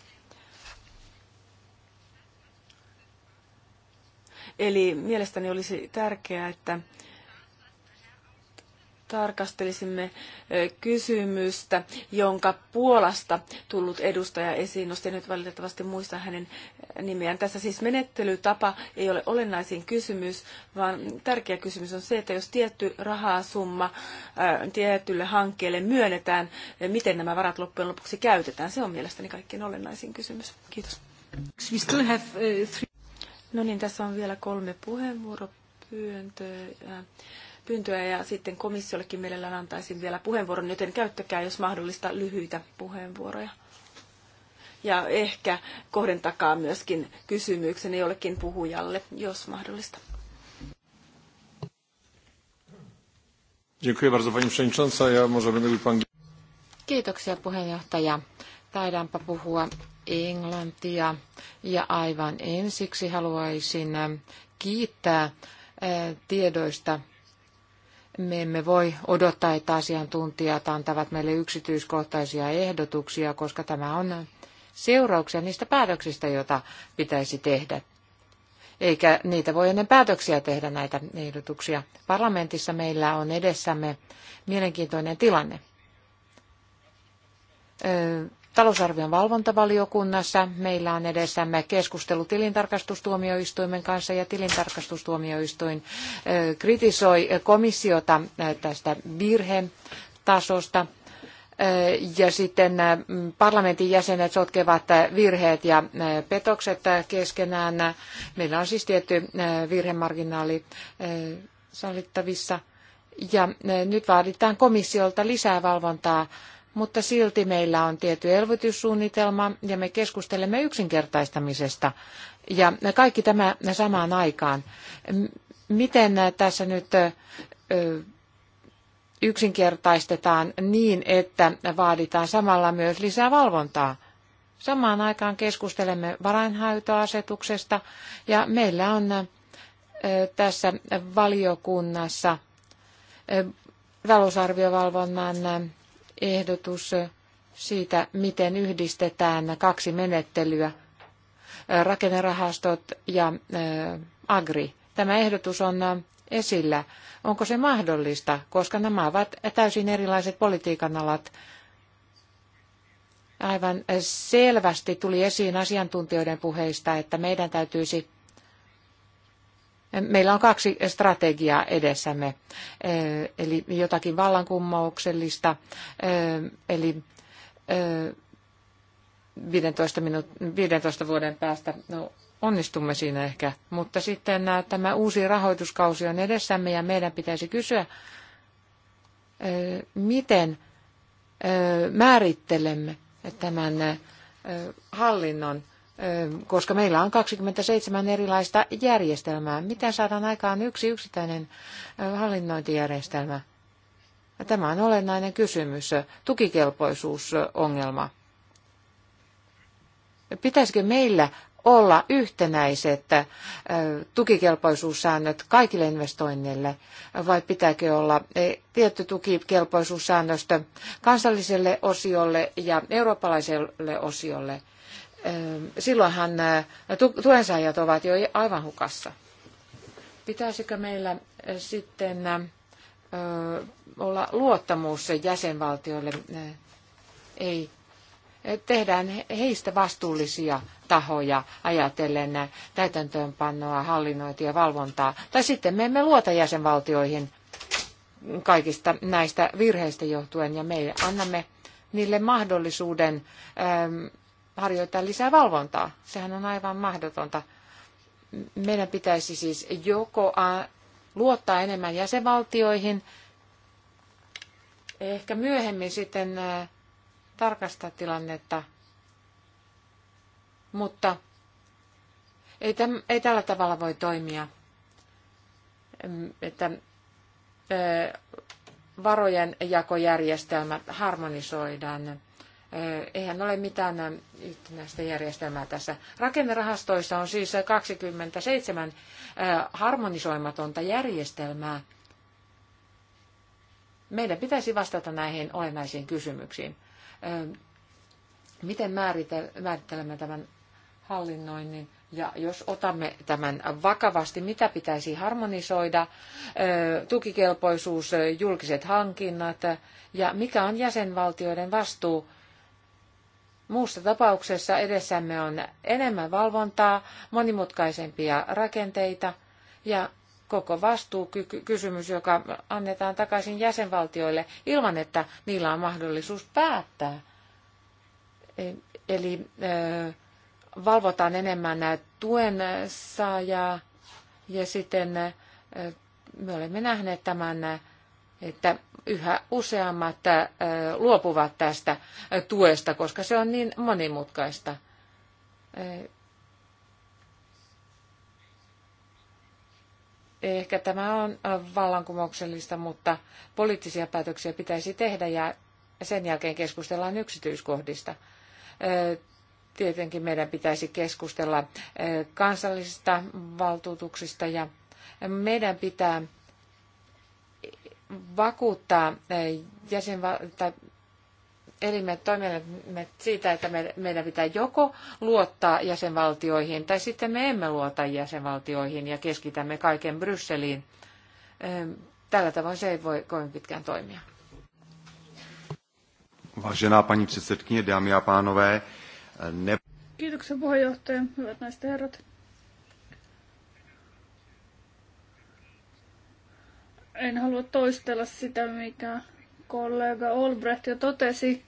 Eli mielestäni olisi tärkeää, että tarkastelisimme kysymystä, jonka Puolasta tullut edustaja esiin nosti. Nyt valitettavasti muista hänen nimeään. Tässä siis menettelytapa ei ole olennaisin kysymys, vaan tärkeä kysymys on se, että jos tietty rahasumma tietylle hankkeelle myönnetään, miten nämä varat loppujen lopuksi käytetään. Se on mielestäni kaikkein olennaisin kysymys. Kiitos. We still have, three... No niin, tässä on vielä kolme puheenvuoropyyntöä pyyntöjä ja sitten komissiollekin mielellään antaisin vielä puheenvuoron, joten käyttäkää, jos mahdollista, lyhyitä puheenvuoroja. Ja ehkä kohdentakaa myöskin kysymyksen jollekin puhujalle, jos mahdollista. Kiitoksia puheenjohtaja. Taidaanpa puhua englantia. Ja aivan ensiksi haluaisin kiittää eh, tiedoista, me emme voi odottaa, että asiantuntijat antavat meille yksityiskohtaisia ehdotuksia, koska tämä on seurauksia niistä päätöksistä, joita pitäisi tehdä. Eikä niitä voi ennen päätöksiä tehdä näitä ehdotuksia. Parlamentissa meillä on edessämme mielenkiintoinen tilanne. Talousarvion valvontavaliokunnassa meillä on edessämme keskustelu tilintarkastustuomioistuimen kanssa ja tilintarkastustuomioistuin kritisoi komissiota tästä virhetasosta ja sitten parlamentin jäsenet sotkevat virheet ja petokset keskenään. Meillä on siis tietty virhemarginaali sallittavissa. Ja nyt vaaditaan komissiolta lisää valvontaa mutta silti meillä on tietty elvytyssuunnitelma ja me keskustelemme yksinkertaistamisesta ja kaikki tämä samaan aikaan. Miten tässä nyt yksinkertaistetaan niin, että vaaditaan samalla myös lisää valvontaa? Samaan aikaan keskustelemme varainhoitoasetuksesta ja meillä on tässä valiokunnassa talousarviovalvonnan ehdotus siitä, miten yhdistetään kaksi menettelyä, rakennerahastot ja agri. Tämä ehdotus on esillä. Onko se mahdollista, koska nämä ovat täysin erilaiset politiikan alat? Aivan selvästi tuli esiin asiantuntijoiden puheista, että meidän täytyisi Meillä on kaksi strategiaa edessämme, eh, eli jotakin vallankumouksellista, eh, eli 15, minuut- 15 vuoden päästä no, onnistumme siinä ehkä, mutta sitten eh, tämä uusi rahoituskausi on edessämme ja meidän pitäisi kysyä, miten määrittelemme tämän hallinnon koska meillä on 27 erilaista järjestelmää. Miten saadaan aikaan yksi yksittäinen hallinnointijärjestelmä? Tämä on olennainen kysymys, tukikelpoisuusongelma. Pitäisikö meillä olla yhtenäiset tukikelpoisuussäännöt kaikille investoinneille vai pitääkö olla e, tietty tukikelpoisuussäännöstö kansalliselle osiolle ja eurooppalaiselle osiolle? silloinhan tuensaajat ovat jo aivan hukassa. Pitäisikö meillä sitten olla luottamus jäsenvaltioille? Ei. Tehdään heistä vastuullisia tahoja ajatellen täytäntöönpannoa, hallinnointia ja valvontaa. Tai sitten me emme luota jäsenvaltioihin kaikista näistä virheistä johtuen ja me annamme niille mahdollisuuden harjoittaa lisää valvontaa. Sehän on aivan mahdotonta. Meidän pitäisi siis joko luottaa enemmän jäsenvaltioihin, ehkä myöhemmin sitten tarkastaa tilannetta, mutta ei, täm, ei tällä tavalla voi toimia, että varojen jakojärjestelmät harmonisoidaan Eihän ole mitään yhtenäistä järjestelmää tässä. Rakennerahastoissa on siis 27 harmonisoimatonta järjestelmää. Meidän pitäisi vastata näihin olennaisiin kysymyksiin. Miten määrittelemme tämän hallinnoinnin? Ja jos otamme tämän vakavasti, mitä pitäisi harmonisoida, tukikelpoisuus, julkiset hankinnat ja mikä on jäsenvaltioiden vastuu Muussa tapauksessa edessämme on enemmän valvontaa, monimutkaisempia rakenteita ja koko vastuukysymys, joka annetaan takaisin jäsenvaltioille ilman, että niillä on mahdollisuus päättää. Eli valvotaan enemmän tuen saajaa ja sitten me olemme nähneet tämän että yhä useammat äh, luopuvat tästä äh, tuesta, koska se on niin monimutkaista. Äh, ehkä tämä on vallankumouksellista, mutta poliittisia päätöksiä pitäisi tehdä ja sen jälkeen keskustellaan yksityiskohdista. Tietenkin meidän pitäisi keskustella kansallisista valtuutuksista ja meidän pitää vakuuttaa eh, jäsenval- tai elimet toimielimet siitä, että meidän pitää joko luottaa jäsenvaltioihin tai sitten me emme luota jäsenvaltioihin ja keskitämme kaiken Brysseliin. Tällä tavoin se ei voi kovin pitkään toimia. Vážená paní předsedkyně, dámy a pánové, ne... puheenjohtaja, hyvät naiset herrat. En halua toistella sitä, mikä kollega Olbrecht jo totesi.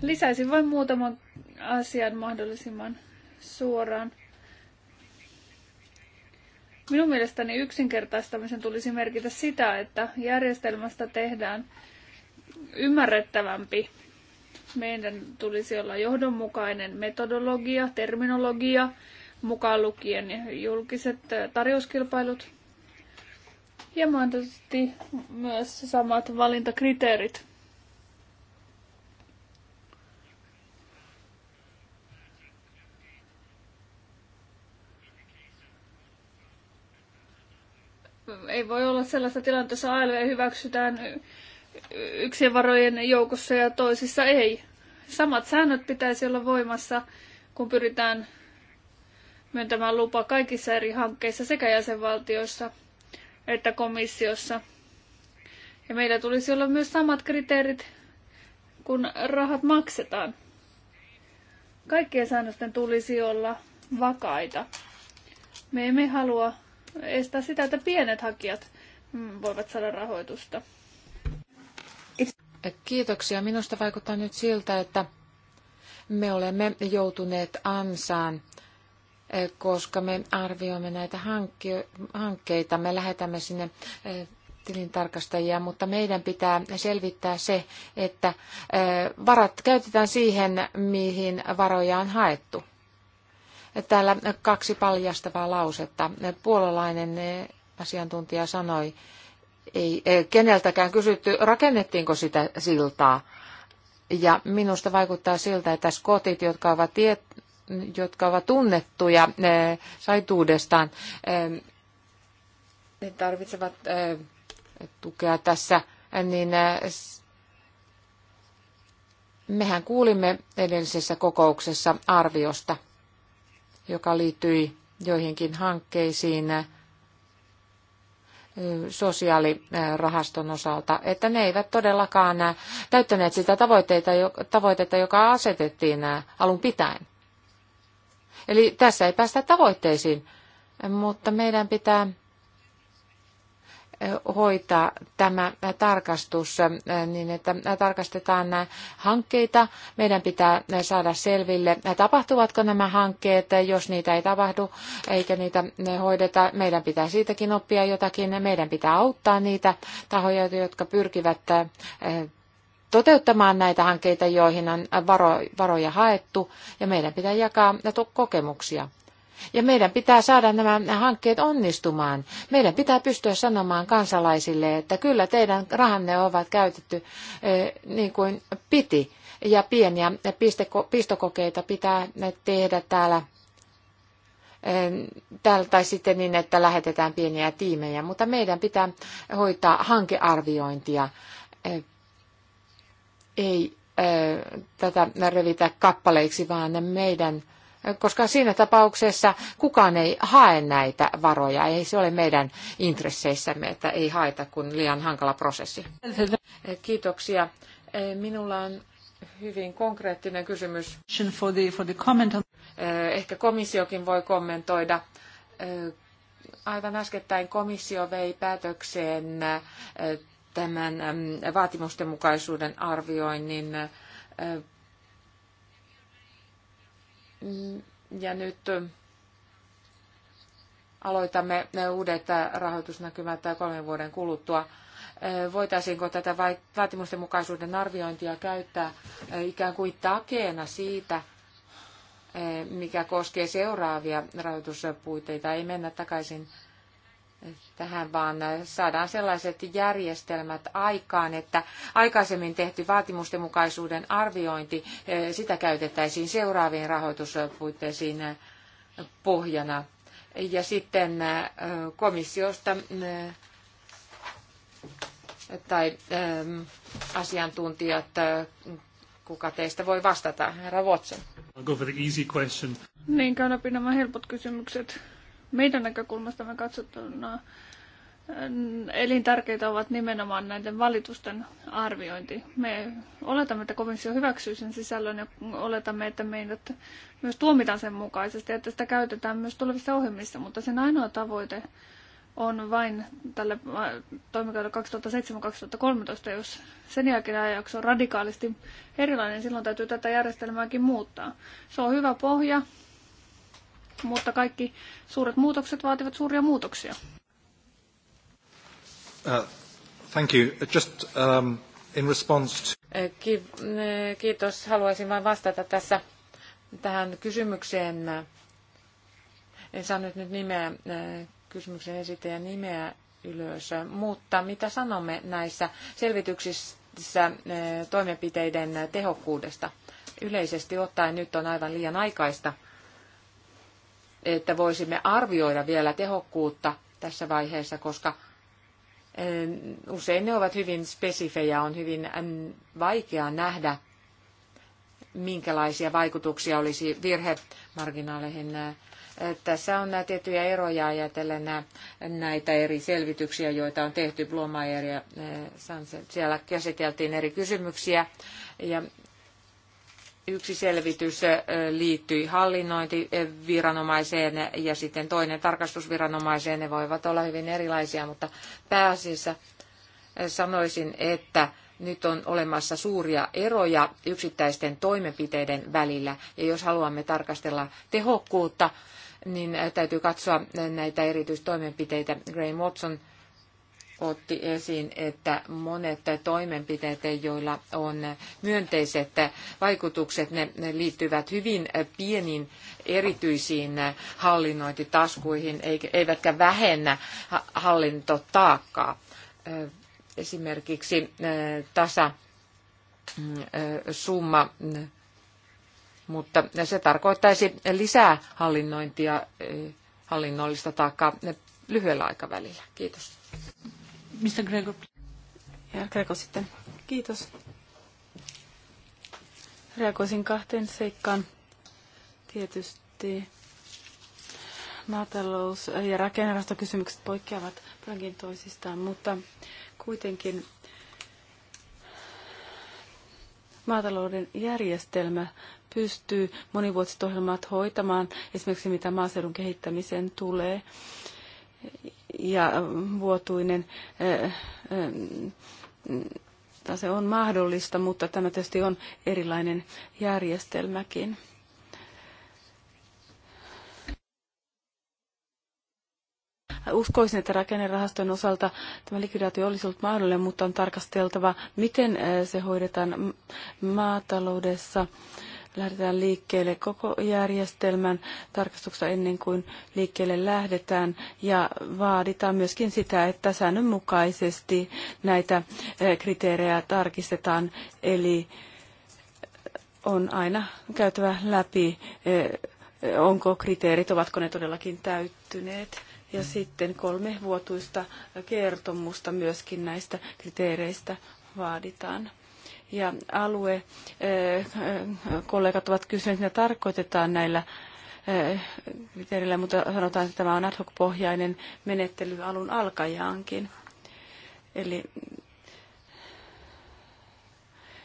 Lisäisin vain muutaman asian mahdollisimman suoraan. Minun mielestäni yksinkertaistamisen tulisi merkitä sitä, että järjestelmästä tehdään ymmärrettävämpi. Meidän tulisi olla johdonmukainen metodologia, terminologia, mukaan lukien julkiset tarjouskilpailut – ja mahdollisesti myös samat valintakriteerit. Ei voi olla sellaista tilanteessa ALV hyväksytään yksien varojen joukossa ja toisissa ei. Samat säännöt pitäisi olla voimassa, kun pyritään myöntämään lupa kaikissa eri hankkeissa sekä jäsenvaltioissa – että komissiossa. Ja meillä tulisi olla myös samat kriteerit, kun rahat maksetaan. Kaikkien säännösten tulisi olla vakaita. Me emme halua estää sitä, että pienet hakijat mm, voivat saada rahoitusta. Kiitoksia. Minusta vaikuttaa nyt siltä, että me olemme joutuneet ansaan koska me arvioimme näitä hankkeita. Me lähetämme sinne eh, tilintarkastajia, mutta meidän pitää selvittää se, että eh, varat käytetään siihen, mihin varoja on haettu. Täällä kaksi paljastavaa lausetta. Puolalainen eh, asiantuntija sanoi, ei keneltäkään kysytty, rakennettiinko sitä siltaa. Ja minusta vaikuttaa siltä, että skotit, jotka ovat jotka ovat tunnettuja eh, saituudestaan, eh, ne tarvitsevat eh, tukea tässä, niin mehän kuulimme edellisessä kokouksessa arviosta, joka liittyi joihinkin hankkeisiin sosiaalirahaston osalta, että ne eivät todellakaan täyttäneet sitä tavoitteita, tavoitetta, joka asetettiin alun pitäen. Eli tässä ei päästä tavoitteisiin, mutta meidän pitää eh, hoitaa tämä tarkastus eh, niin, että tarkastetaan nämä hankkeita. Meidän pitää saada selville, tapahtuvatko nämä hankkeet, jos niitä ei tapahdu eikä niitä hoideta. Meidän pitää siitäkin oppia jotakin. Meidän pitää auttaa niitä tahoja, jotka pyrkivät eh, toteuttamaan näitä hankkeita, joihin on varoja haettu, ja meidän pitää jakaa kokemuksia. Ja meidän pitää saada nämä hankkeet onnistumaan. Meidän pitää pystyä sanomaan kansalaisille, että kyllä teidän rahanne ovat käytetty eh, niin kuin piti. Ja pieniä pistokokeita pitää tehdä eh, täällä tai sitten niin, että lähetetään pieniä tiimejä, mutta meidän pitää hoitaa hankearviointia eh, ei tätä revitä kappaleiksi, vaan meidän, koska siinä tapauksessa kukaan ei hae näitä varoja. Ei se ole meidän intresseissämme, että ei haeta, kun liian hankala prosessi. Kiitoksia. Minulla on hyvin konkreettinen kysymys. Ehkä komissiokin voi kommentoida. Aivan äskettäin komissio vei päätökseen tämän vaatimusten mukaisuuden arvioinnin. Ja nyt aloitamme ne uudet rahoitusnäkymät kolmen vuoden kuluttua. Voitaisiinko tätä vaatimusten mukaisuuden arviointia käyttää ikään kuin takeena siitä, mikä koskee seuraavia rahoituspuitteita, ei mennä takaisin tähän, vaan saadaan sellaiset järjestelmät aikaan, että aikaisemmin tehty vaatimustenmukaisuuden arviointi, eh, sitä käytettäisiin seuraaviin rahoituspuitteisiin eh, pohjana. Ja sitten eh, komissiosta tai asiantuntijat, kuka teistä voi vastata, herra Watson. I'll go for the easy question. Niin, käydäpä nämä helpot kysymykset. Meidän näkökulmasta me katsottuna elintärkeitä ovat nimenomaan näiden valitusten arviointi. Me oletamme, että komissio hyväksyy sen sisällön ja oletamme, että meidät myös tuomitaan sen mukaisesti, että sitä käytetään myös tulevissa ohjelmissa, mutta sen ainoa tavoite on vain tälle äh, toimikaudelle 2007-2013, jos sen jälkeen ajaksi on radikaalisti erilainen, silloin täytyy tätä järjestelmääkin muuttaa. Se on hyvä pohja mutta kaikki suuret muutokset vaativat suuria muutoksia. Uh, thank you. Just, um, in response to... Eh, ki- kiitos. Haluaisin vain vastata tässä tähän kysymykseen. En saanut nyt nimeä, eh, kysymyksen esittäjän nimeä ylös, mutta mitä sanomme näissä selvityksissä eh, toimenpiteiden tehokkuudesta? Yleisesti ottaen nyt on aivan liian aikaista että voisimme arvioida vielä tehokkuutta tässä vaiheessa, koska usein ne ovat hyvin spesifejä, on hyvin vaikea nähdä, minkälaisia vaikutuksia olisi virhemarginaaleihin. Tässä on nämä tiettyjä eroja ajatellen näitä eri selvityksiä, joita on tehty Blomayer ja Sunset. Siellä käsiteltiin eri kysymyksiä ja Yksi selvitys liittyi hallinnointiviranomaiseen ja sitten toinen tarkastusviranomaiseen. Ne voivat olla hyvin erilaisia, mutta pääasiassa sanoisin, että nyt on olemassa suuria eroja yksittäisten toimenpiteiden välillä. Ja jos haluamme tarkastella tehokkuutta, niin täytyy katsoa näitä erityistoimenpiteitä. Graham Watson – otti esiin, että monet toimenpiteet, joilla on myönteiset vaikutukset, ne, liittyvät hyvin pieniin erityisiin hallinnointitaskuihin, eivätkä vähennä hallintotaakkaa. Esimerkiksi tasa summa, mutta se tarkoittaisi lisää hallinnointia, hallinnollista taakkaa lyhyellä aikavälillä. Kiitos. Mr. Gregor. Ja Gregor sitten. Kiitos. Reagoisin kahteen seikkaan. Tietysti maatalous- ja rakennerastokysymykset poikkeavat paljonkin toisistaan, mutta kuitenkin maatalouden järjestelmä pystyy monivuotiset ohjelmat hoitamaan, esimerkiksi mitä maaseudun kehittämiseen tulee ja vuotuinen se on mahdollista, mutta tämä tietysti on erilainen järjestelmäkin. uskoisin, että rakennerahastojen osalta tämä likvidaatio olisi ollut mahdollinen, mutta on tarkasteltava, miten se hoidetaan maataloudessa lähdetään liikkeelle koko järjestelmän tarkastuksessa ennen kuin liikkeelle lähdetään ja vaaditaan myöskin sitä, että säännönmukaisesti näitä eh, kriteerejä tarkistetaan, eli eh, on aina käytävä läpi, eh, onko kriteerit, ovatko ne todellakin täyttyneet ja sitten kolme vuotuista kertomusta myöskin näistä kriteereistä vaaditaan ja alue eh, eh, kollegat ovat kysyneet, mitä tarkoitetaan näillä eh, kriteerillä, mutta sanotaan, että tämä on ad hoc-pohjainen menettely alun alkajaankin. Eli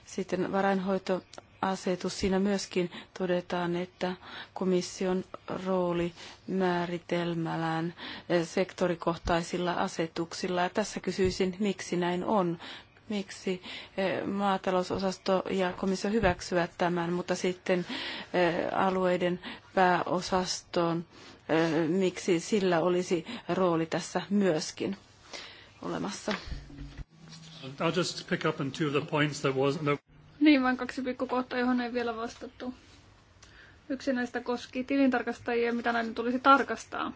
sitten varainhoitoasetus, siinä myöskin todetaan, että komission rooli määritelmällään sektorikohtaisilla asetuksilla. Ja tässä kysyisin, miksi näin on miksi eh, maatalousosasto ja komissio hyväksyvät tämän, mutta sitten eh, alueiden pääosastoon, eh, miksi sillä olisi rooli tässä myöskin olemassa. I'll just pick up on two of the points that was... Niin, vain kaksi pikkukohtaa, johon ei vielä vastattu. Yksi näistä koski tilintarkastajia, mitä näiden tulisi tarkastaa.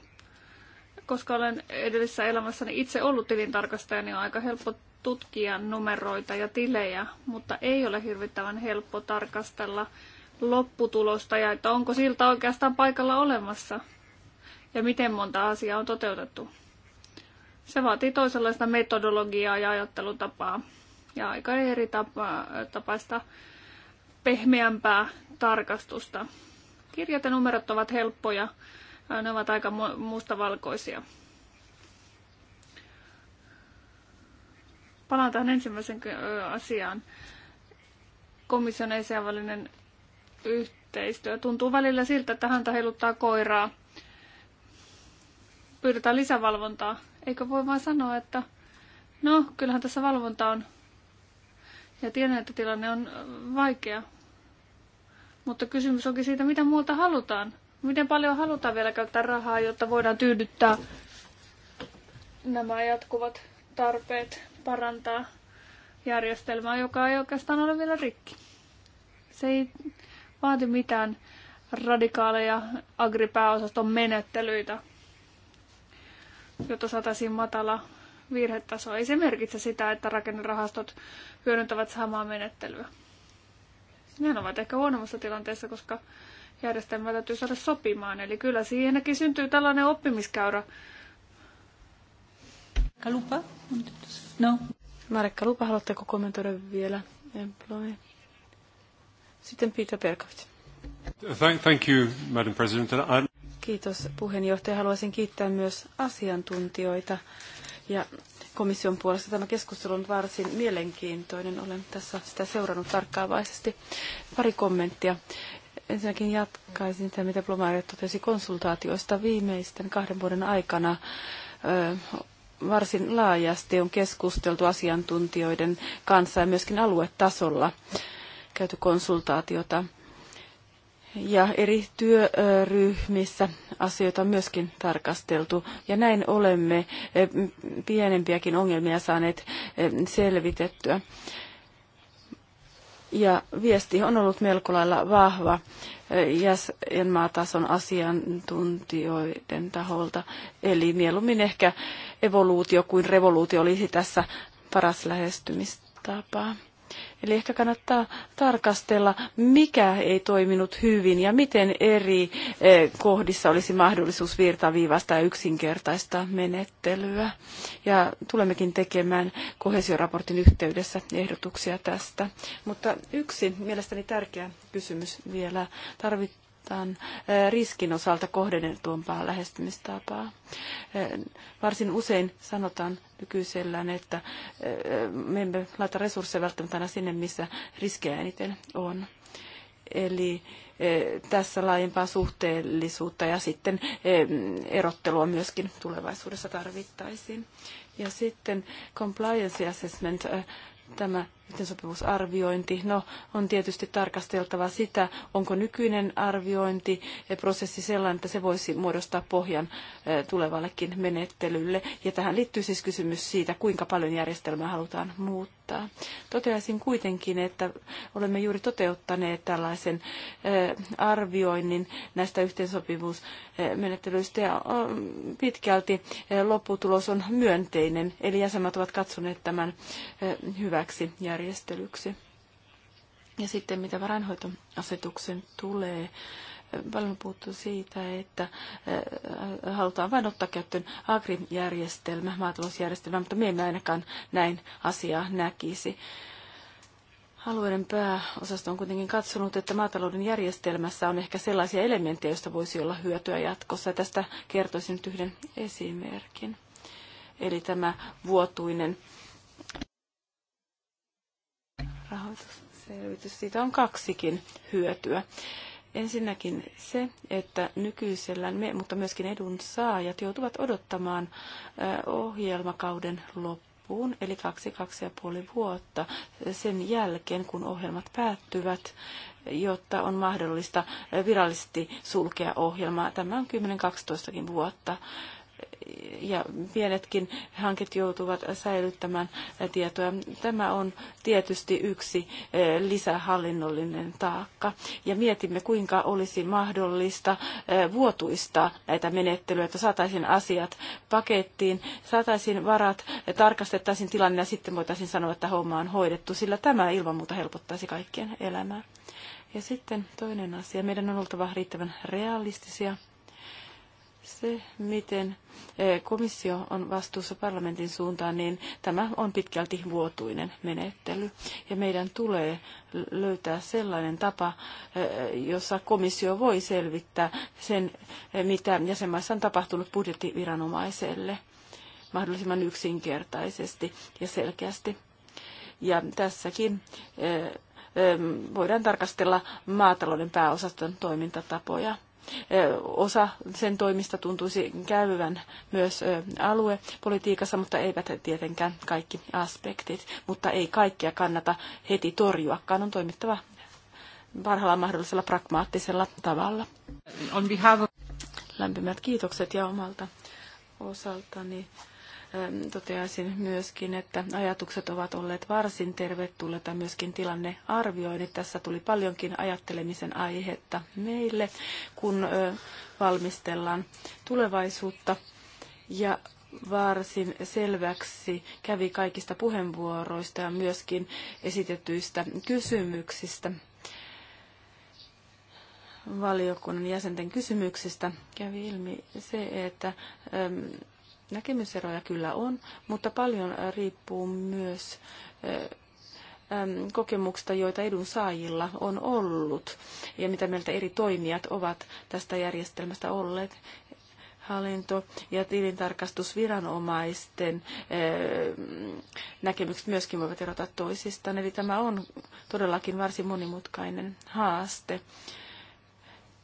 Koska olen edellisessä elämässäni itse ollut tilintarkastaja, niin on aika helppo Tutkijan numeroita ja tilejä, mutta ei ole hirvittävän helppo tarkastella lopputulosta ja että onko siltä oikeastaan paikalla olemassa ja miten monta asiaa on toteutettu. Se vaatii toisenlaista metodologiaa ja ajattelutapaa ja aika eri tapa, tapaista pehmeämpää tarkastusta. Kirjat ja numerot ovat helppoja, ne ovat aika mustavalkoisia. Palaan tähän ensimmäisen asiaan. Komission välinen yhteistyö. Tuntuu välillä siltä, että häntä heiluttaa koiraa. Pyydetään lisävalvontaa. Eikö voi vain sanoa, että no, kyllähän tässä valvonta on. Ja tiedän, että tilanne on vaikea. Mutta kysymys onkin siitä, mitä muuta halutaan. Miten paljon halutaan vielä käyttää rahaa, jotta voidaan tyydyttää nämä jatkuvat tarpeet parantaa järjestelmää, joka ei oikeastaan ole vielä rikki. Se ei vaati mitään radikaaleja agripääosaston menettelyitä, jotta saataisiin matala virhetaso. Ei se merkitse sitä, että rakennerahastot hyödyntävät samaa menettelyä. Ne ovat ehkä huonommassa tilanteessa, koska järjestelmä täytyy saada sopimaan. Eli kyllä siihenkin syntyy tällainen oppimiskäyrä Kalupa? No. Marekka Lupa, haluatteko kommentoida vielä? Employ. Sitten Peter Perkovic. Thank, thank you, Madam President. I'm... Kiitos puheenjohtaja. Haluaisin kiittää myös asiantuntijoita. Ja komission puolesta tämä keskustelu on varsin mielenkiintoinen. Olen tässä sitä seurannut tarkkaavaisesti. Pari kommenttia. Ensinnäkin jatkaisin sitä, mitä Blomaire totesi konsultaatioista viimeisten kahden vuoden aikana. Ö, varsin laajasti on keskusteltu asiantuntijoiden kanssa ja myöskin aluetasolla käyty konsultaatiota. Ja eri työryhmissä asioita on myöskin tarkasteltu. Ja näin olemme eh, pienempiäkin ongelmia saaneet eh, selvitettyä. Ja viesti on ollut melko lailla vahva eh, jäsenmaatason asiantuntijoiden taholta. Eli mieluummin ehkä evoluutio kuin revoluutio olisi tässä paras lähestymistapa. Eli ehkä kannattaa tarkastella, mikä ei toiminut hyvin ja miten eri eh, kohdissa olisi mahdollisuus virtaviivasta ja yksinkertaista menettelyä. Ja tulemmekin tekemään kohesioraportin yhteydessä ehdotuksia tästä. Mutta yksi mielestäni tärkeä kysymys vielä. Tarvit, tämän riskin osalta kohdennetumpaa lähestymistapaa. Varsin usein sanotaan nykyisellään, että me emme laita resursseja välttämättä aina sinne, missä riskejä eniten on. Eli tässä laajempaa suhteellisuutta ja sitten erottelua myöskin tulevaisuudessa tarvittaisiin. Ja sitten compliance assessment, tämä sopimusarviointi. No, on tietysti tarkasteltava sitä, onko nykyinen arviointi ja prosessi sellainen, että se voisi muodostaa pohjan eh, tulevallekin menettelylle. Ja tähän liittyy siis kysymys siitä, kuinka paljon järjestelmää halutaan muuttaa. Toteaisin kuitenkin, että olemme juuri toteuttaneet tällaisen eh, arvioinnin näistä yhteensopivuusmenettelyistä eh, ja pitkälti lopputulos on myönteinen, eli jäsenmaat ovat katsoneet tämän hyväksi järjestelmäksi järjestelyksi. Ja sitten mitä varainhoitoasetuksen tulee, paljon puuttuu siitä, että äh, halutaan vain ottaa käyttöön agrijärjestelmä, maatalousjärjestelmä, mutta minä en ainakaan näin asiaa näkisi. Alueiden pääosasto on kuitenkin katsonut, että maatalouden järjestelmässä on ehkä sellaisia elementtejä, joista voisi olla hyötyä jatkossa. Ja tästä kertoisin nyt yhden esimerkin. Eli tämä vuotuinen rahoitusselvitys. Siitä on kaksikin hyötyä. Ensinnäkin se, että nykyisellään me, mutta myöskin edun saajat joutuvat odottamaan ohjelmakauden loppuun, eli kaksi, kaksi ja puoli vuotta sen jälkeen, kun ohjelmat päättyvät, jotta on mahdollista virallisesti sulkea ohjelmaa. Tämä on 10-12 vuotta ja pienetkin hanket joutuvat säilyttämään tietoja. Tämä on tietysti yksi eh, lisähallinnollinen taakka. Ja mietimme, kuinka olisi mahdollista eh, vuotuista näitä menettelyjä että saataisiin asiat pakettiin, saataisiin varat, eh, tarkastettaisiin tilanne ja sitten voitaisiin sanoa, että homma on hoidettu, sillä tämä ilman muuta helpottaisi kaikkien elämää. Ja sitten toinen asia. Meidän on oltava riittävän realistisia se, miten eh, komissio on vastuussa parlamentin suuntaan, niin tämä on pitkälti vuotuinen menettely. Ja meidän tulee löytää sellainen tapa, eh, jossa komissio voi selvittää sen, eh, mitä jäsenmaissa on tapahtunut budjettiviranomaiselle mahdollisimman yksinkertaisesti ja selkeästi. Ja tässäkin voidaan tarkastella maatalouden pääosaston toimintatapoja Osa sen toimista tuntuisi käyvän myös aluepolitiikassa, mutta eivät tietenkään kaikki aspektit. Mutta ei kaikkia kannata heti torjuakaan, on toimittava parhaalla mahdollisella pragmaattisella tavalla. On behalf of... Lämpimät kiitokset ja omalta osaltani toteaisin myöskin, että ajatukset ovat olleet varsin tervetulleita myöskin tilannearvioinnit. Tässä tuli paljonkin ajattelemisen aihetta meille, kun valmistellaan tulevaisuutta. Ja varsin selväksi kävi kaikista puheenvuoroista ja myöskin esitetyistä kysymyksistä valiokunnan jäsenten kysymyksistä kävi ilmi se, että Näkemyseroja kyllä on, mutta paljon riippuu myös eh, kokemuksista, joita edunsaajilla on ollut ja mitä mieltä eri toimijat ovat tästä järjestelmästä olleet hallinto- ja tilintarkastusviranomaisten eh, näkemykset myöskin voivat erota toisistaan. Eli tämä on todellakin varsin monimutkainen haaste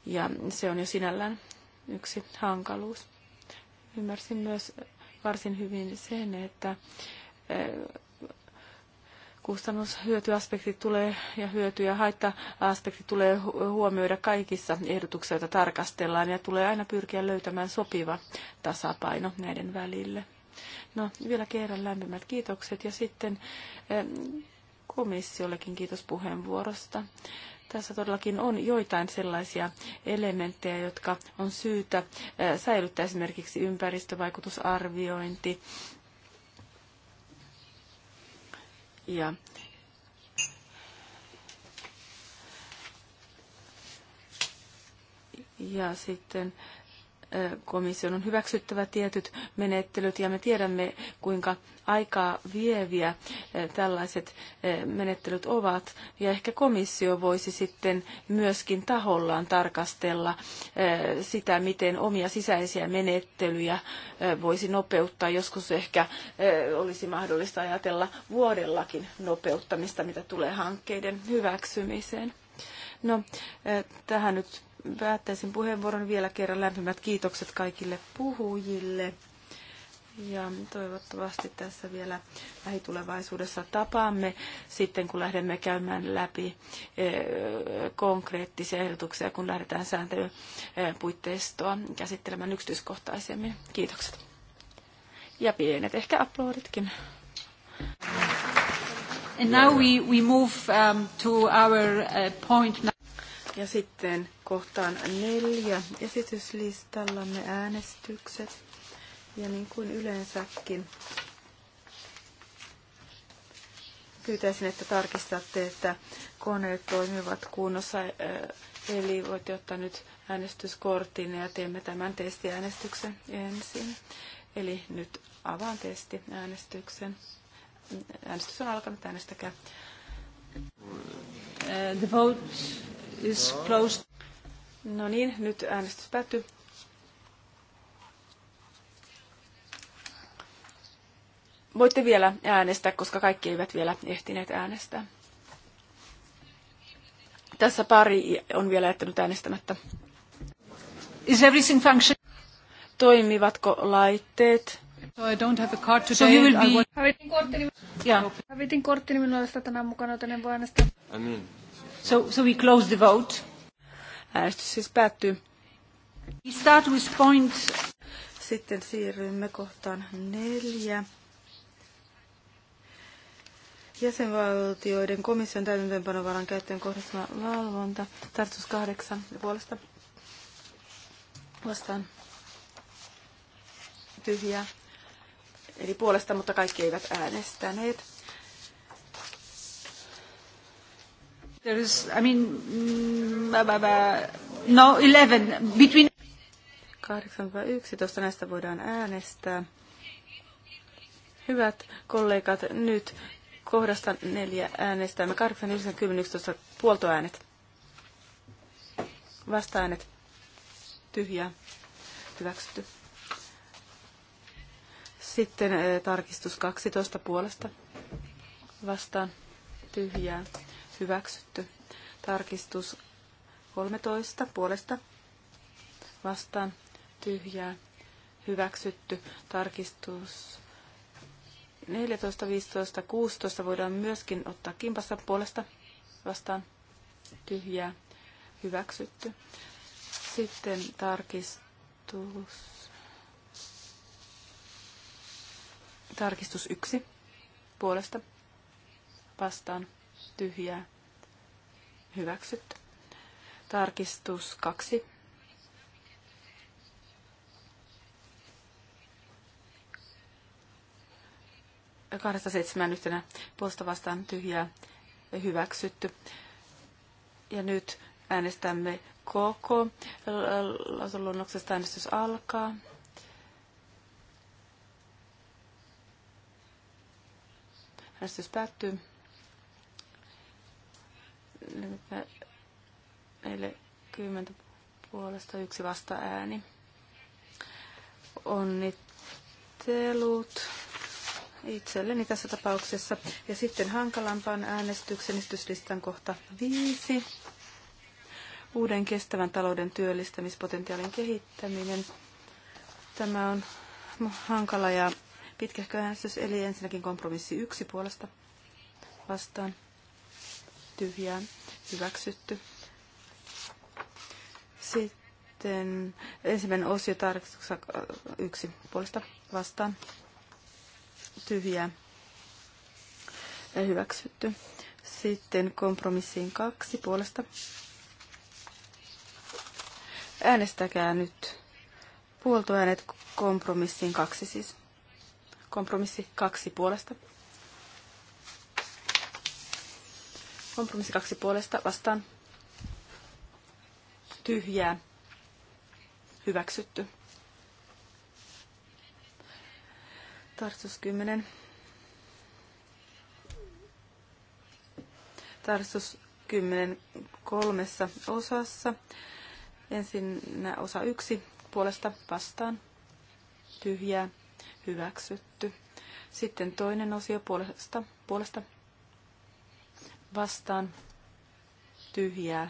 ja se on jo sinällään yksi hankaluus. Ymmärsin myös varsin hyvin sen, että eh, kustannushyötyaspektit tulee ja hyöty- ja haitta aspekti tulee huomioida kaikissa ehdotuksissa, joita tarkastellaan, ja tulee aina pyrkiä löytämään sopiva tasapaino näiden välille. No, vielä kerran lämpimät kiitokset ja sitten eh, komissiollekin kiitos puheenvuorosta. Tässä todellakin on joitain sellaisia elementtejä, jotka on syytä eh, säilyttää esimerkiksi ympäristövaikutusarviointi ja ja sitten äh, komission on hyväksyttävä tietyt menettelyt ja me tiedämme, kuinka aikaa vieviä tällaiset menettelyt ovat. Ja ehkä komissio voisi sitten myöskin tahollaan tarkastella sitä, miten omia sisäisiä menettelyjä voisi nopeuttaa. Joskus ehkä olisi mahdollista ajatella vuodellakin nopeuttamista, mitä tulee hankkeiden hyväksymiseen. No, tähän nyt päättäisin puheenvuoron vielä kerran lämpimät kiitokset kaikille puhujille. Ja toivottavasti tässä vielä lähitulevaisuudessa tapaamme sitten, kun lähdemme käymään läpi e, konkreettisia ehdotuksia, kun lähdetään sääntelypuitteistoa käsittelemään yksityiskohtaisemmin. Kiitokset. Ja pienet ehkä uploaditkin. And now we, we move um, to our uh, point now. Ja sitten kohtaan neljä esityslistallamme äänestykset. Ja niin kuin yleensäkin, pyytäisin, että tarkistatte, että koneet toimivat kunnossa. Eh, eli voitte ottaa nyt äänestyskortin ja teemme tämän testiäänestyksen ensin. Eli nyt avaan äänestyksen. Äänestys on alkanut, äänestäkää. Uh, the vote is closed. No niin, nyt äänestys päättyy. Voitte vielä äänestää, koska kaikki eivät vielä ehtineet äänestää. Tässä pari on vielä jättänyt äänestämättä. Is everything function? Toimivatko laitteet? So I don't have a card today. So you will be... Hävitin korttini. Yeah. Hävitin korttini minulla sitä tänään mukana, joten en voi äänestää. I mean. So, so we close the vote. Äänestys siis päättyy. We start with point... Sitten siirrymme kohtaan neljä. Jäsenvaltioiden komission täytäntöönpanovaran käyttöön kohdistama valvonta. Tartus kahdeksan puolesta. Vastaan. tyhjä, Eli puolesta, mutta kaikki eivät äänestäneet. There is, 11, mm, no, näistä voidaan äänestää. Hyvät kollegat, nyt kohdasta neljä äänestämme 8, 9, 10, 11 puoltoäänet. Vastaäänet. tyhjä Hyväksytty. Sitten eh, tarkistus 12 puolesta. Vastaan. Tyhjää. Hyväksytty. Tarkistus 13 puolesta vastaan tyhjää. Hyväksytty. Tarkistus 14, 15, 16 voidaan myöskin ottaa kimpassa puolesta vastaan tyhjää. Hyväksytty. Sitten tarkistus. Tarkistus 1 puolesta vastaan tyhjää hyväksyt Tarkistus kaksi Kahdesta seitsemän yhtenä puolesta vastaan tyhjää hyväksytty. Ja nyt äänestämme koko lausunnonluonnoksesta äänestys alkaa. Äänestys päättyy lyhykä 40 puolesta yksi vasta ääni. Onnittelut itselleni tässä tapauksessa. Ja sitten hankalampaan äänestyksen istyslistan kohta viisi. Uuden kestävän talouden työllistämispotentiaalin kehittäminen. Tämä on hankala ja pitkähkö äänestys, eli ensinnäkin kompromissi yksi puolesta vastaan tyhjää hyväksytty. Sitten ensimmäinen osio tarkistuksessa äh, yksi puolesta vastaan tyhjää ja hyväksytty. Sitten kompromissiin kaksi puolesta. Äänestäkää nyt puoltoäänet kompromissiin kaksi siis. Kompromissi kaksi puolesta Kompromissi kaksi puolesta vastaan. Tyhjää. Hyväksytty. Tarkistus 10. Tarkistus 10 kolmessa osassa. Ensin osa yksi puolesta vastaan. Tyhjää. Hyväksytty. Sitten toinen osio puolesta, puolesta vastaan tyhjää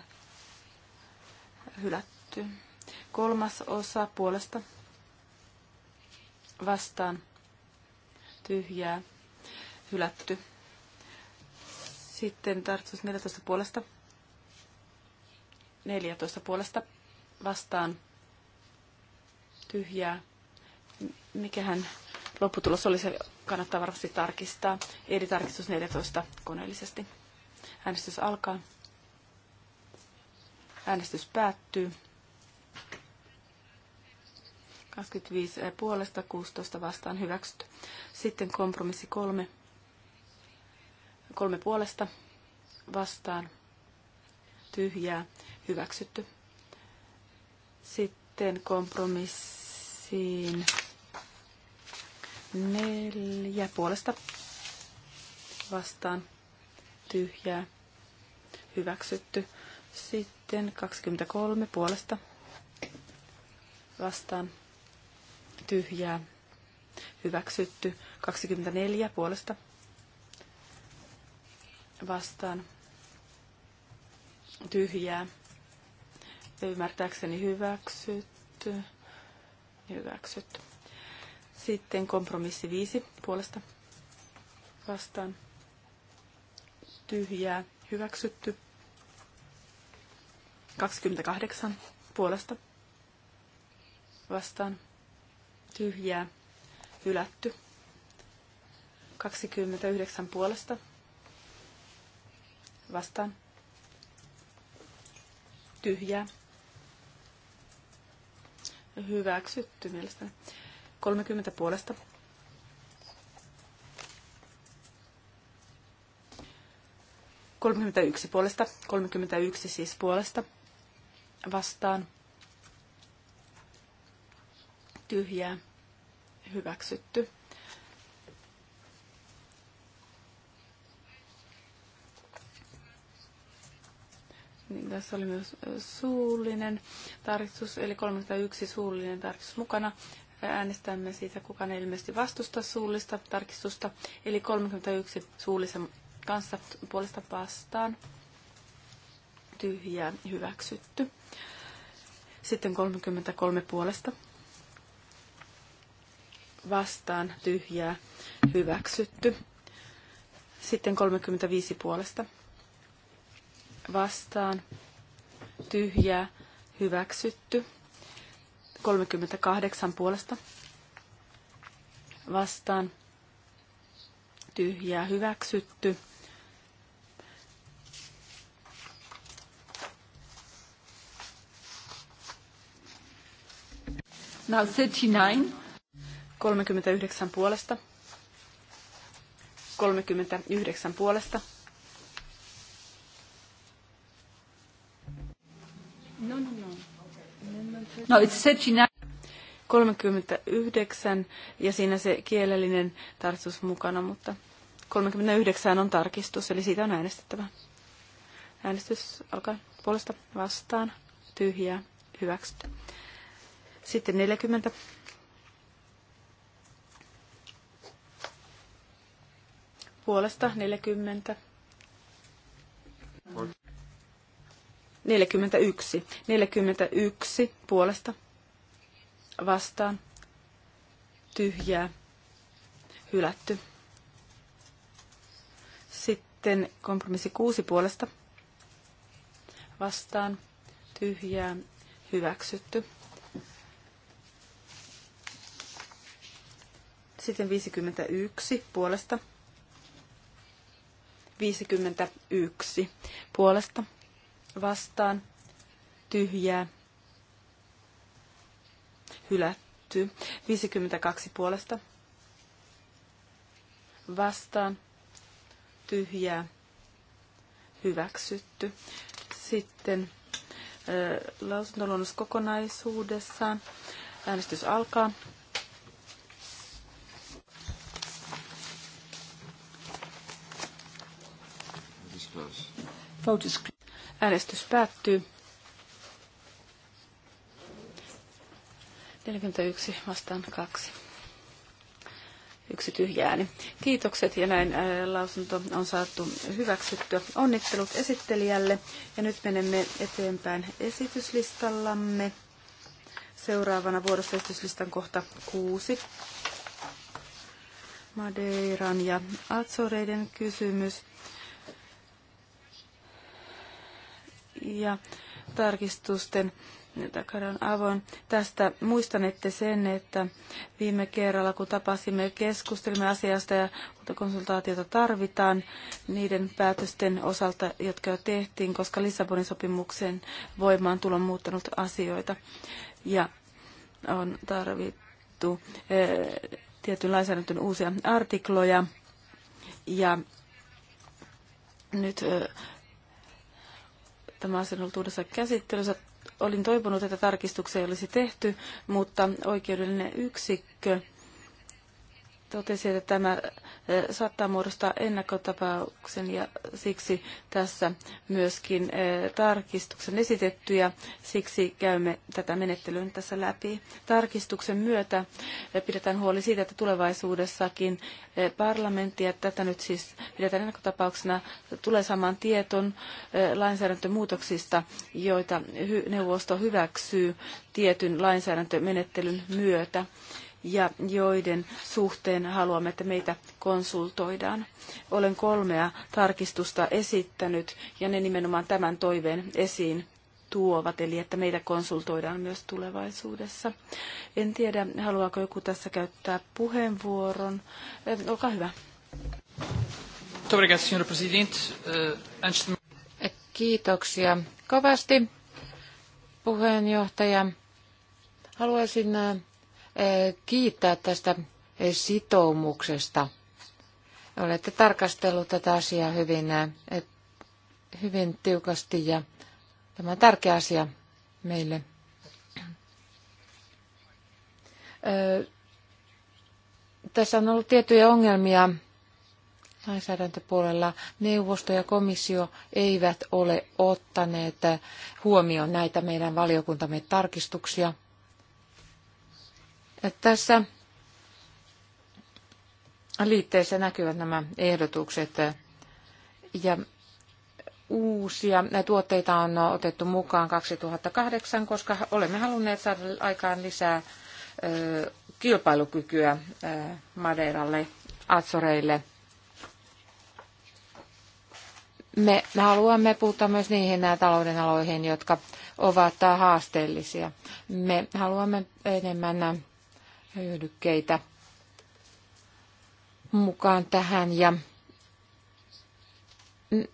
hylätty. Kolmas osa puolesta vastaan tyhjää hylätty. Sitten tarkoitus 14 puolesta. 14 puolesta vastaan tyhjää. Mikähän lopputulos oli, se kannattaa varmasti tarkistaa. eri tarkistus 14 koneellisesti. Äänestys alkaa. Äänestys päättyy. 25 puolesta, 16 vastaan hyväksytty. Sitten kompromissi 3. 3 puolesta vastaan tyhjää hyväksytty. Sitten kompromissiin 4 puolesta vastaan tyhjää hyväksytty. Sitten 23 puolesta vastaan tyhjää hyväksytty. 24 puolesta vastaan tyhjää ymmärtääkseni hyväksytty. Hyväksytty. Sitten kompromissi 5 puolesta vastaan tyhjää hyväksytty. 28 puolesta vastaan tyhjää hylätty. 29 puolesta vastaan tyhjää hyväksytty mielestäni. 30 puolesta Kolmekymmentäyksi puolesta, kolmekymmentäyksi siis puolesta, vastaan tyhjää hyväksytty. Niin tässä oli myös suullinen tarkistus, eli 301 suullinen tarkistus mukana. Äänestämme siitä, kukaan ei ilmeisesti vastusta suullista tarkistusta, eli 31 suullisen kanssa puolesta vastaan tyhjää hyväksytty. Sitten 33 puolesta vastaan tyhjää hyväksytty. Sitten 35 puolesta vastaan tyhjää hyväksytty. 38 puolesta vastaan tyhjää hyväksytty. Now 39. 39 puolesta. 39 puolesta. No, no, no. No, it's 39. 39 ja siinä se kielellinen tarkistus mukana, mutta 39 on tarkistus, eli siitä on äänestettävä. Äänestys alkaa puolesta vastaan, tyhjää, hyväksytty. Sitten 40. Puolesta 40. 41. 41 puolesta vastaan tyhjää hylätty. Sitten kompromissi 6 puolesta vastaan tyhjää hyväksytty. Sitten 51 puolesta. 51 puolesta vastaan tyhjää hylätty. 52 puolesta vastaan tyhjää hyväksytty. Sitten lausuntoluonnos kokonaisuudessaan. Äänestys alkaa. Äänestys päättyy. 41 vastaan 2. Yksi tyhjä ääni. Kiitokset ja näin äh, lausunto on saatu hyväksyttyä. Onnittelut esittelijälle ja nyt menemme eteenpäin esityslistallamme. Seuraavana vuorossa esityslistan kohta 6. Madeiran ja Azoreiden kysymys. ja tarkistusten takaran avoin. Tästä muistanette sen, että viime kerralla kun tapasimme keskustelimme asiasta ja kun konsultaatiota tarvitaan niiden päätösten osalta, jotka jo tehtiin, koska Lissabonin sopimuksen voimaan tulon muuttanut asioita ja on tarvittu eh, tietyn lainsäädäntön uusia artikloja ja nyt eh, tämä asia on ollut uudessa käsittelyssä. Olin toivonut, että tarkistuksia olisi tehty, mutta oikeudellinen yksikkö totesi, että tämä saattaa muodostaa ennakkotapauksen ja siksi tässä myöskin tarkistuksen esitetty ja siksi käymme tätä menettelyä tässä läpi. Tarkistuksen myötä pidetään huoli siitä, että tulevaisuudessakin parlamentti, ja tätä nyt siis pidetään ennakkotapauksena, tulee saman tieton lainsäädäntömuutoksista, joita neuvosto hyväksyy tietyn lainsäädäntömenettelyn myötä ja joiden suhteen haluamme, että meitä konsultoidaan. Olen kolmea tarkistusta esittänyt ja ne nimenomaan tämän toiveen esiin tuovat, eli että meitä konsultoidaan myös tulevaisuudessa. En tiedä, haluaako joku tässä käyttää puheenvuoron. Eh, olkaa hyvä. Eh, eh, kiitoksia kovasti, puheenjohtaja. Haluaisin kiittää tästä sitoumuksesta. Olette tarkastellut tätä asiaa hyvin, hyvin tiukasti ja tämä on tärkeä asia meille. Tässä on ollut tiettyjä ongelmia lainsäädäntöpuolella neuvosto ja komissio eivät ole ottaneet huomioon näitä meidän valiokuntamme tarkistuksia. Tässä liitteessä näkyvät nämä ehdotukset ja uusia tuotteita on otettu mukaan 2008, koska olemme halunneet saada aikaan lisää kilpailukykyä Madeiralle, Azoreille. Me haluamme puuttua myös niihin talouden aloihin, jotka ovat haasteellisia. Me haluamme enemmän hyödykkeitä mukaan tähän. Ja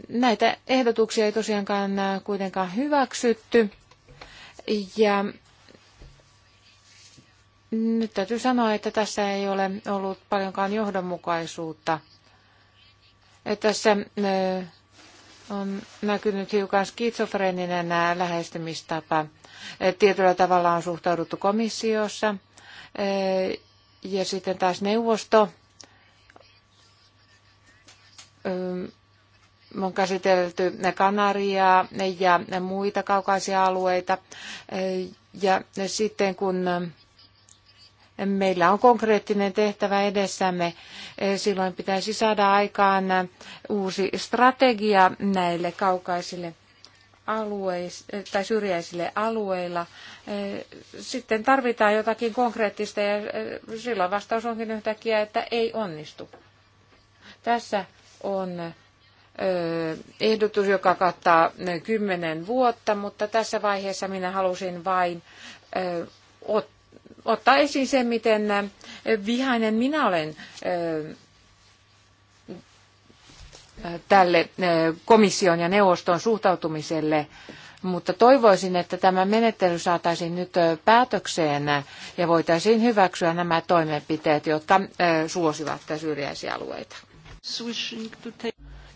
näitä ehdotuksia ei tosiaankaan äh, kuitenkaan hyväksytty. Ja nyt täytyy sanoa, että tässä ei ole ollut paljonkaan johdonmukaisuutta. Tässä äh, on näkynyt hiukan skitsofreninen äh, lähestymistapa. Tietyllä tavalla on suhtauduttu komissiossa ja sitten taas neuvosto on käsitelty Kanariaa ja muita kaukaisia alueita. Ja sitten kun meillä on konkreettinen tehtävä edessämme, silloin pitäisi saada aikaan uusi strategia näille kaukaisille alueis, tai syrjäisille alueilla. Eh, sitten tarvitaan jotakin konkreettista ja eh, silloin vastaus onkin yhtäkkiä, että ei onnistu. Tässä on eh, ehdotus, joka kattaa kymmenen vuotta, mutta tässä vaiheessa minä halusin vain ottaa esiin sen, miten vihainen minä olen tälle eh, komission ja neuvoston suhtautumiselle, mutta toivoisin, että tämä menettely saataisiin nyt eh, päätökseen ja voitaisiin hyväksyä nämä toimenpiteet, jotka eh, suosivat syrjäisiä alueita.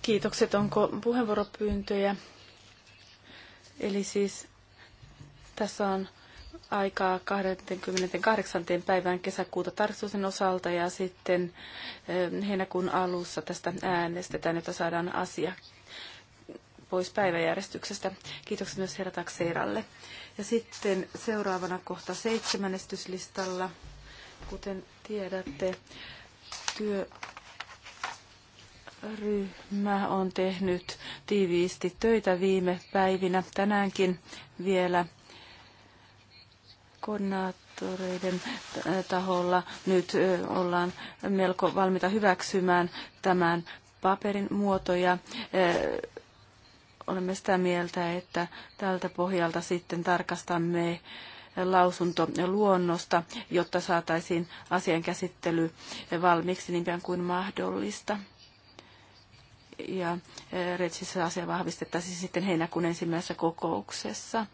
Kiitokset. Onko puheenvuoropyyntöjä? Eli siis tässä on aikaa 28. päivään kesäkuuta tarkistuksen osalta ja sitten eh, heinäkuun alussa tästä äänestetään, jotta saadaan asia pois päiväjärjestyksestä. Kiitokset myös herra Takseiralle. Ja sitten seuraavana kohta seitsemänestyslistalla, kuten tiedätte, työ ryhmä on tehnyt tiiviisti töitä viime päivinä, tänäänkin vielä koordinaattoreiden taholla nyt ollaan melko valmiita hyväksymään tämän paperin muotoja. Olemme sitä mieltä, että tältä pohjalta sitten tarkastamme luonnosta, jotta saataisiin asian käsittely valmiiksi niin pian kuin mahdollista ja eh, Retsissä asia vahvistettaisiin sitten heinäkuun ensimmäisessä kokouksessa.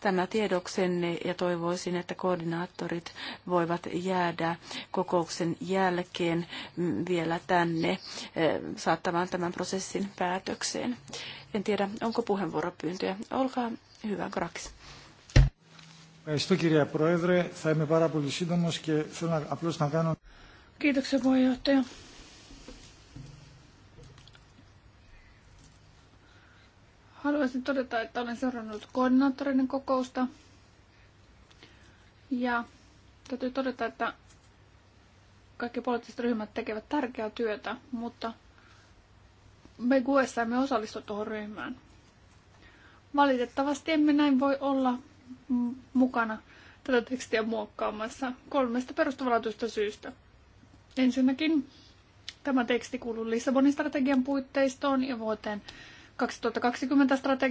Tämä tiedoksenne ja toivoisin, että koordinaattorit voivat jäädä kokouksen jälkeen mm, vielä tänne eh, saattamaan tämän prosessin päätökseen. En tiedä, onko puheenvuoropyyntöjä. Olkaa hyvä, grax. Kiitoksia, puheenjohtaja. Haluaisin todeta, että olen seurannut koordinaattorinen kokousta. Ja täytyy todeta, että kaikki poliittiset ryhmät tekevät tärkeää työtä, mutta me kuessa emme osallistu tuohon ryhmään. Valitettavasti emme näin voi olla mukana tätä tekstiä muokkaamassa kolmesta perustavalaatuista syystä. Ensinnäkin tämä teksti kuuluu Lissabonin strategian puitteistoon ja vuoteen 2020 strategia